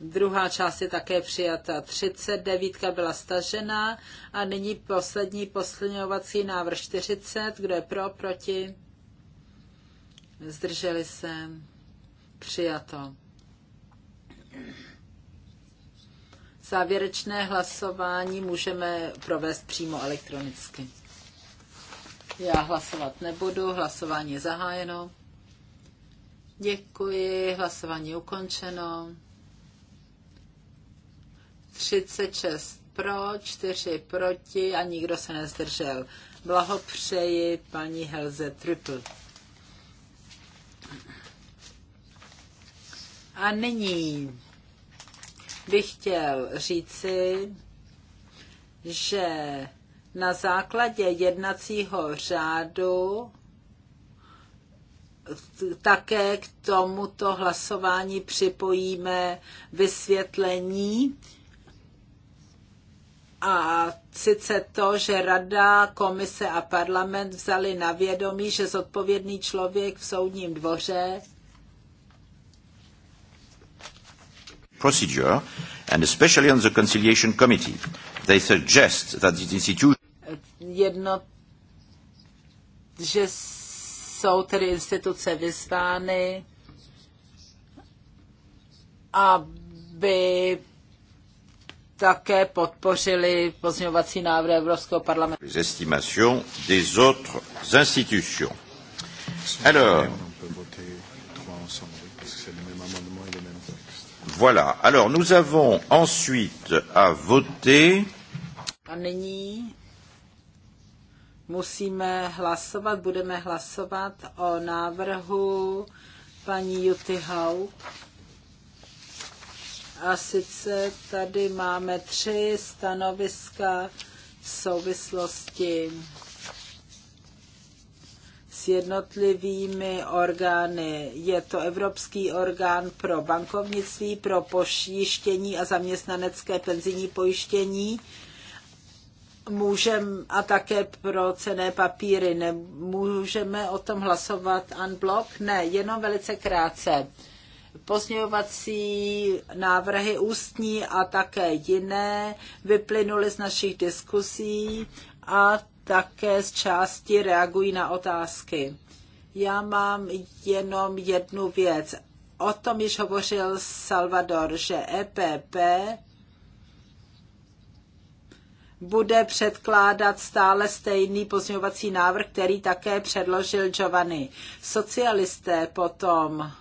Druhá část je také přijata. 39 byla stažena a nyní poslední poslňovací návrh 40. Kdo je pro, proti? zdrželi se, přijato. Závěrečné hlasování můžeme provést přímo elektronicky. Já hlasovat nebudu, hlasování je zahájeno. Děkuji, hlasování je ukončeno. 36 pro, 4 proti a nikdo se nezdržel. Blahopřeji paní Helze Triple. A nyní bych chtěl říci, že na základě jednacího řádu také k tomuto hlasování připojíme vysvětlení a sice to, že Rada, Komise a parlament vzali na vědomí, že zodpovědný člověk v soudním dvoře procedure, and especially on the Conciliation Committee. They suggest that the institution... Jedno, že jsou tedy instituce vyzvány, aby také podpořili pozměňovací návrh Evropského parlamentu. Les estimations des autres institutions. Alors, Voilà. Alors, nous avons ensuite à voter. A nyní musíme hlasovat, budeme hlasovat o návrhu paní Juty Hauk. A sice tady máme tři stanoviska v souvislosti s jednotlivými orgány. Je to Evropský orgán pro bankovnictví, pro pojištění a zaměstnanecké penzijní pojištění můžeme a také pro cené papíry. Můžeme o tom hlasovat unblock? Ne, jenom velice krátce. Pozměňovací návrhy ústní a také jiné vyplynuly z našich diskusí a také z části reagují na otázky. Já mám jenom jednu věc. O tom již hovořil Salvador, že EPP bude předkládat stále stejný pozměňovací návrh, který také předložil Giovanni. Socialisté potom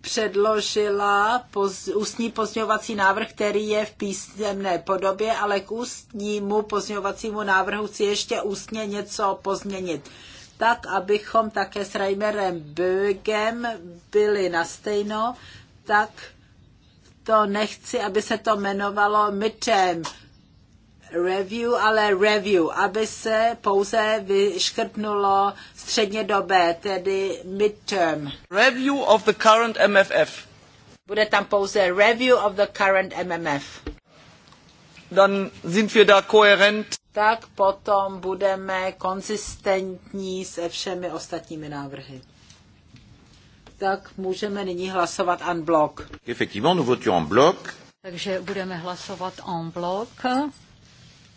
předložila poz, ústní pozňovací návrh, který je v písemné podobě, ale k ústnímu pozňovacímu návrhu chci ještě ústně něco pozměnit. Tak, abychom také s Reimerem Bögem byli na stejno, tak to nechci, aby se to jmenovalo midterm review, ale review, aby se pouze vyškrtnulo střednědobé, tedy midterm. Review of the current MFF. Bude tam pouze review of the current MMF. Dann sind wir da kohärent. Tak potom budeme konzistentní se všemi ostatními návrhy. Tak můžeme nyní hlasovat en bloc. Effectivement, nous votions en bloc. Takže budeme hlasovat en bloc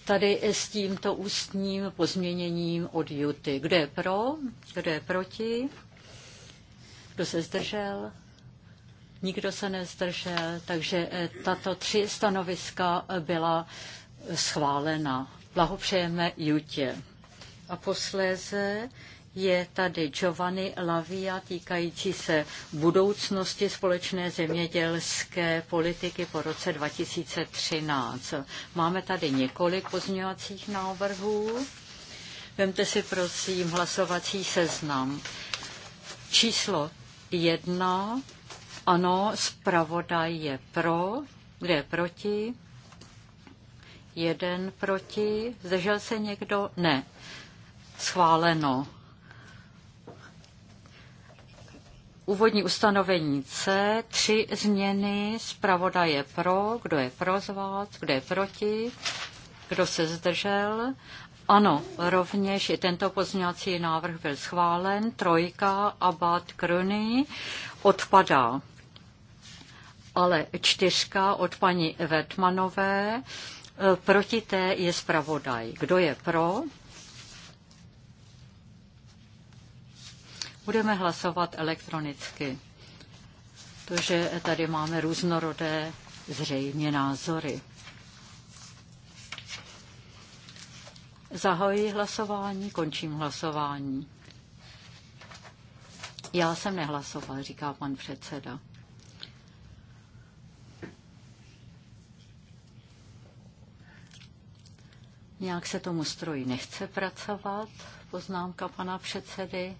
tady s tímto ústním pozměněním od Juty. Kdo je pro? Kdo je proti? Kdo se zdržel? Nikdo se nezdržel, takže eh, tato tři stanoviska eh, byla schválena. Blahopřejeme Jutě. A posléze je tady Giovanni Lavia týkající se budoucnosti společné zemědělské politiky po roce 2013. Máme tady několik pozměňovacích návrhů. Vemte si prosím hlasovací seznam. Číslo jedna. Ano, zpravodaj je pro. Kde je proti? Jeden proti. Zdržel se někdo? Ne. Schváleno. Úvodní ustanovení C, tři změny, zpravodaje je pro, kdo je pro z kdo je proti, kdo se zdržel. Ano, rovněž i tento pozměňovací návrh byl schválen. Trojka, Abad, Kruny odpadá. Ale čtyřka od paní Vetmanové, e, proti té je zpravodaj. Kdo je pro? Budeme hlasovat elektronicky, protože tady máme různorodé zřejmě názory. Zahajuji hlasování, končím hlasování. Já jsem nehlasoval, říká pan předseda. Nějak se tomu stroji nechce pracovat, poznámka pana předsedy.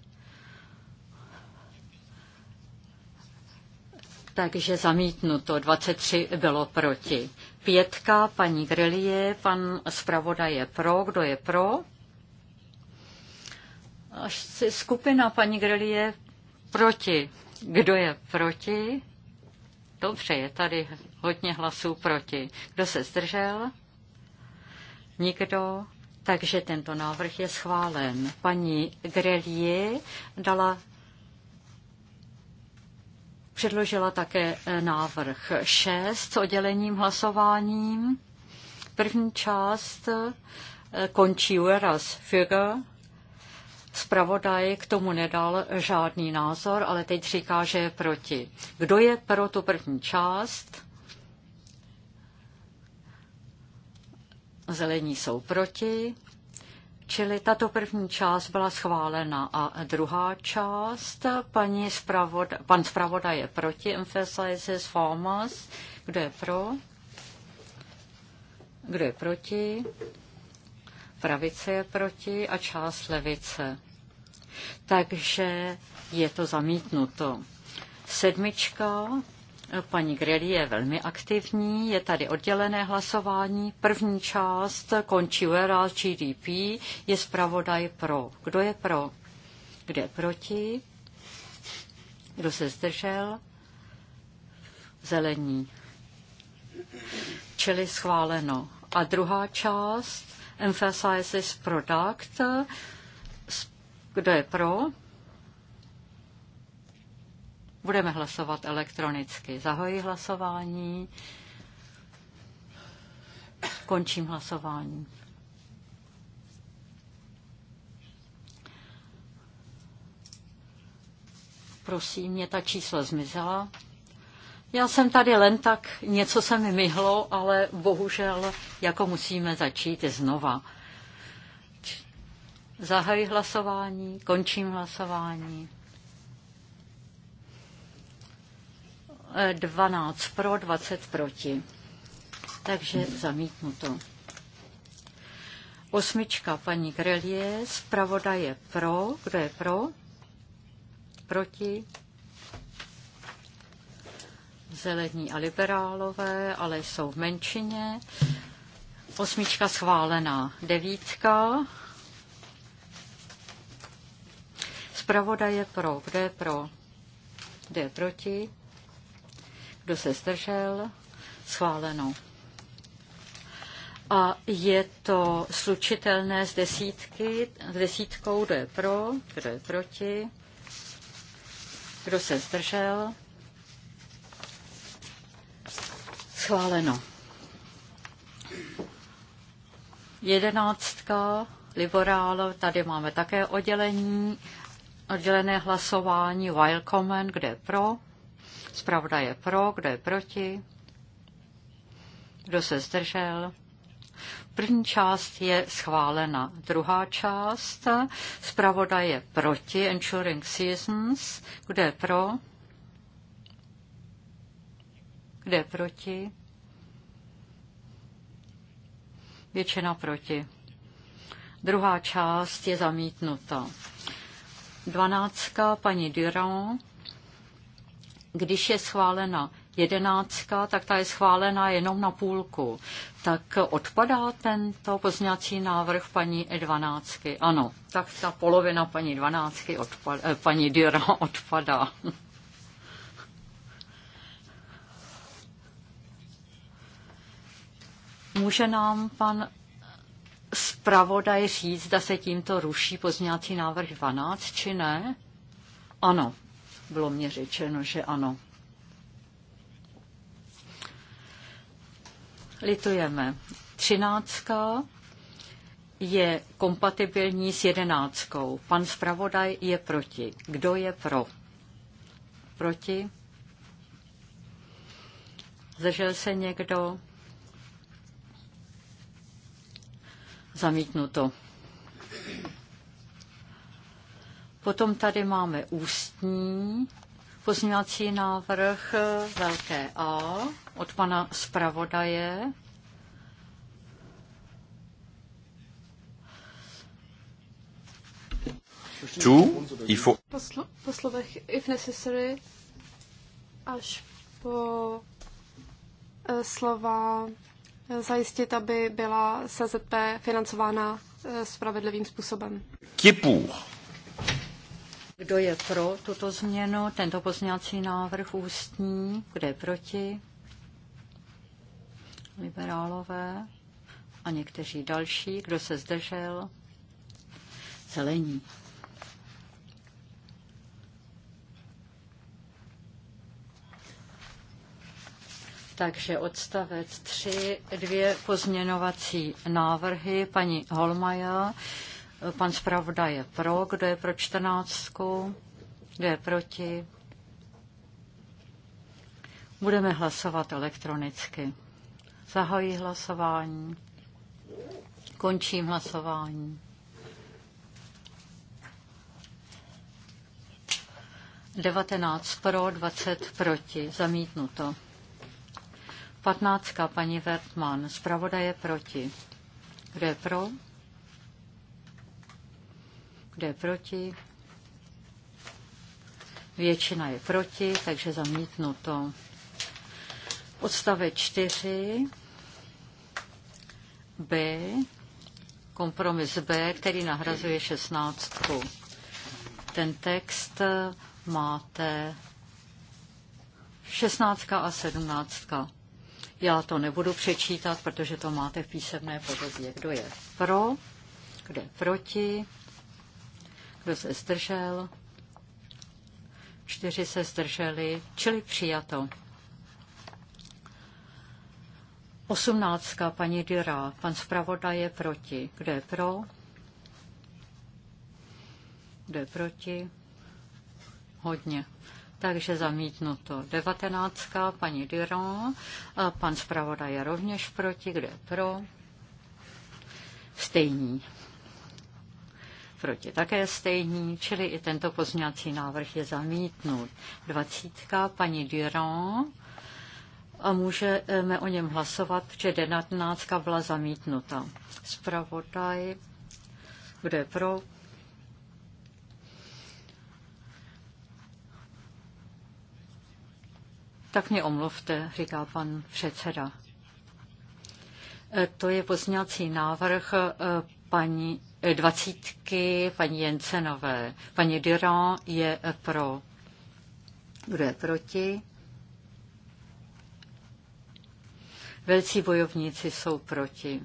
Takže zamítnuto, 23 bylo proti. Pětka, paní Grelie, pan zpravodaj je pro, kdo je pro? Až skupina paní Grelie proti. Kdo je proti? Dobře, je tady hodně hlasů proti. Kdo se zdržel? Nikdo. Takže tento návrh je schválen. Paní Grelie dala předložila také eh, návrh 6 s oddělením hlasováním. První část eh, končí Ueras Führer. Spravodaj k tomu nedal žádný názor, ale teď říká, že je proti. Kdo je pro tu první část? Zelení jsou proti. Čili tato první část byla schválena a druhá část, paní spravod, pan zpravodaj je proti, emphasizes formas, Kdo je pro? Kdo je proti? Pravice je proti a část levice. Takže je to zamítnuto. Sedmička Paní Greli je velmi aktivní, je tady oddělené hlasování. První část končí URL GDP, je zpravodaj pro. Kdo je pro? Kde proti? Kdo se zdržel? Zelení. Čili schváleno. A druhá část, emphasizes product, kdo je pro, Budeme hlasovat elektronicky. Zahoji hlasování. Končím hlasování. Prosím, mě ta čísla zmizela. Já jsem tady len tak, něco se mi myhlo, ale bohužel jako musíme začít znova. Zahaj hlasování, končím hlasování. 12 pro, 20 proti. Takže zamítnuto. Osmička paní Grelie, zpravoda je pro. Kdo je pro? Proti? Zelení a liberálové, ale jsou v menšině. Osmička schválená. Devítka. Zpravoda je pro. Kdo je pro? Kdo je proti? Kdo se zdržel? Schváleno. A je to slučitelné s, desítky, s desítkou, kdo je pro, kdo je proti, kdo se zdržel. Schváleno. Jedenáctka, Liberál, tady máme také oddělení, oddělené hlasování, Wild Comment, kde je pro, Zpravda je pro, kdo je proti, kdo se zdržel. První část je schválena. Druhá část zpravoda je proti Ensuring Seasons. Kde je pro? Kde je proti? Většina proti. Druhá část je zamítnuta. Dvanáctka paní Durand když je schválena jedenáctka, tak ta je schválena jenom na půlku. Tak odpadá tento pozněcí návrh paní dvanáctky. Ano, tak ta polovina paní dvanáctky, odpad, eh, paní Dyra odpadá. Může nám pan zpravodaj říct, zda se tímto ruší pozněcí návrh 12, či ne? Ano, bylo mě řečeno, že ano. Litujeme. Třináctka je kompatibilní s jedenáctkou. Pan zpravodaj je proti. Kdo je pro? Proti? Zdržel se někdo? Zamítnuto. Potom tady máme ústní pozměňovací návrh eh, velké A od pana zpravodaje. Tu, po, slo, po slovech if necessary až po eh, slova eh, zajistit, aby byla SZP financována spravedlivým způsobem. Qui kdo je pro tuto změnu, tento pozměňovací návrh ústní, kdo je proti? Liberálové a někteří další, kdo se zdržel? Zelení. Takže odstavec 3, dvě pozměňovací návrhy paní Holmaja. Pan zpravda je pro. Kdo je pro čtrnáctku? Kdo je proti? Budeme hlasovat elektronicky. Zahají hlasování. Končím hlasování. Devatenáct pro, dvacet proti. Zamítnuto. Patnáctka, Paní Vertman. Zpravoda je proti. Kdo je pro? Kdo je proti? Většina je proti, takže zamítnuto. Odstavec 4. B. Kompromis B, který nahrazuje 16. Ten text máte 16 a 17. Já to nebudu přečítat, protože to máte v písemné podobě. Kdo je pro, kdo je proti, kdo se zdržel? Čtyři se zdrželi, čili přijato. Osmnáctka, paní Dyra. Pan zpravodaj je proti. Kdo je pro? Kdo je proti? Hodně. Takže zamítnuto. Devatenáctka, paní Duron. Pan zpravodaj je rovněž proti. Kdo je pro? Stejný proti také stejný, čili i tento pozměňovací návrh je zamítnut. Dvacítka, paní Durand, a můžeme o něm hlasovat, protože denatnáctka byla zamítnuta. Zpravodaj, kdo je pro? Tak mě omluvte, říká pan předseda. E, to je pozněcí návrh e, paní dvacítky paní Jensenové. Paní Durand je pro. Kdo je proti? Velcí bojovníci jsou proti.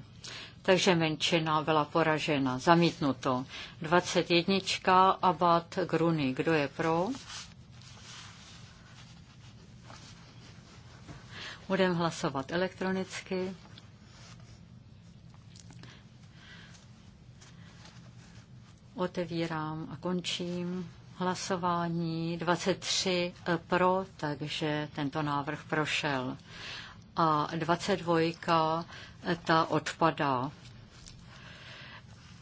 Takže menšina byla poražena. Zamítnuto. 21. Abad Gruny. Kdo je pro? Budeme hlasovat elektronicky. Otevírám a končím hlasování 23 eh, pro, takže tento návrh prošel. A 22 eh, ta odpadá.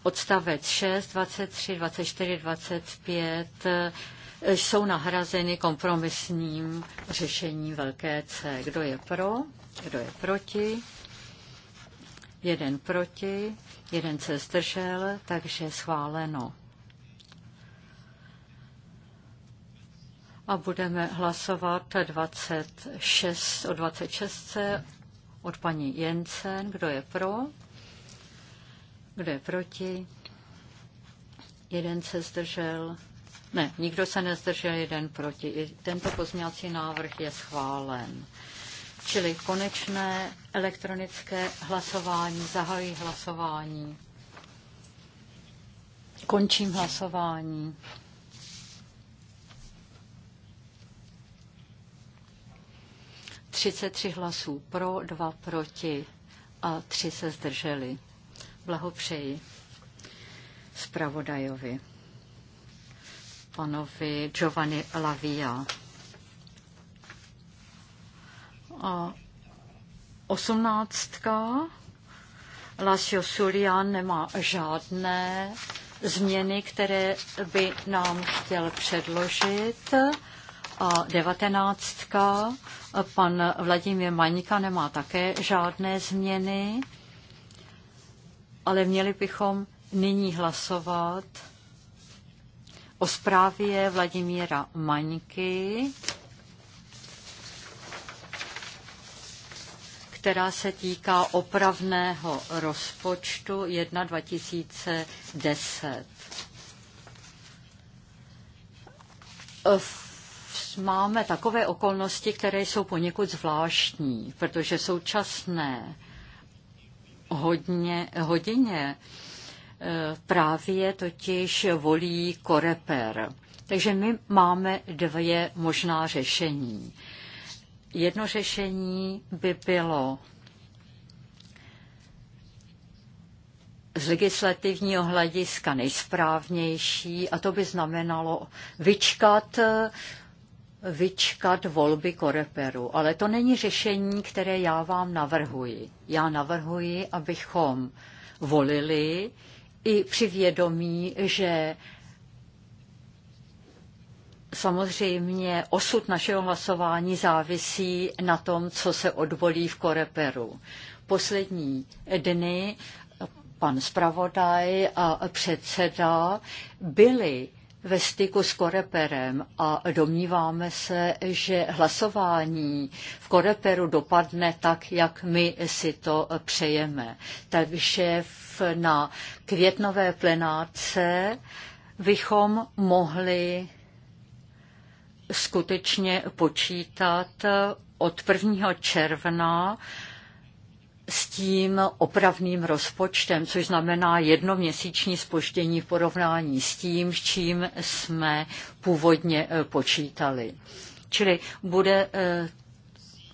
Odstavec 6, 23, 24, 25 jsou nahrazeny kompromisním řešením velké C. Kdo je pro, kdo je proti, jeden proti, jeden se zdržel, takže schváleno. A budeme hlasovat 26, o 26 od paní Jensen. Kdo je pro? Kdo je proti? Jeden se zdržel. Ne, nikdo se nezdržel, jeden proti. I tento pozměňovací návrh je schválen čili konečné elektronické hlasování. Zahajuji hlasování. Končím hlasování. Třicet tři hlasů pro, dva proti a tři se zdrželi. Blahopřeji zpravodajovi, panovi Giovanni Lavia. A osmnáctka. Lasio Sulian nemá žádné změny, které by nám chtěl předložit. A devatenáctka. Pan Vladimír Maňka nemá také žádné změny. Ale měli bychom nyní hlasovat o zprávě Vladimíra Maňky která se týká opravného rozpočtu 1 2010. Máme takové okolnosti, které jsou poněkud zvláštní, protože současné hodně, hodině e, právě totiž volí koreper. Takže my máme dvě možná řešení. Jedno řešení by bylo z legislativního hlediska nejsprávnější a to by znamenalo vyčkat, vyčkat volby koreperu. Ale to není řešení, které já vám navrhuji. Já navrhuji, abychom volili i při vědomí, že Samozřejmě osud našeho hlasování závisí na tom, co se odvolí v Koreperu. Poslední dny pan zpravodaj a předseda byli ve styku s Koreperem a domníváme se, že hlasování v Koreperu dopadne tak, jak my si to přejeme. Takže na květnové plenárce bychom mohli skutečně počítat od 1. června s tím opravným rozpočtem, což znamená jednoměsíční spoždění v porovnání s tím, s čím jsme původně eh, počítali. Čili bude eh,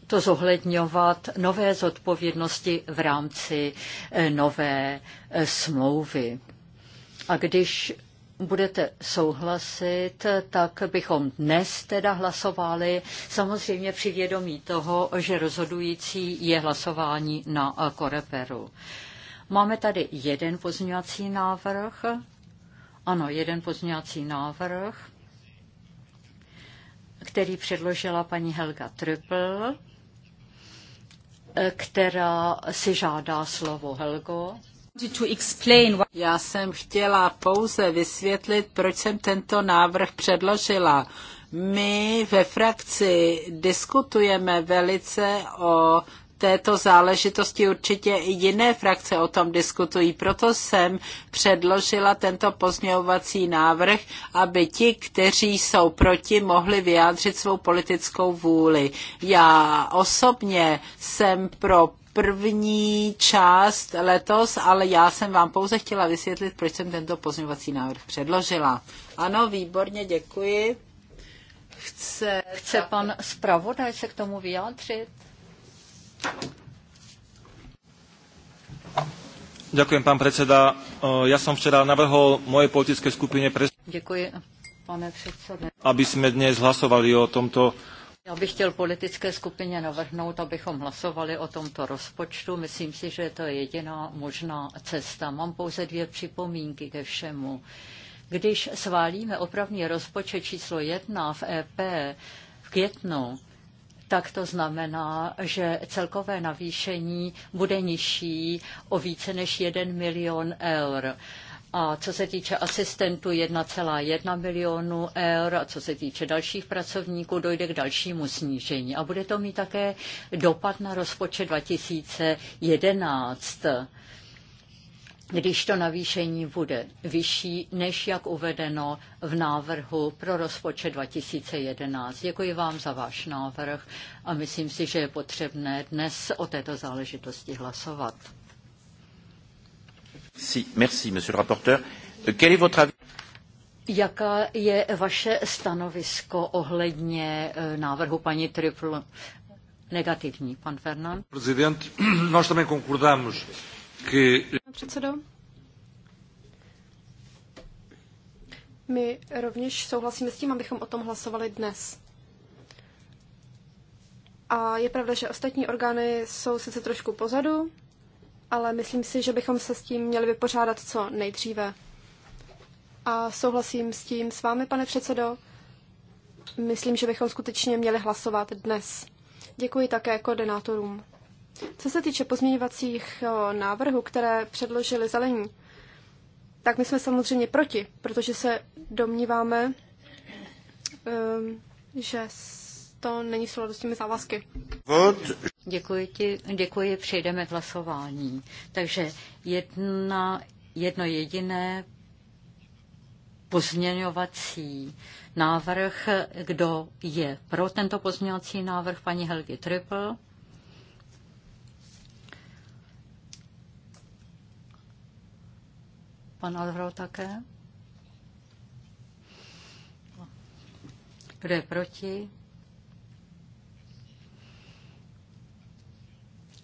to zohledňovat nové zodpovědnosti v rámci eh, nové smlouvy. A když budete souhlasit, tak bychom dnes teda hlasovali, samozřejmě při vědomí toho, že rozhodující je hlasování na Koreperu. Máme tady jeden pozměňovací návrh. Ano, jeden pozměňovací návrh, který předložila paní Helga Triple, eh, která si žádá slovo Helgo. Já jsem chtěla pouze vysvětlit, proč jsem tento návrh předložila. My ve frakci diskutujeme velice o této záležitosti určitě i jiné frakce o tom diskutují. Proto jsem předložila tento pozměňovací návrh, aby ti, kteří jsou proti, mohli vyjádřit svou politickou vůli. Já osobně jsem pro první část letos, ale já jsem vám pouze chtěla vysvětlit, proč jsem tento pozměňovací návrh předložila. Ano, výborně, děkuji. Chce, Chce pan zpravodaj se k tomu vyjádřit? Děkuji pan předseda. Já jsem včera navrhl moje politické skupině Pres... Děkuji, pane předsedo. Aby jsme dnes hlasovali o tomto já bych chtěl politické skupině navrhnout, abychom hlasovali o tomto rozpočtu. Myslím si, že to je jediná možná cesta. Mám pouze dvě připomínky ke všemu. Když sválíme opravný rozpočet číslo jedna v EP v květnu, tak to znamená, že celkové navýšení bude nižší o více než 1 milion eur. A co se týče asistentů 1,1 milionu eur, a co se týče dalších pracovníků, dojde k dalšímu snížení. A bude to mít také dopad na rozpočet 2011 když to navýšení bude vyšší, než jak uvedeno v návrhu pro rozpočet 2011. Děkuji vám za váš návrh a myslím si, že je potřebné dnes o této záležitosti hlasovat. Si, merci, monsieur le rapporteur. Euh, quel est votre avis? Jaká je vaše stanovisko ohledně eh, návrhu paní Triple? Negativní, pan Fernand. Prezident, nós também concordamos que... Předsedo, my rovněž souhlasíme s tím, abychom o tom hlasovali dnes. A je pravda, že ostatní orgány jsou sice trošku pozadu, ale myslím si, že bychom se s tím měli vypořádat co nejdříve. A souhlasím s tím s vámi, pane předsedo. Myslím, že bychom skutečně měli hlasovat dnes. Děkuji také koordinátorům. Co se týče pozměňovacích návrhů, které předložili zelení, tak my jsme samozřejmě proti, protože se domníváme, ehm, že to není v souladu s těmi závazky. Děkuji ti, děkuji, přejdeme k hlasování. Takže jedna, jedno jediné pozměňovací návrh, kdo je pro tento pozměňovací návrh paní Helgi Triple. Pan Alvaro také. Kdo je proti?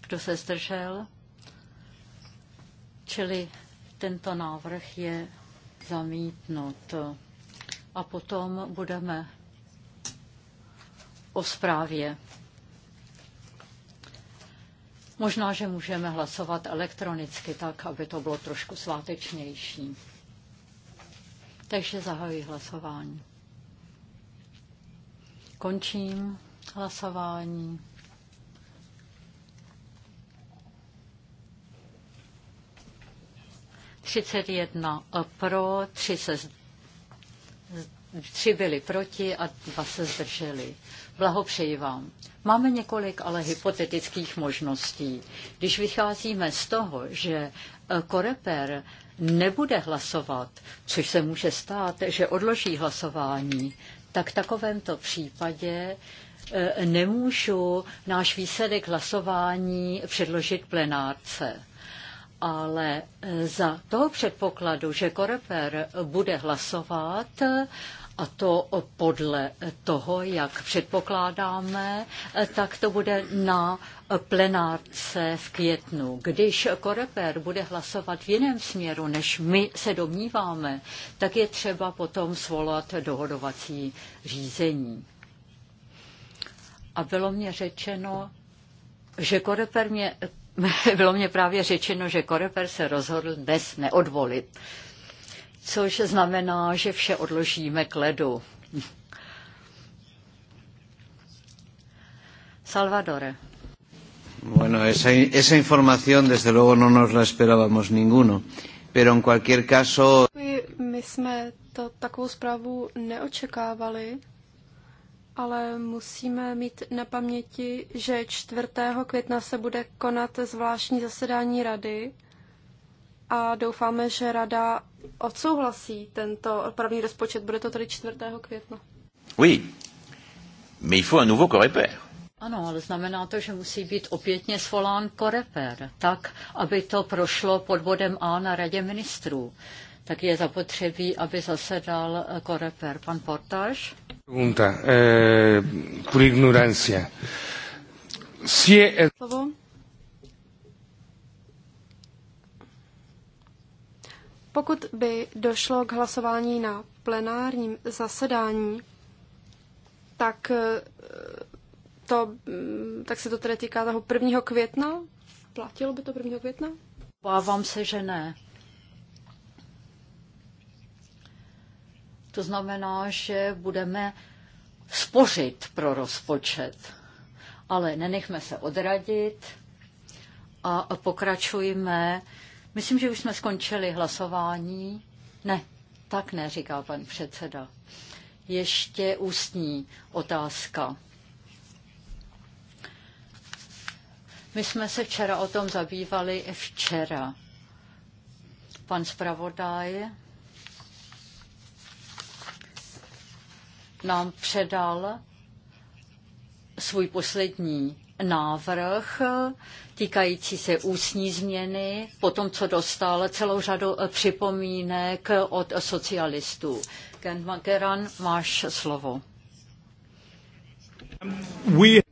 kdo se zdržel. Čili tento návrh je zamítnut. A potom budeme o zprávě. Možná, že můžeme hlasovat elektronicky tak, aby to bylo trošku svátečnější. Takže zahajuji hlasování. Končím hlasování. 31 eh, pro, 3, se, 3 byli proti a 2 se zdrželi. Blahopřeji vám. Máme několik ale hypotetických možností. Když vycházíme z toho, že eh, Koreper nebude hlasovat, což se může stát, že odloží hlasování, tak v takovémto případě eh, nemůžu náš výsledek hlasování předložit plenárce ale eh, za toho předpokladu, že korefer bude hlasovat a to podle toho, jak předpokládáme, eh, tak to bude na plenárce v květnu. Když korefer bude hlasovat v jiném směru, než my se domníváme, tak je třeba potom svolat dohodovací řízení. A bylo mě řečeno, že korefer mě bylo mě právě řečeno, že Koreper se rozhodl dnes neodvolit, což znamená, že vše odložíme k ledu. Salvadore. Bueno, esa, esa información desde luego no nos la esperábamos ninguno, pero en cualquier caso... My jsme to, takovou zprávu neočekávali, ale musíme mít na paměti, že 4. května se bude konat zvláštní zasedání rady a doufáme, že rada odsouhlasí tento opravný rozpočet. Bude to tedy 4. května. Oui, mais il faut un nouveau corépère. Ano, ale znamená to, že musí být opětně svolán koreper, tak, aby to prošlo pod bodem A na radě ministrů tak je zapotřebí, aby zasedal koreper. Pan Portáš? Pregunta, eh, por ignorancia. Si je... Slovo? Pokud by došlo k hlasování na plenárním zasedání, tak, eh, to, mm, tak se to tedy týká toho 1. května? Platilo by to 1. května? Bávám se, že ne. To znamená, že budeme spořit pro rozpočet. Ale nenechme se odradit a pokračujme. Myslím, že už jsme skončili hlasování. Ne, tak ne, říká pan předseda. Ještě ústní otázka. My jsme se včera o tom zabývali včera. Pan zpravodaj nám předal svůj poslední návrh týkající se ústní změny, potom co dostal celou řadu eh, připomínek od socialistů. Ken Mageran, máš slovo.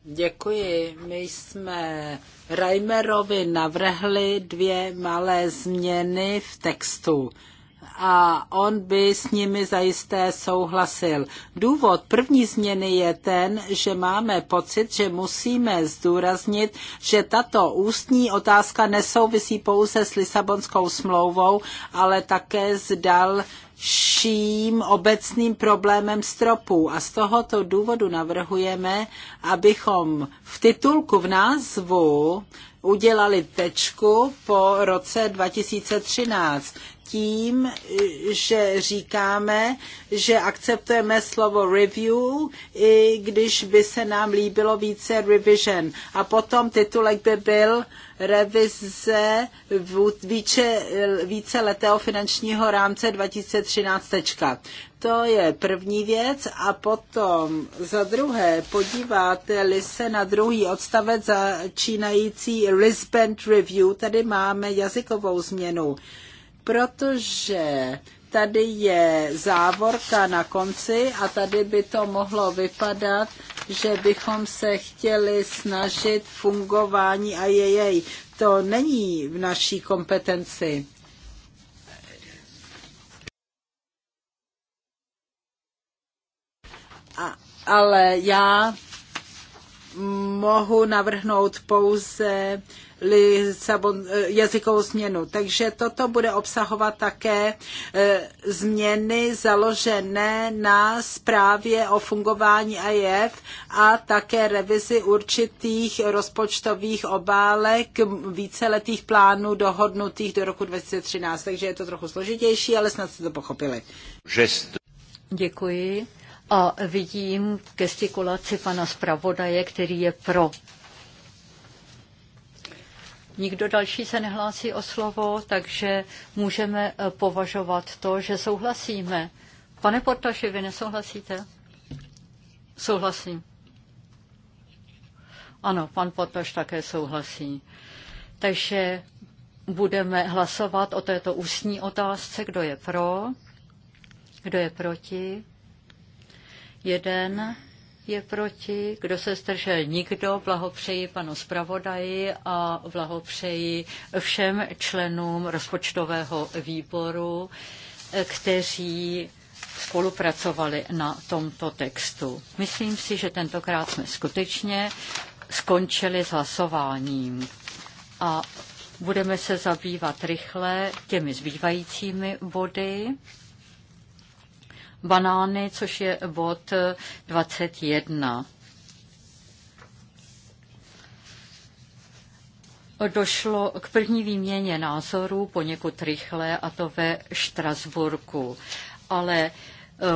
Děkuji. My jsme Reimerovi navrhli dvě malé změny v textu a on by s nimi zajisté souhlasil. Důvod první změny je ten, že máme pocit, že musíme zdůraznit, že tato ústní otázka nesouvisí pouze s Lisabonskou smlouvou, ale také s dalším obecným problémem stropů. A z tohoto důvodu navrhujeme, abychom v titulku, v názvu udělali tečku po roce 2013 tím, že říkáme, že akceptujeme slovo review, i když by se nám líbilo více revision. A potom titulek by byl revize více, více letého finančního rámce 2013. To je první věc. A potom za druhé, podíváte-li se na druhý odstavec začínající Lisbon Review, tady máme jazykovou změnu protože tady je závorka na konci a tady by to mohlo vypadat, že bychom se chtěli snažit fungování a jejej. To není v naší kompetenci. A, ale já mohu navrhnout pouze Lisabon, eh, jazykovou změnu. Takže toto bude obsahovat také eh, změny založené na zprávě o fungování IF a také revizi určitých rozpočtových obálek víceletých plánů dohodnutých do roku 2013. Takže je to trochu složitější, ale snad jste to pochopili. Žest. Děkuji. A vidím gestikulaci pana zpravodaje, který je pro Nikdo další se nehlásí o slovo, takže můžeme eh, považovat to, že souhlasíme. Pane Portaši, vy nesouhlasíte? Souhlasím. Ano, pan Portaš také souhlasí. Takže budeme hlasovat o této ústní otázce, kdo je pro, kdo je proti. Jeden, je proti, kdo se zdržel nikdo, blahopřeji panu zpravodaji a blahopřeji všem členům rozpočtového výboru, eh, kteří spolupracovali na tomto textu. Myslím si, že tentokrát jsme skutečně skončili s hlasováním a budeme se zabývat rychle těmi zbývajícími body banány, což je bod 21. Eh, Došlo k první výměně názorů poněkud rychle, a to ve Štrasburku. Ale eh,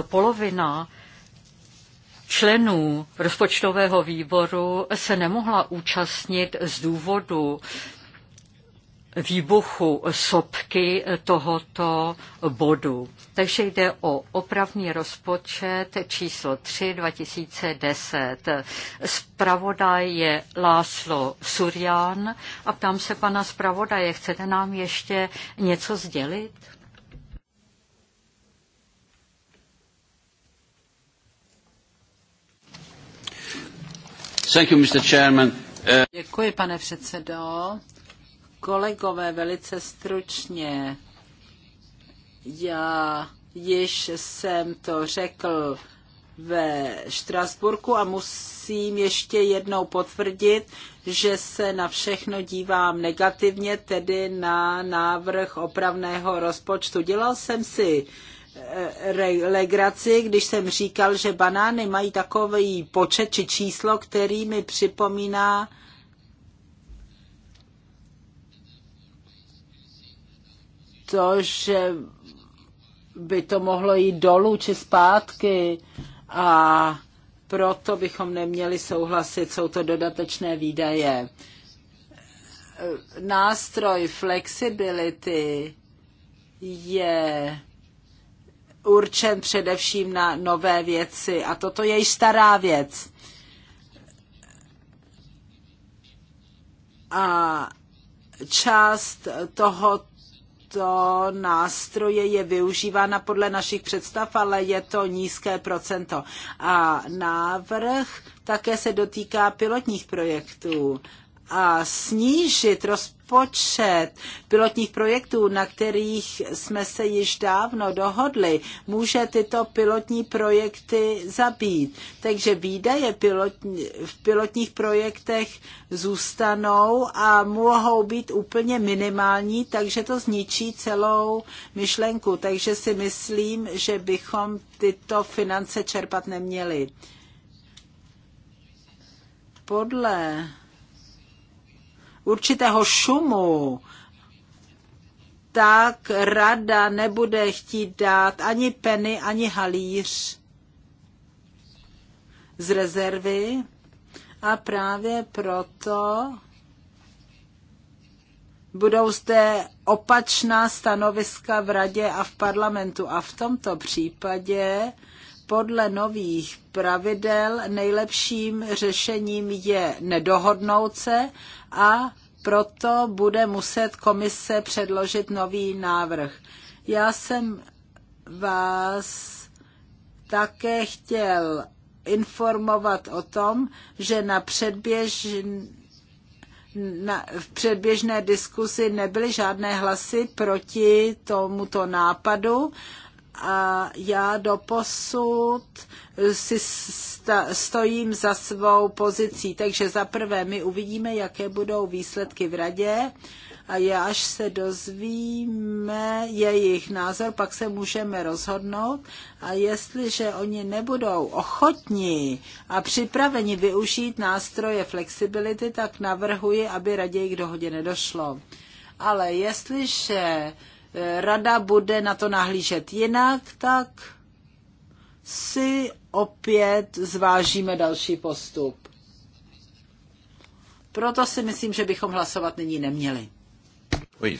polovina členů rozpočtového výboru se nemohla účastnit z důvodu výbuchu sopky tohoto bodu. Takže jde o opravný rozpočet číslo 3 2010. Spravodaj je Láslo Surian a ptám se pana zpravodaje, chcete nám ještě něco sdělit? Thank you, Mr. Chairman. Uh, Děkuji, pane předsedo. Kolegové, velice stručně. Já již jsem to řekl ve Štrasburku a musím ještě jednou potvrdit, že se na všechno dívám negativně, tedy na návrh opravného rozpočtu. Dělal jsem si eh, legraci, když jsem říkal, že banány mají takový počet či číslo, který mi připomíná to, že by to mohlo jít dolů či zpátky a proto bychom neměli souhlasit, jsou to dodatečné výdaje. Nástroj flexibility je určen především na nové věci a toto je již stará věc. A část toho tyto nástroje je využívána podle našich představ, ale je to nízké procento. A návrh také se dotýká pilotních projektů a snížit rozpočet pilotních projektů, na kterých jsme se již dávno dohodli, může tyto pilotní projekty zabít. Takže výdaje pilotní, v pilotních projektech zůstanou a mohou být úplně minimální, takže to zničí celou myšlenku. Takže si myslím, že bychom tyto finance čerpat neměli. Podle určitého šumu, tak rada nebude chtít dát ani peny, ani halíř z rezervy. A právě proto budou zde opačná stanoviska v radě a v parlamentu. A v tomto případě podle nových pravidel nejlepším řešením je nedohodnout se a proto bude muset komise předložit nový návrh. Já jsem vás také chtěl informovat o tom, že na předběžné na, v předběžné diskusi nebyly žádné hlasy proti tomuto nápadu a já do posud si stojím za svou pozicí. Takže za prvé my uvidíme, jaké budou výsledky v radě a je, až se dozvíme jejich názor, pak se můžeme rozhodnout a jestliže oni nebudou ochotní a připraveni využít nástroje flexibility, tak navrhuji, aby raději k dohodě nedošlo. Ale jestliže rada bude na to nahlížet jinak, tak si opět zvážíme další postup. Proto si myslím, že bychom hlasovat nyní neměli. Euh,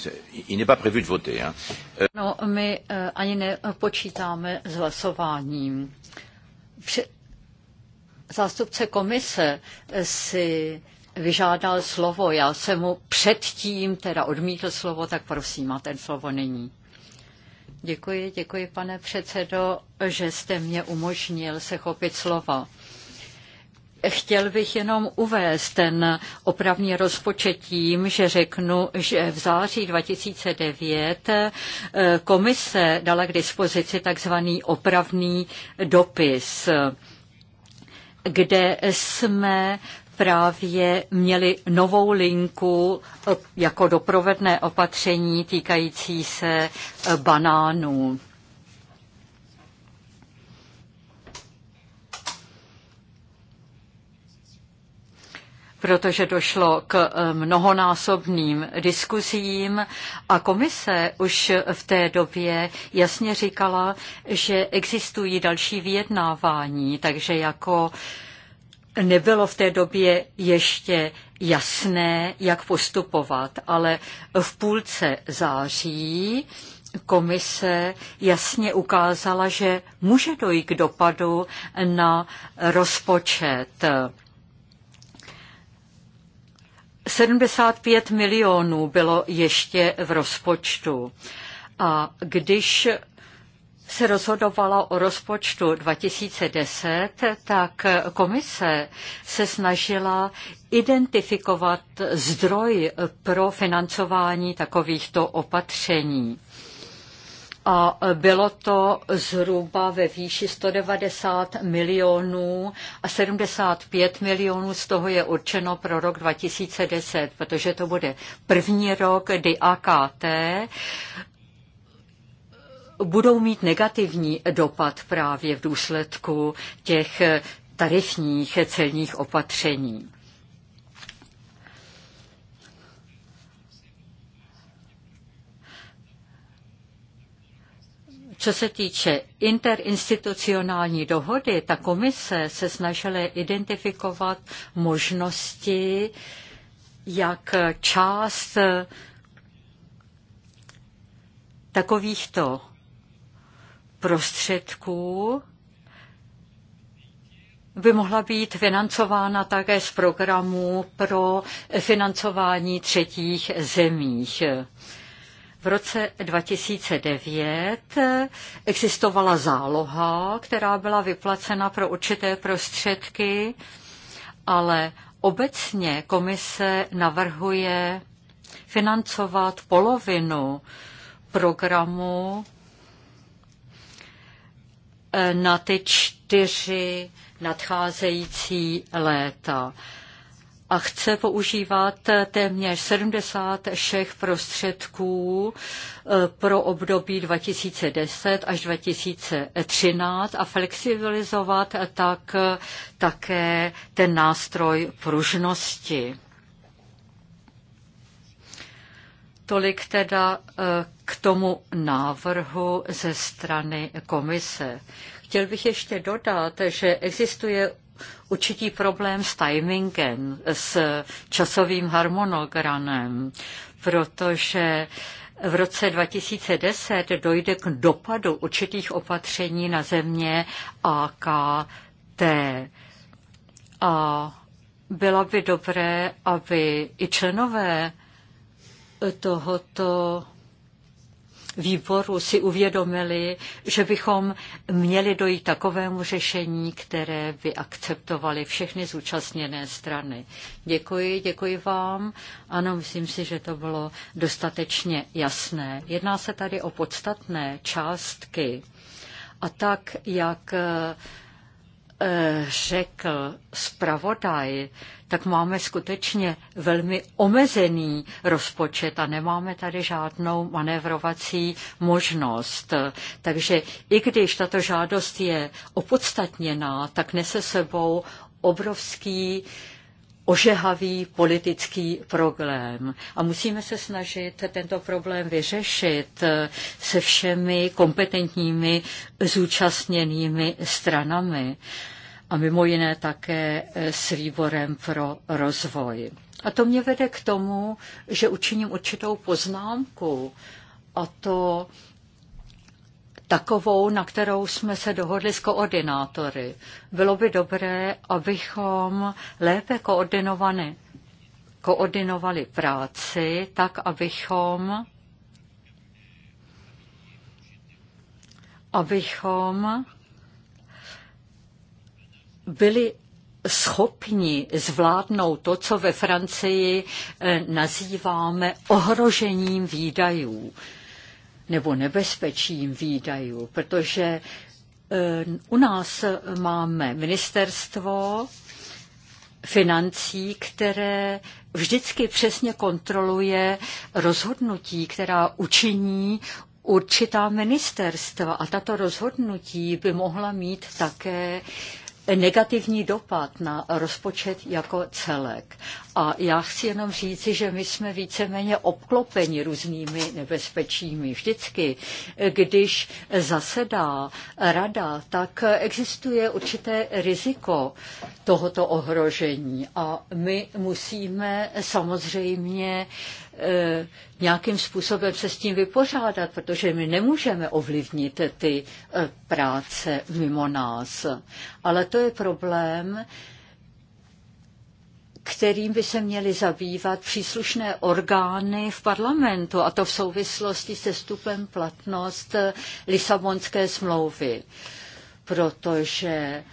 no, my eh, ani nepočítáme s hlasováním. Vše... Zástupce komise si vyžádal slovo. Já jsem mu předtím teda odmítl slovo, tak prosím, a ten slovo není. Děkuji, děkuji, pane předsedo, že jste mě umožnil se chopit slova. Chtěl bych jenom uvést ten opravný rozpočet tím, že řeknu, že v září 2009 eh, komise dala k dispozici takzvaný opravný dopis, kde jsme právě měli novou linku eh, jako doprovodné opatření týkající se eh, banánů. protože došlo k eh, mnohonásobným diskuzím a komise už v té době jasně říkala, že existují další vyjednávání, takže jako uh, nebylo v té době ještě jasné, jak postupovat, ale v půlce září komise jasně ukázala, že může dojít k dopadu na rozpočet. 75 milionů bylo ještě v rozpočtu. A když se rozhodovala o rozpočtu 2010, tak komise se snažila identifikovat zdroj pro financování takovýchto opatření a bylo to zhruba ve výši 190 milionů a 75 milionů z toho je určeno pro rok 2010, protože to bude první rok, kdy AKT budou mít negativní dopad právě v důsledku těch eh, tarifních celních opatření. Co se týče interinstitucionální dohody, ta komise se snažila identifikovat možnosti, jak část takovýchto prostředků by mohla být financována také z programů pro financování třetích zemích. V roce 2009 existovala záloha, která byla vyplacena pro určité prostředky, ale obecně komise navrhuje financovat polovinu programu Eh, na ty čtyři nadcházející léta a chce používat téměř 70 všech prostředků eh, pro období 2010 až 2013 a flexibilizovat tak eh, také ten nástroj pružnosti. Tolik teda k tomu návrhu ze strany komise. Chtěl bych ještě dodat, že existuje určitý problém s timingem, s časovým harmonogramem, protože v roce 2010 dojde k dopadu určitých opatření na země AKT. A bylo by dobré, aby i členové tohoto výboru si uvědomili, že bychom měli dojít takovému řešení, které by akceptovali všechny zúčastněné strany. Děkuji, děkuji vám. Ano, myslím si, že to bylo dostatečně jasné. Jedná se tady o podstatné částky. A tak, jak Eh, řekl zpravodaj, tak máme skutečně velmi omezený rozpočet a nemáme tady žádnou manévrovací možnost. Takže i když tato žádost je opodstatněná, tak nese sebou obrovský ožehavý politický problém. A musíme se snažit tento problém vyřešit se všemi kompetentními zúčastněnými stranami a mimo jiné také s výborem pro rozvoj. A to mě vede k tomu, že učiním určitou poznámku, a to takovou, na kterou jsme se dohodli s koordinátory. Bylo by dobré, abychom lépe koordinované, koordinovali práci, tak abychom abychom byli schopni zvládnout to, co ve Francii eh, nazýváme ohrožením výdajů nebo nebezpečím výdajů, protože eh, u nás máme ministerstvo financí, které vždycky přesně kontroluje rozhodnutí, která učiní určitá ministerstva a tato rozhodnutí by mohla mít také negativní dopad na rozpočet jako celek. A já chci jenom říci, že my jsme víceméně obklopeni různými nebezpečími. Vždycky, když zasedá rada, tak existuje určité riziko tohoto ohrožení. A my musíme samozřejmě E, nějakým způsobem se s tím vypořádat, protože my nemůžeme ovlivnit ty e, práce mimo nás. Ale to je problém, kterým by se měly zabývat příslušné orgány v parlamentu, a to v souvislosti se stupem platnost e, Lisabonské smlouvy. Protože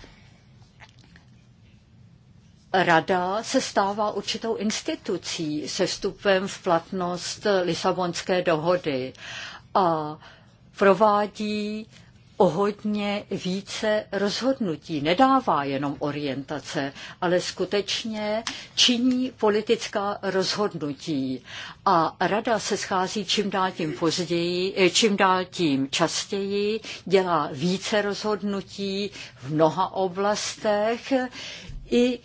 Rada se stává určitou institucí se vstupem v platnost Lisabonské dohody a provádí o hodně více rozhodnutí. Nedává jenom orientace, ale skutečně činí politická rozhodnutí. A rada se schází čím dál tím později, eh, čím dál tím častěji, dělá více rozhodnutí v mnoha oblastech i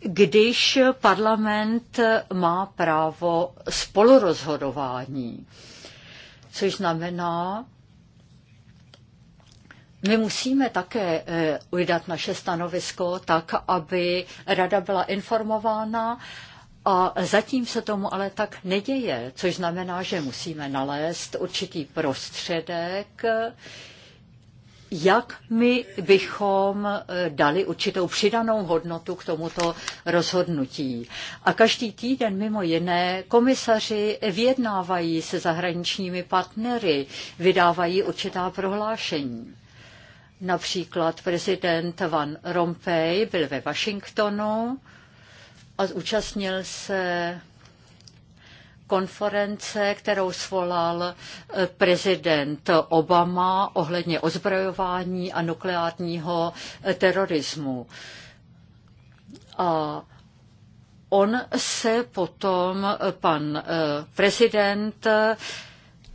když parlament má právo spolurozhodování, což znamená, my musíme také eh, udat naše stanovisko tak, aby rada byla informována a zatím se tomu ale tak neděje, což znamená, že musíme nalézt určitý prostředek, jak my bychom eh, dali určitou přidanou hodnotu k tomuto rozhodnutí. A každý týden mimo jiné komisaři vyjednávají se zahraničními partnery, vydávají určitá prohlášení. Například prezident Van Rompuy byl ve Washingtonu a zúčastnil se konference, kterou svolal eh, prezident Obama ohledně ozbrojování a nukleárního eh, terorismu. A on se potom, eh, pan prezident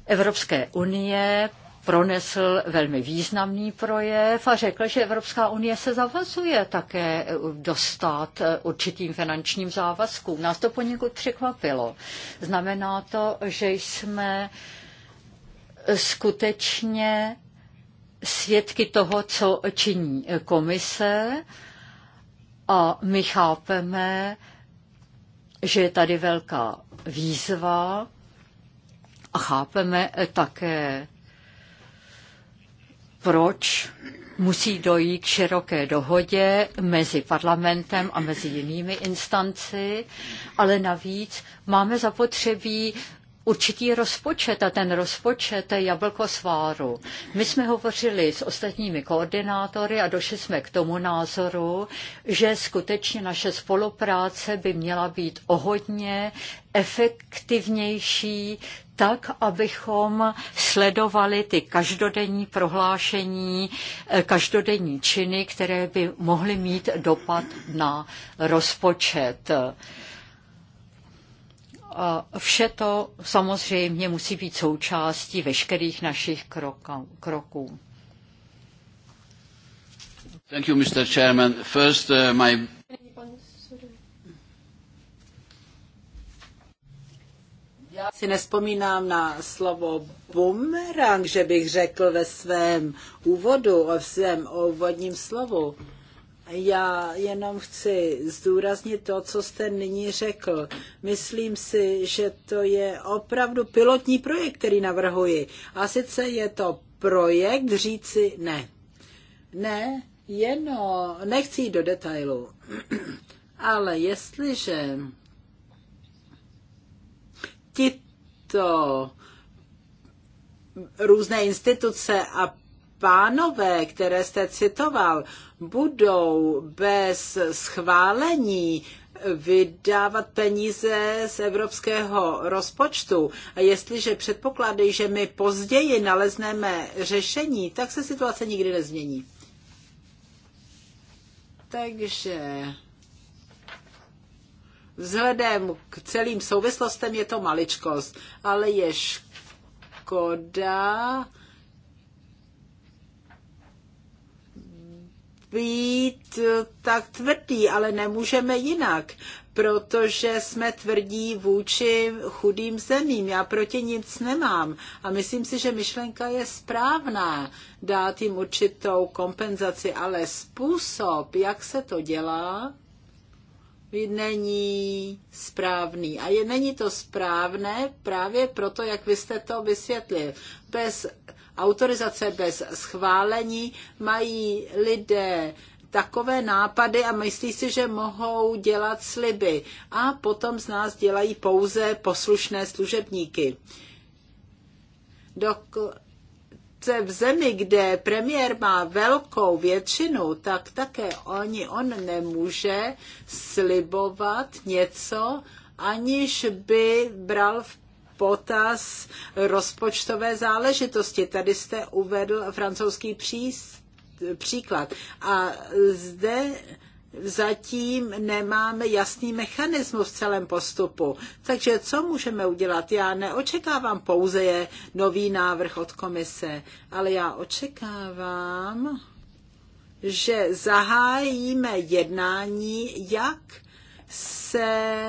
Evropské unie, pronesl velmi významný projev a řekl, že Evropská unie se zavazuje také eh, dostat eh, určitým finančním závazkům. Nás to poněkud překvapilo. Znamená to, že jsme eh, skutečně svědky toho, co činí komise a my chápeme, že je tady velká výzva a chápeme také proč musí dojít k široké dohodě mezi parlamentem a mezi jinými instanci, ale navíc máme zapotřebí určitý rozpočet a ten rozpočet je jablko sváru. My jsme hovořili s ostatními koordinátory a došli jsme k tomu názoru, že skutečně naše spolupráce by měla být ohodně efektivnější tak, abychom sledovali ty každodenní prohlášení, eh, každodenní činy, které by mohly mít dopad na rozpočet. A vše to samozřejmě musí být součástí veškerých našich kroků. Thank you, Mr. Chairman. First, uh, my si nespomínám na slovo bumerang, že bych řekl ve svém úvodu, ve svém úvodním slovu. Já jenom chci zdůraznit to, co jste nyní řekl. Myslím si, že to je opravdu pilotní projekt, který navrhuji. A sice je to projekt říci ne. Ne, jenom nechci jít do detailu. Ale jestliže tito různé instituce a pánové, které jste citoval, budou bez schválení vydávat peníze z evropského rozpočtu. A jestliže předpoklady, že my později nalezneme řešení, tak se situace nikdy nezmění. Takže Vzhledem k celým souvislostem je to maličkost, ale je škoda být eh, tak tvrdý, ale nemůžeme jinak protože jsme tvrdí vůči chudým zemím. Já proti nic nemám a myslím si, že myšlenka je správná dát jim určitou kompenzaci, ale způsob, jak se to dělá, není správný. A je, není to správné právě proto, jak vy jste to vysvětlil. Bez autorizace, bez schválení mají lidé takové nápady a myslí si, že mohou dělat sliby. A potom z nás dělají pouze poslušné služebníky. Dok- v zemi, kde premiér má velkou většinu, tak také oni on nemůže slibovat něco, aniž by bral v potaz rozpočtové záležitosti. Tady jste uvedl francouzský příst, příklad. A zde zatím nemáme jasný mechanismus v celém postupu. Takže co můžeme udělat? Já neočekávám pouze je nový návrh od komise, ale já očekávám, že zahájíme jednání, jak se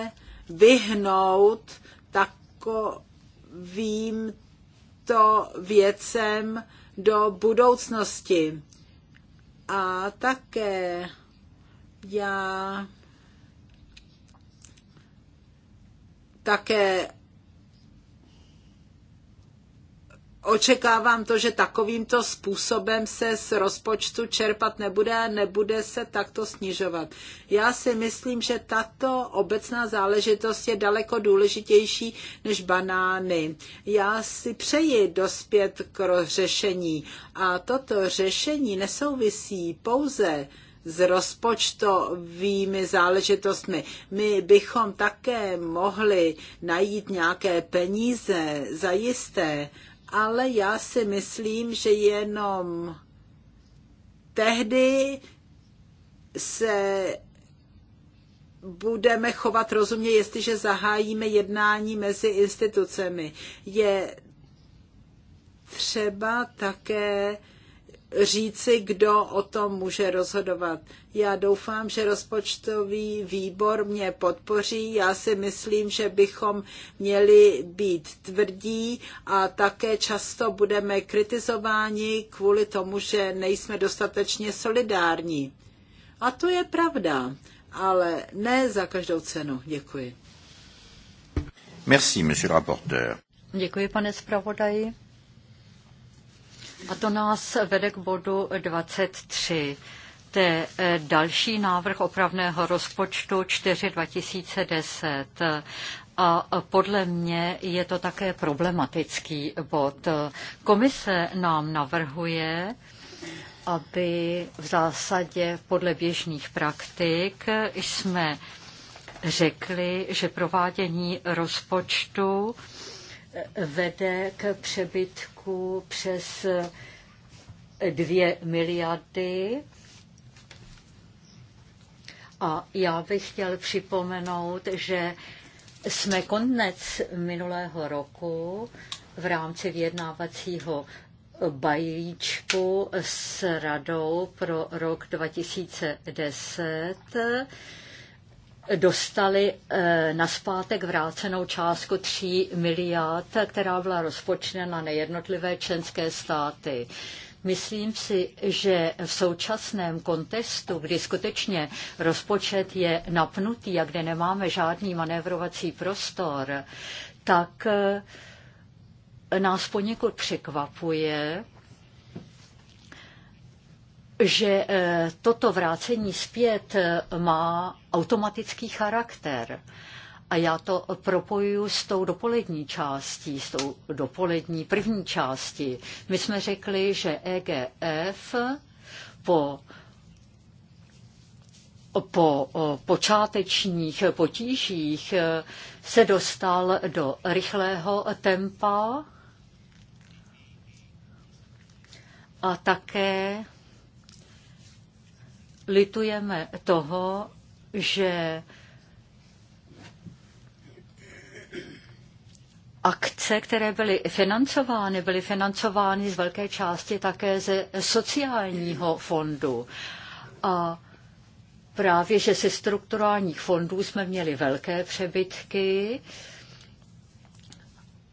vyhnout takovým to věcem do budoucnosti. A také já také očekávám to, že takovýmto způsobem se z rozpočtu čerpat nebude a nebude se takto snižovat. Já si myslím, že tato obecná záležitost je daleko důležitější než banány. Já si přeji dospět k řešení a toto řešení nesouvisí pouze s rozpočtovými záležitostmi. My bychom také mohli najít nějaké peníze, zajisté, ale já si myslím, že jenom tehdy se budeme chovat rozumně, jestliže zahájíme jednání mezi institucemi. Je třeba také říci, kdo o tom může rozhodovat. Já doufám, že rozpočtový výbor mě podpoří. Já si myslím, že bychom měli být tvrdí a také často budeme kritizováni kvůli tomu, že nejsme dostatečně solidární. A to je pravda, ale ne za každou cenu. Děkuji. Merci, monsieur rapporteur. Děkuji, pane zpravodaji. A to nás vede k bodu 23. To je eh, další návrh opravného rozpočtu 4 2010. A podle mě je to také problematický bod. Komise nám navrhuje, aby v zásadě podle běžných praktik jsme řekli, že provádění rozpočtu eh, vede k přebytku roku přes 2 miliardy. A já bych chtěl připomenout, že jsme konec minulého roku v rámci vyjednávacího bajíčku s radou pro rok 2010 dostali eh, na zpátek vrácenou částku 3 miliard, která byla rozpočtena na jednotlivé členské státy. Myslím si, že v současném kontextu, kdy skutečně rozpočet je napnutý a kde nemáme žádný manévrovací prostor, tak eh, nás poněkud překvapuje, že eh, toto vrácení zpět eh, má automatický charakter. A já to propojuju s tou dopolední částí, s tou dopolední první částí. My jsme řekli, že EGF po po počátečních potížích eh, se dostal do rychlého tempa a také litujeme toho, že akce, které byly financovány, byly financovány z velké části také ze sociálního fondu. A právě, že se strukturálních fondů jsme měli velké přebytky,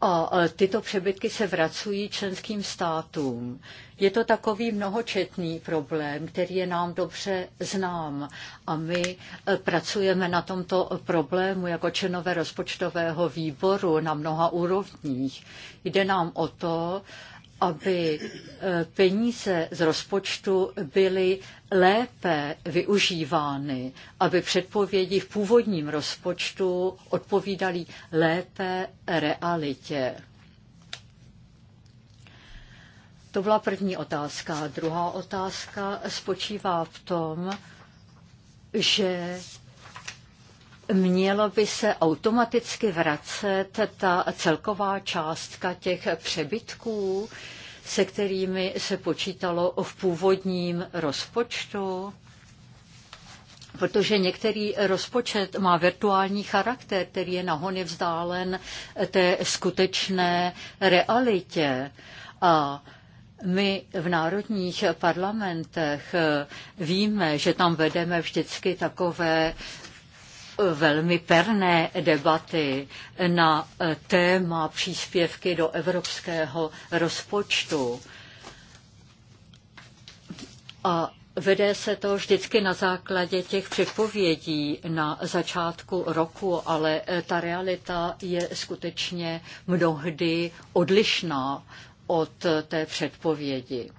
a e, tyto přebytky se vracují členským státům. Je to takový mnohočetný problém, který je nám dobře znám a my e, pracujeme na tomto problému jako členové rozpočtového výboru na mnoha úrovních. Jde nám o to, aby eh, peníze z rozpočtu byly lépe využívány, aby předpovědi v původním rozpočtu odpovídaly lépe realitě. To byla první otázka. Druhá otázka spočívá v tom, že mělo by se automaticky vracet ta celková částka těch přebytků, se kterými se počítalo v původním rozpočtu? Protože některý rozpočet má virtuální charakter, který je nahony vzdálen té skutečné realitě. A my v národních parlamentech víme, že tam vedeme vždycky takové velmi perné debaty na eh, téma příspěvky do evropského rozpočtu. A Vede se to vždycky na základě těch předpovědí na začátku roku, ale eh, ta realita je skutečně mnohdy odlišná od eh, té předpovědi.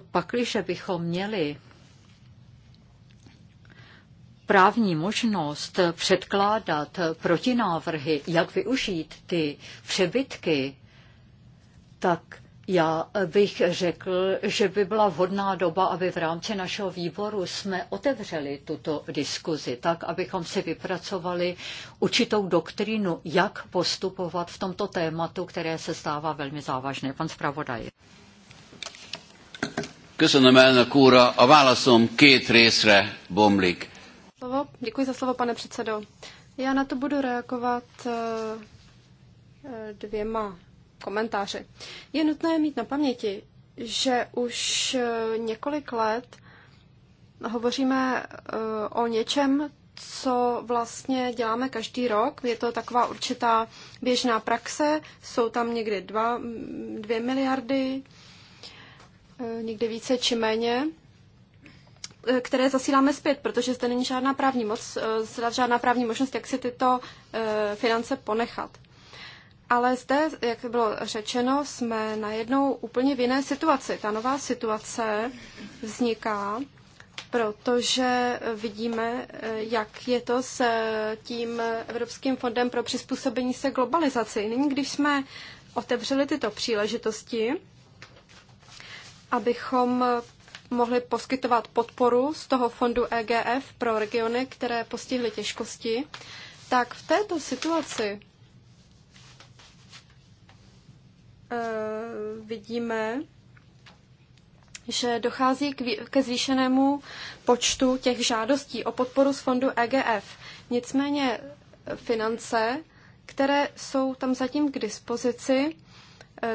pakliže bychom měli právní možnost předkládat protinávrhy, jak využít ty přebytky, tak já bych řekl, že by byla vhodná doba, aby v rámci našeho výboru jsme otevřeli tuto diskuzi, tak abychom si vypracovali určitou doktrínu, jak postupovat v tomto tématu, které se stává velmi závažné. Pan zpravodaj. Köszönöm, elnök úra. A válaszom két részre bomlik. Slovo. Děkuji za slovo, pane předsedo. Já na to budu reagovat eh, eh, dvěma komentáři. Je nutné mít na paměti, že už eh, několik let hovoříme o něčem, co vlastně děláme každý rok. Je to taková určitá běžná praxe. Jsou tam někdy dva, dvě miliardy Eh, někdy více či méně, eh, které zasíláme zpět, protože zde není žádná právní moc, eh, žádná právní možnost, jak si tyto finance ponechat. Ale zde, jak bylo řečeno, jsme najednou úplně v jiné situaci. Ta nová situace vzniká, protože vidíme, jak je to s tím Evropským fondem pro přizpůsobení se globalizaci. Nyní, když jsme otevřeli tyto příležitosti, abychom mohli poskytovat podporu z toho fondu EGF pro regiony, které postihly těžkosti, tak v této situaci eh, vidíme, že dochází k, ke zvýšenému počtu těch žádostí o podporu z fondu EGF. Nicméně eh, finance, které jsou tam zatím k dispozici,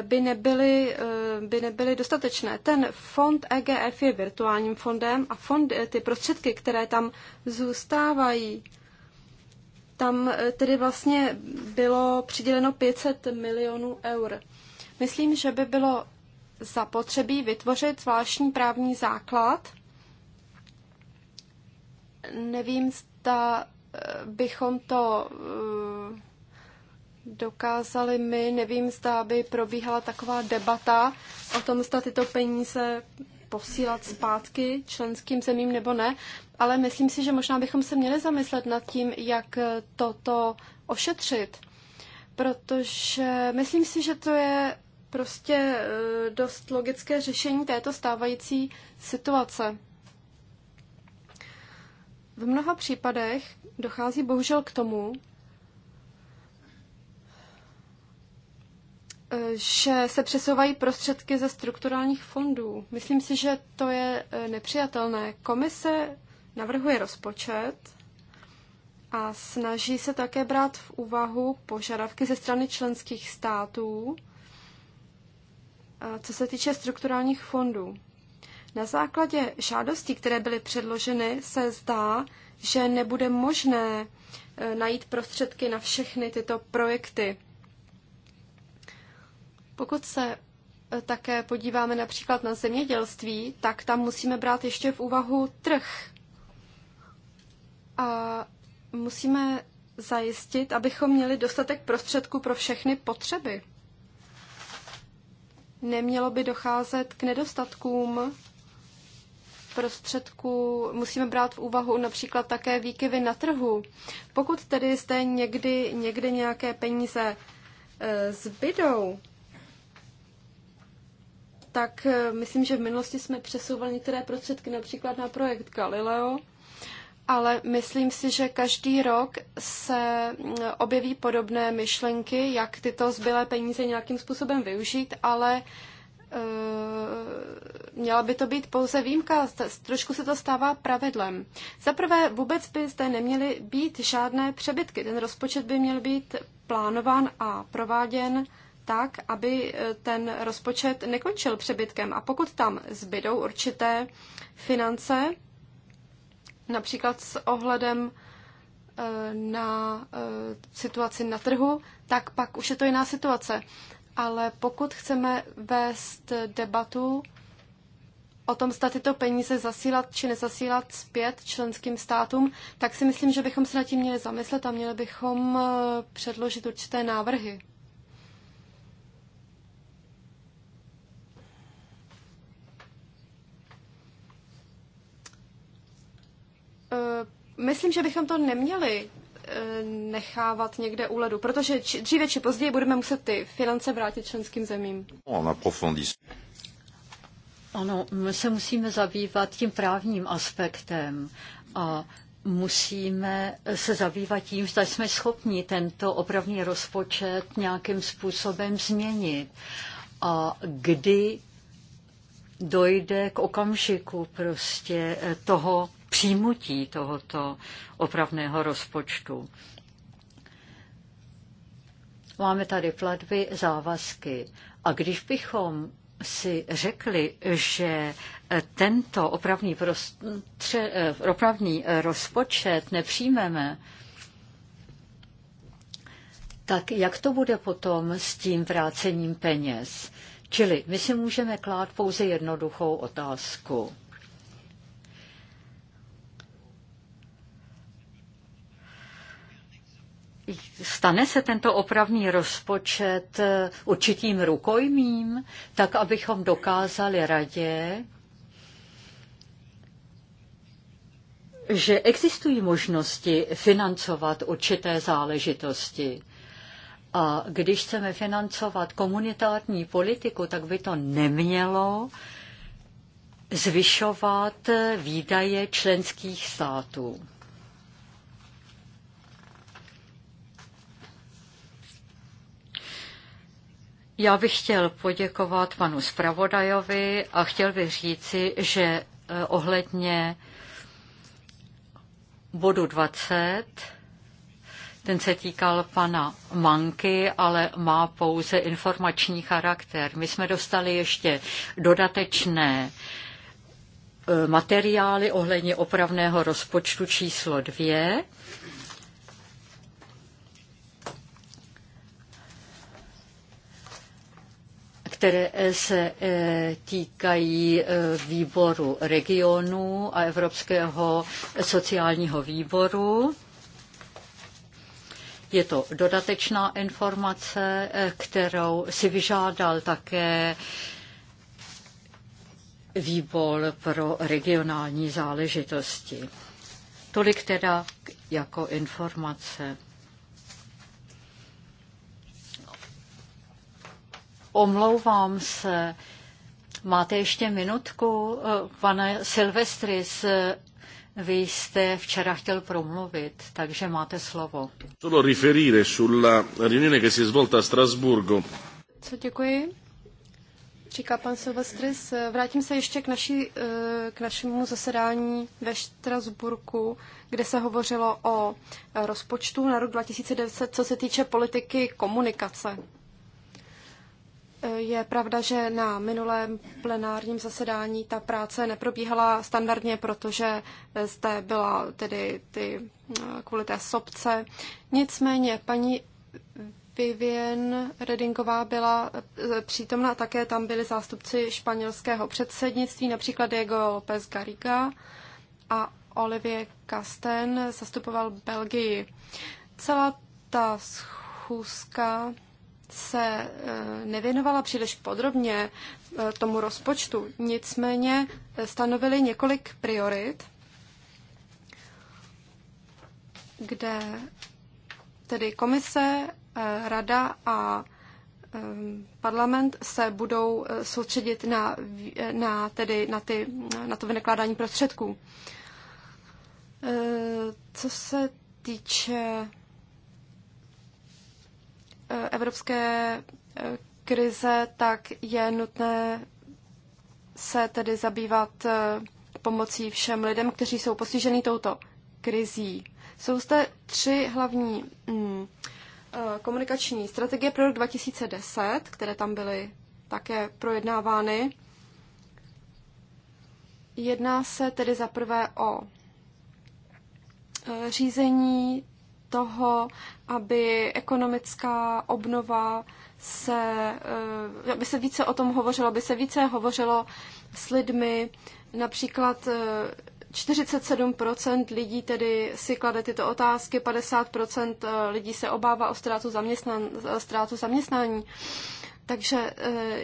by nebyly, eh, by nebyly dostatečné. Ten fond EGF je virtuálním fondem a fond, eh, ty prostředky, které tam zůstávají, tam eh, tedy vlastně bylo přiděleno 500 milionů eur. Myslím, že by bylo zapotřebí vytvořit zvláštní právní základ. Nevím, zda bychom to dokázali my, nevím, zda by probíhala taková debata o tom, zda tyto peníze posílat zpátky členským zemím nebo ne, ale myslím si, že možná bychom se měli zamyslet nad tím, jak toto ošetřit, protože myslím si, že to je prostě eh, dost logické řešení této stávající situace. V mnoha případech dochází bohužel k tomu, že se přesouvají prostředky ze strukturálních fondů. Myslím si, že to je eh, nepřijatelné. Komise navrhuje rozpočet a snaží se také brát v úvahu požadavky ze strany členských států, eh, co se týče strukturálních fondů. Na základě žádostí, které byly předloženy, se zdá, že nebude možné eh, najít prostředky na všechny tyto projekty. Pokud se eh, také podíváme například na zemědělství, tak tam musíme brát ještě v úvahu trh. A musíme zajistit, abychom měli dostatek prostředků pro všechny potřeby. Nemělo by docházet k nedostatkům prostředků musíme brát v úvahu například také výkyvy na trhu. Pokud tedy zde někdy, někde nějaké peníze eh, zbydou, tak eh, myslím, že v minulosti jsme přesouvali některé prostředky například na projekt Galileo, ale myslím si, že každý rok se mm, objeví podobné myšlenky, jak tyto zbylé peníze nějakým způsobem využít, ale eh, měla by to být pouze výjimka, trošku se to stává pravidlem. Za prvé, vůbec by zde neměly být žádné přebytky. Ten rozpočet by měl být plánován a prováděn tak, aby eh, ten rozpočet nekončil přebytkem. A pokud tam zbydou určité finance, například s ohledem eh, na eh, situaci na trhu, tak pak už je to jiná situace. Ale pokud chceme vést debatu o tom, zda tyto peníze zasílat či nezasílat zpět členským státům, tak si myslím, že bychom se nad tím měli zamyslet a měli bychom předložit určité návrhy. Eh, myslím, že bychom to neměli eh, nechávat někde u ledu, protože či, dříve či později budeme muset ty finance vrátit členským zemím. Ano, my se musíme zabývat tím právním aspektem a musíme se zabývat tím, zda jsme schopni tento opravný rozpočet nějakým způsobem změnit a kdy dojde k okamžiku prostě toho přijmutí tohoto opravného rozpočtu. Máme tady platby, závazky. A když bychom si řekli, že tento opravný, prostře, opravný rozpočet nepřijmeme, tak jak to bude potom s tím vrácením peněz? Čili my si můžeme klát pouze jednoduchou otázku. stane se tento opravný rozpočet eh, určitým rukojmím, tak abychom dokázali radě, že existují možnosti financovat určité záležitosti. A když chceme financovat komunitární politiku, tak by to nemělo zvyšovat výdaje členských států. Já bych chtěl poděkovat panu zpravodajovi a chtěl bych říci, že eh, ohledně bodu 20, ten se týkal pana Manky, ale má pouze informační charakter. My jsme dostali ještě dodatečné eh, materiály ohledně opravného rozpočtu číslo 2 které eh, se eh, týkají eh, výboru regionu a Evropského sociálního výboru. Je to dodatečná informace, kterou si vyžádal také výbor pro regionální záležitosti. Tolik teda jako informace. omlouvám se. Máte ještě minutku? Eh, pane Silvestris, eh, vy jste včera chtěl promluvit, takže máte slovo. Solo riferire sulla riunione che si è svolta a Strasburgo. Co děkuji? Říká pan Silvestris. Vrátím se ještě k, naší, eh, k našemu zasedání ve Štrasburku, kde se hovořilo o rozpočtu na rok 2010, co se týče politiky komunikace. Je pravda, že na minulém plenárním zasedání ta práce neprobíhala standardně, protože zde byla tedy ty, kvůli té sobce. Nicméně paní Vivien Redingová byla eh, přítomna, také tam byli zástupci španělského předsednictví, například Diego López Garriga a Olivier Casten zastupoval Belgii. Celá ta schůzka se eh, nevěnovala příliš podrobně eh, tomu rozpočtu, nicméně eh, stanovili několik priorit, kde tedy komise, rada a parlament se budou soustředit na, na, tedy, na, ty, na to vynakládání prostředků. Co se týče Eh, evropské eh, krize, tak je nutné se tedy zabývat eh, pomocí všem lidem, kteří jsou postiženi touto krizí. Jsou zde tři hlavní hmm, komunikační strategie pro rok 2010, které tam byly také projednávány. Jedná se tedy za prvé o řízení toho, aby ekonomická obnova se, eh, aby se více o tom hovořilo, aby se více hovořilo s lidmi. Například 47% eh, lidí tedy si klade tyto otázky, 50% eh, lidí se obává o ztrátu, zaměstnan, ztrátu zaměstnání. Takže e,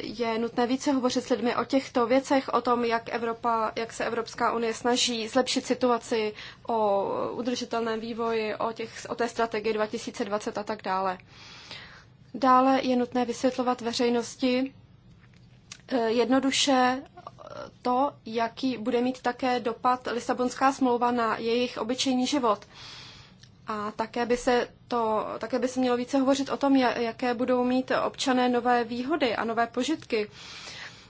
je nutné více hovořit s lidmi o těchto věcech, o tom, jak, Evropa, jak se Evropská unie snaží zlepšit situaci, o udržitelném vývoji, o, těch, o té strategii 2020 a tak dále. Dále je nutné vysvětlovat veřejnosti e, jednoduše to, jaký bude mít také dopad Lisabonská smlouva na jejich obyčejný život. A také by se, to, také by se mělo více hovořit o tom, jaké budou mít občané nové výhody a nové požitky.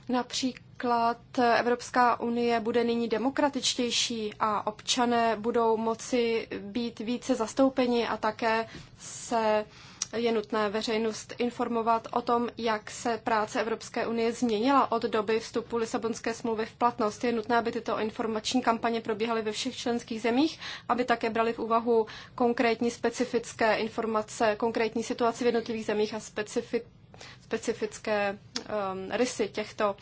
Například Evropská unie bude nyní demokratičtější a občané budou moci být více zastoupeni a také se je nutné veřejnost informovat o tom, jak se práce Evropské unie změnila od doby vstupu Lisabonské smlouvy v platnost. Je nutné, aby tyto informační kampaně probíhaly ve všech členských zemích, aby také brali v úvahu konkrétní specifické informace, konkrétní situaci v jednotlivých zemích a specifické specifické um, rysy těchto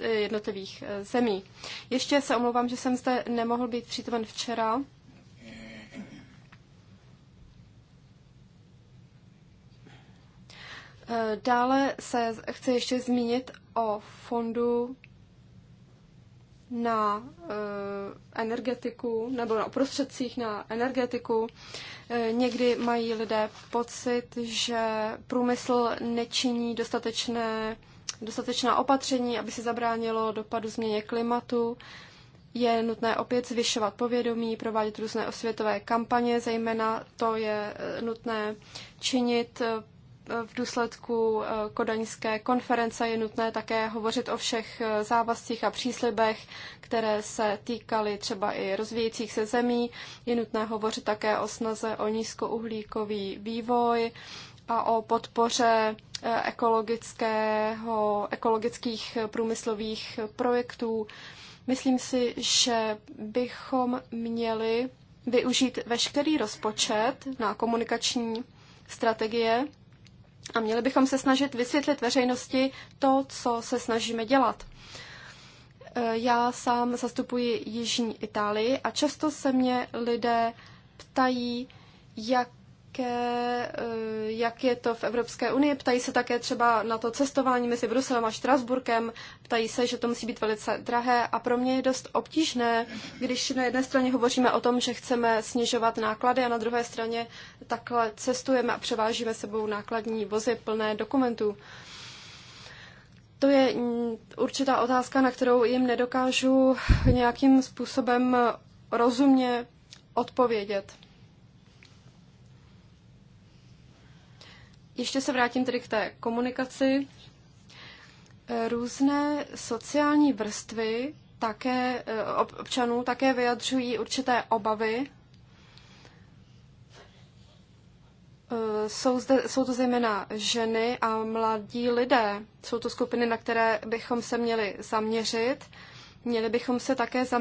jednotlivých eh, zemí. Ještě se omlouvám, že jsem zde nemohl být přítomen včera, Eh, dále se chci ještě zmínit o fondu na eh, energetiku nebo na prostředcích na energetiku. Eh, někdy mají lidé pocit, že průmysl nečiní dostatečné, dostatečná opatření, aby se zabránilo dopadu změně klimatu. Je nutné opět zvyšovat povědomí, provádět různé osvětové kampaně, zejména to je nutné činit v důsledku eh, kodaňské konference je nutné také hovořit o všech eh, závazcích a příslibech, které se týkaly třeba i rozvíjících se zemí. Je nutné hovořit také o snaze o nízkouhlíkový vývoj a o podpoře eh, ekologického, ekologických průmyslových projektů. Myslím si, že bychom měli využít veškerý rozpočet na komunikační strategie a měli bychom se snažit vysvětlit veřejnosti to, co se snažíme dělat. E, já sám zastupuji Jižní Itálii a často se mě lidé ptají, jak také, eh, jak je to v Evropské unii. Ptají se také třeba na to cestování mezi Bruselem a Štrasburkem. Ptají se, že to musí být velice drahé a pro mě je dost obtížné, když na jedné straně hovoříme o tom, že chceme snižovat náklady a na druhé straně takhle cestujeme a převážíme sebou nákladní vozy plné dokumentů. To je mm, určitá otázka, na kterou jim nedokážu nějakým způsobem rozumně odpovědět. ještě se vrátím tedy k té komunikaci. Eh, různé sociální vrstvy také eh, občanů také vyjadřují určité obavy. Eh, jsou, zde, jsou to zejména ženy a mladí lidé. Jsou to skupiny, na které bychom se měli zaměřit. Měli bychom se také zaměřit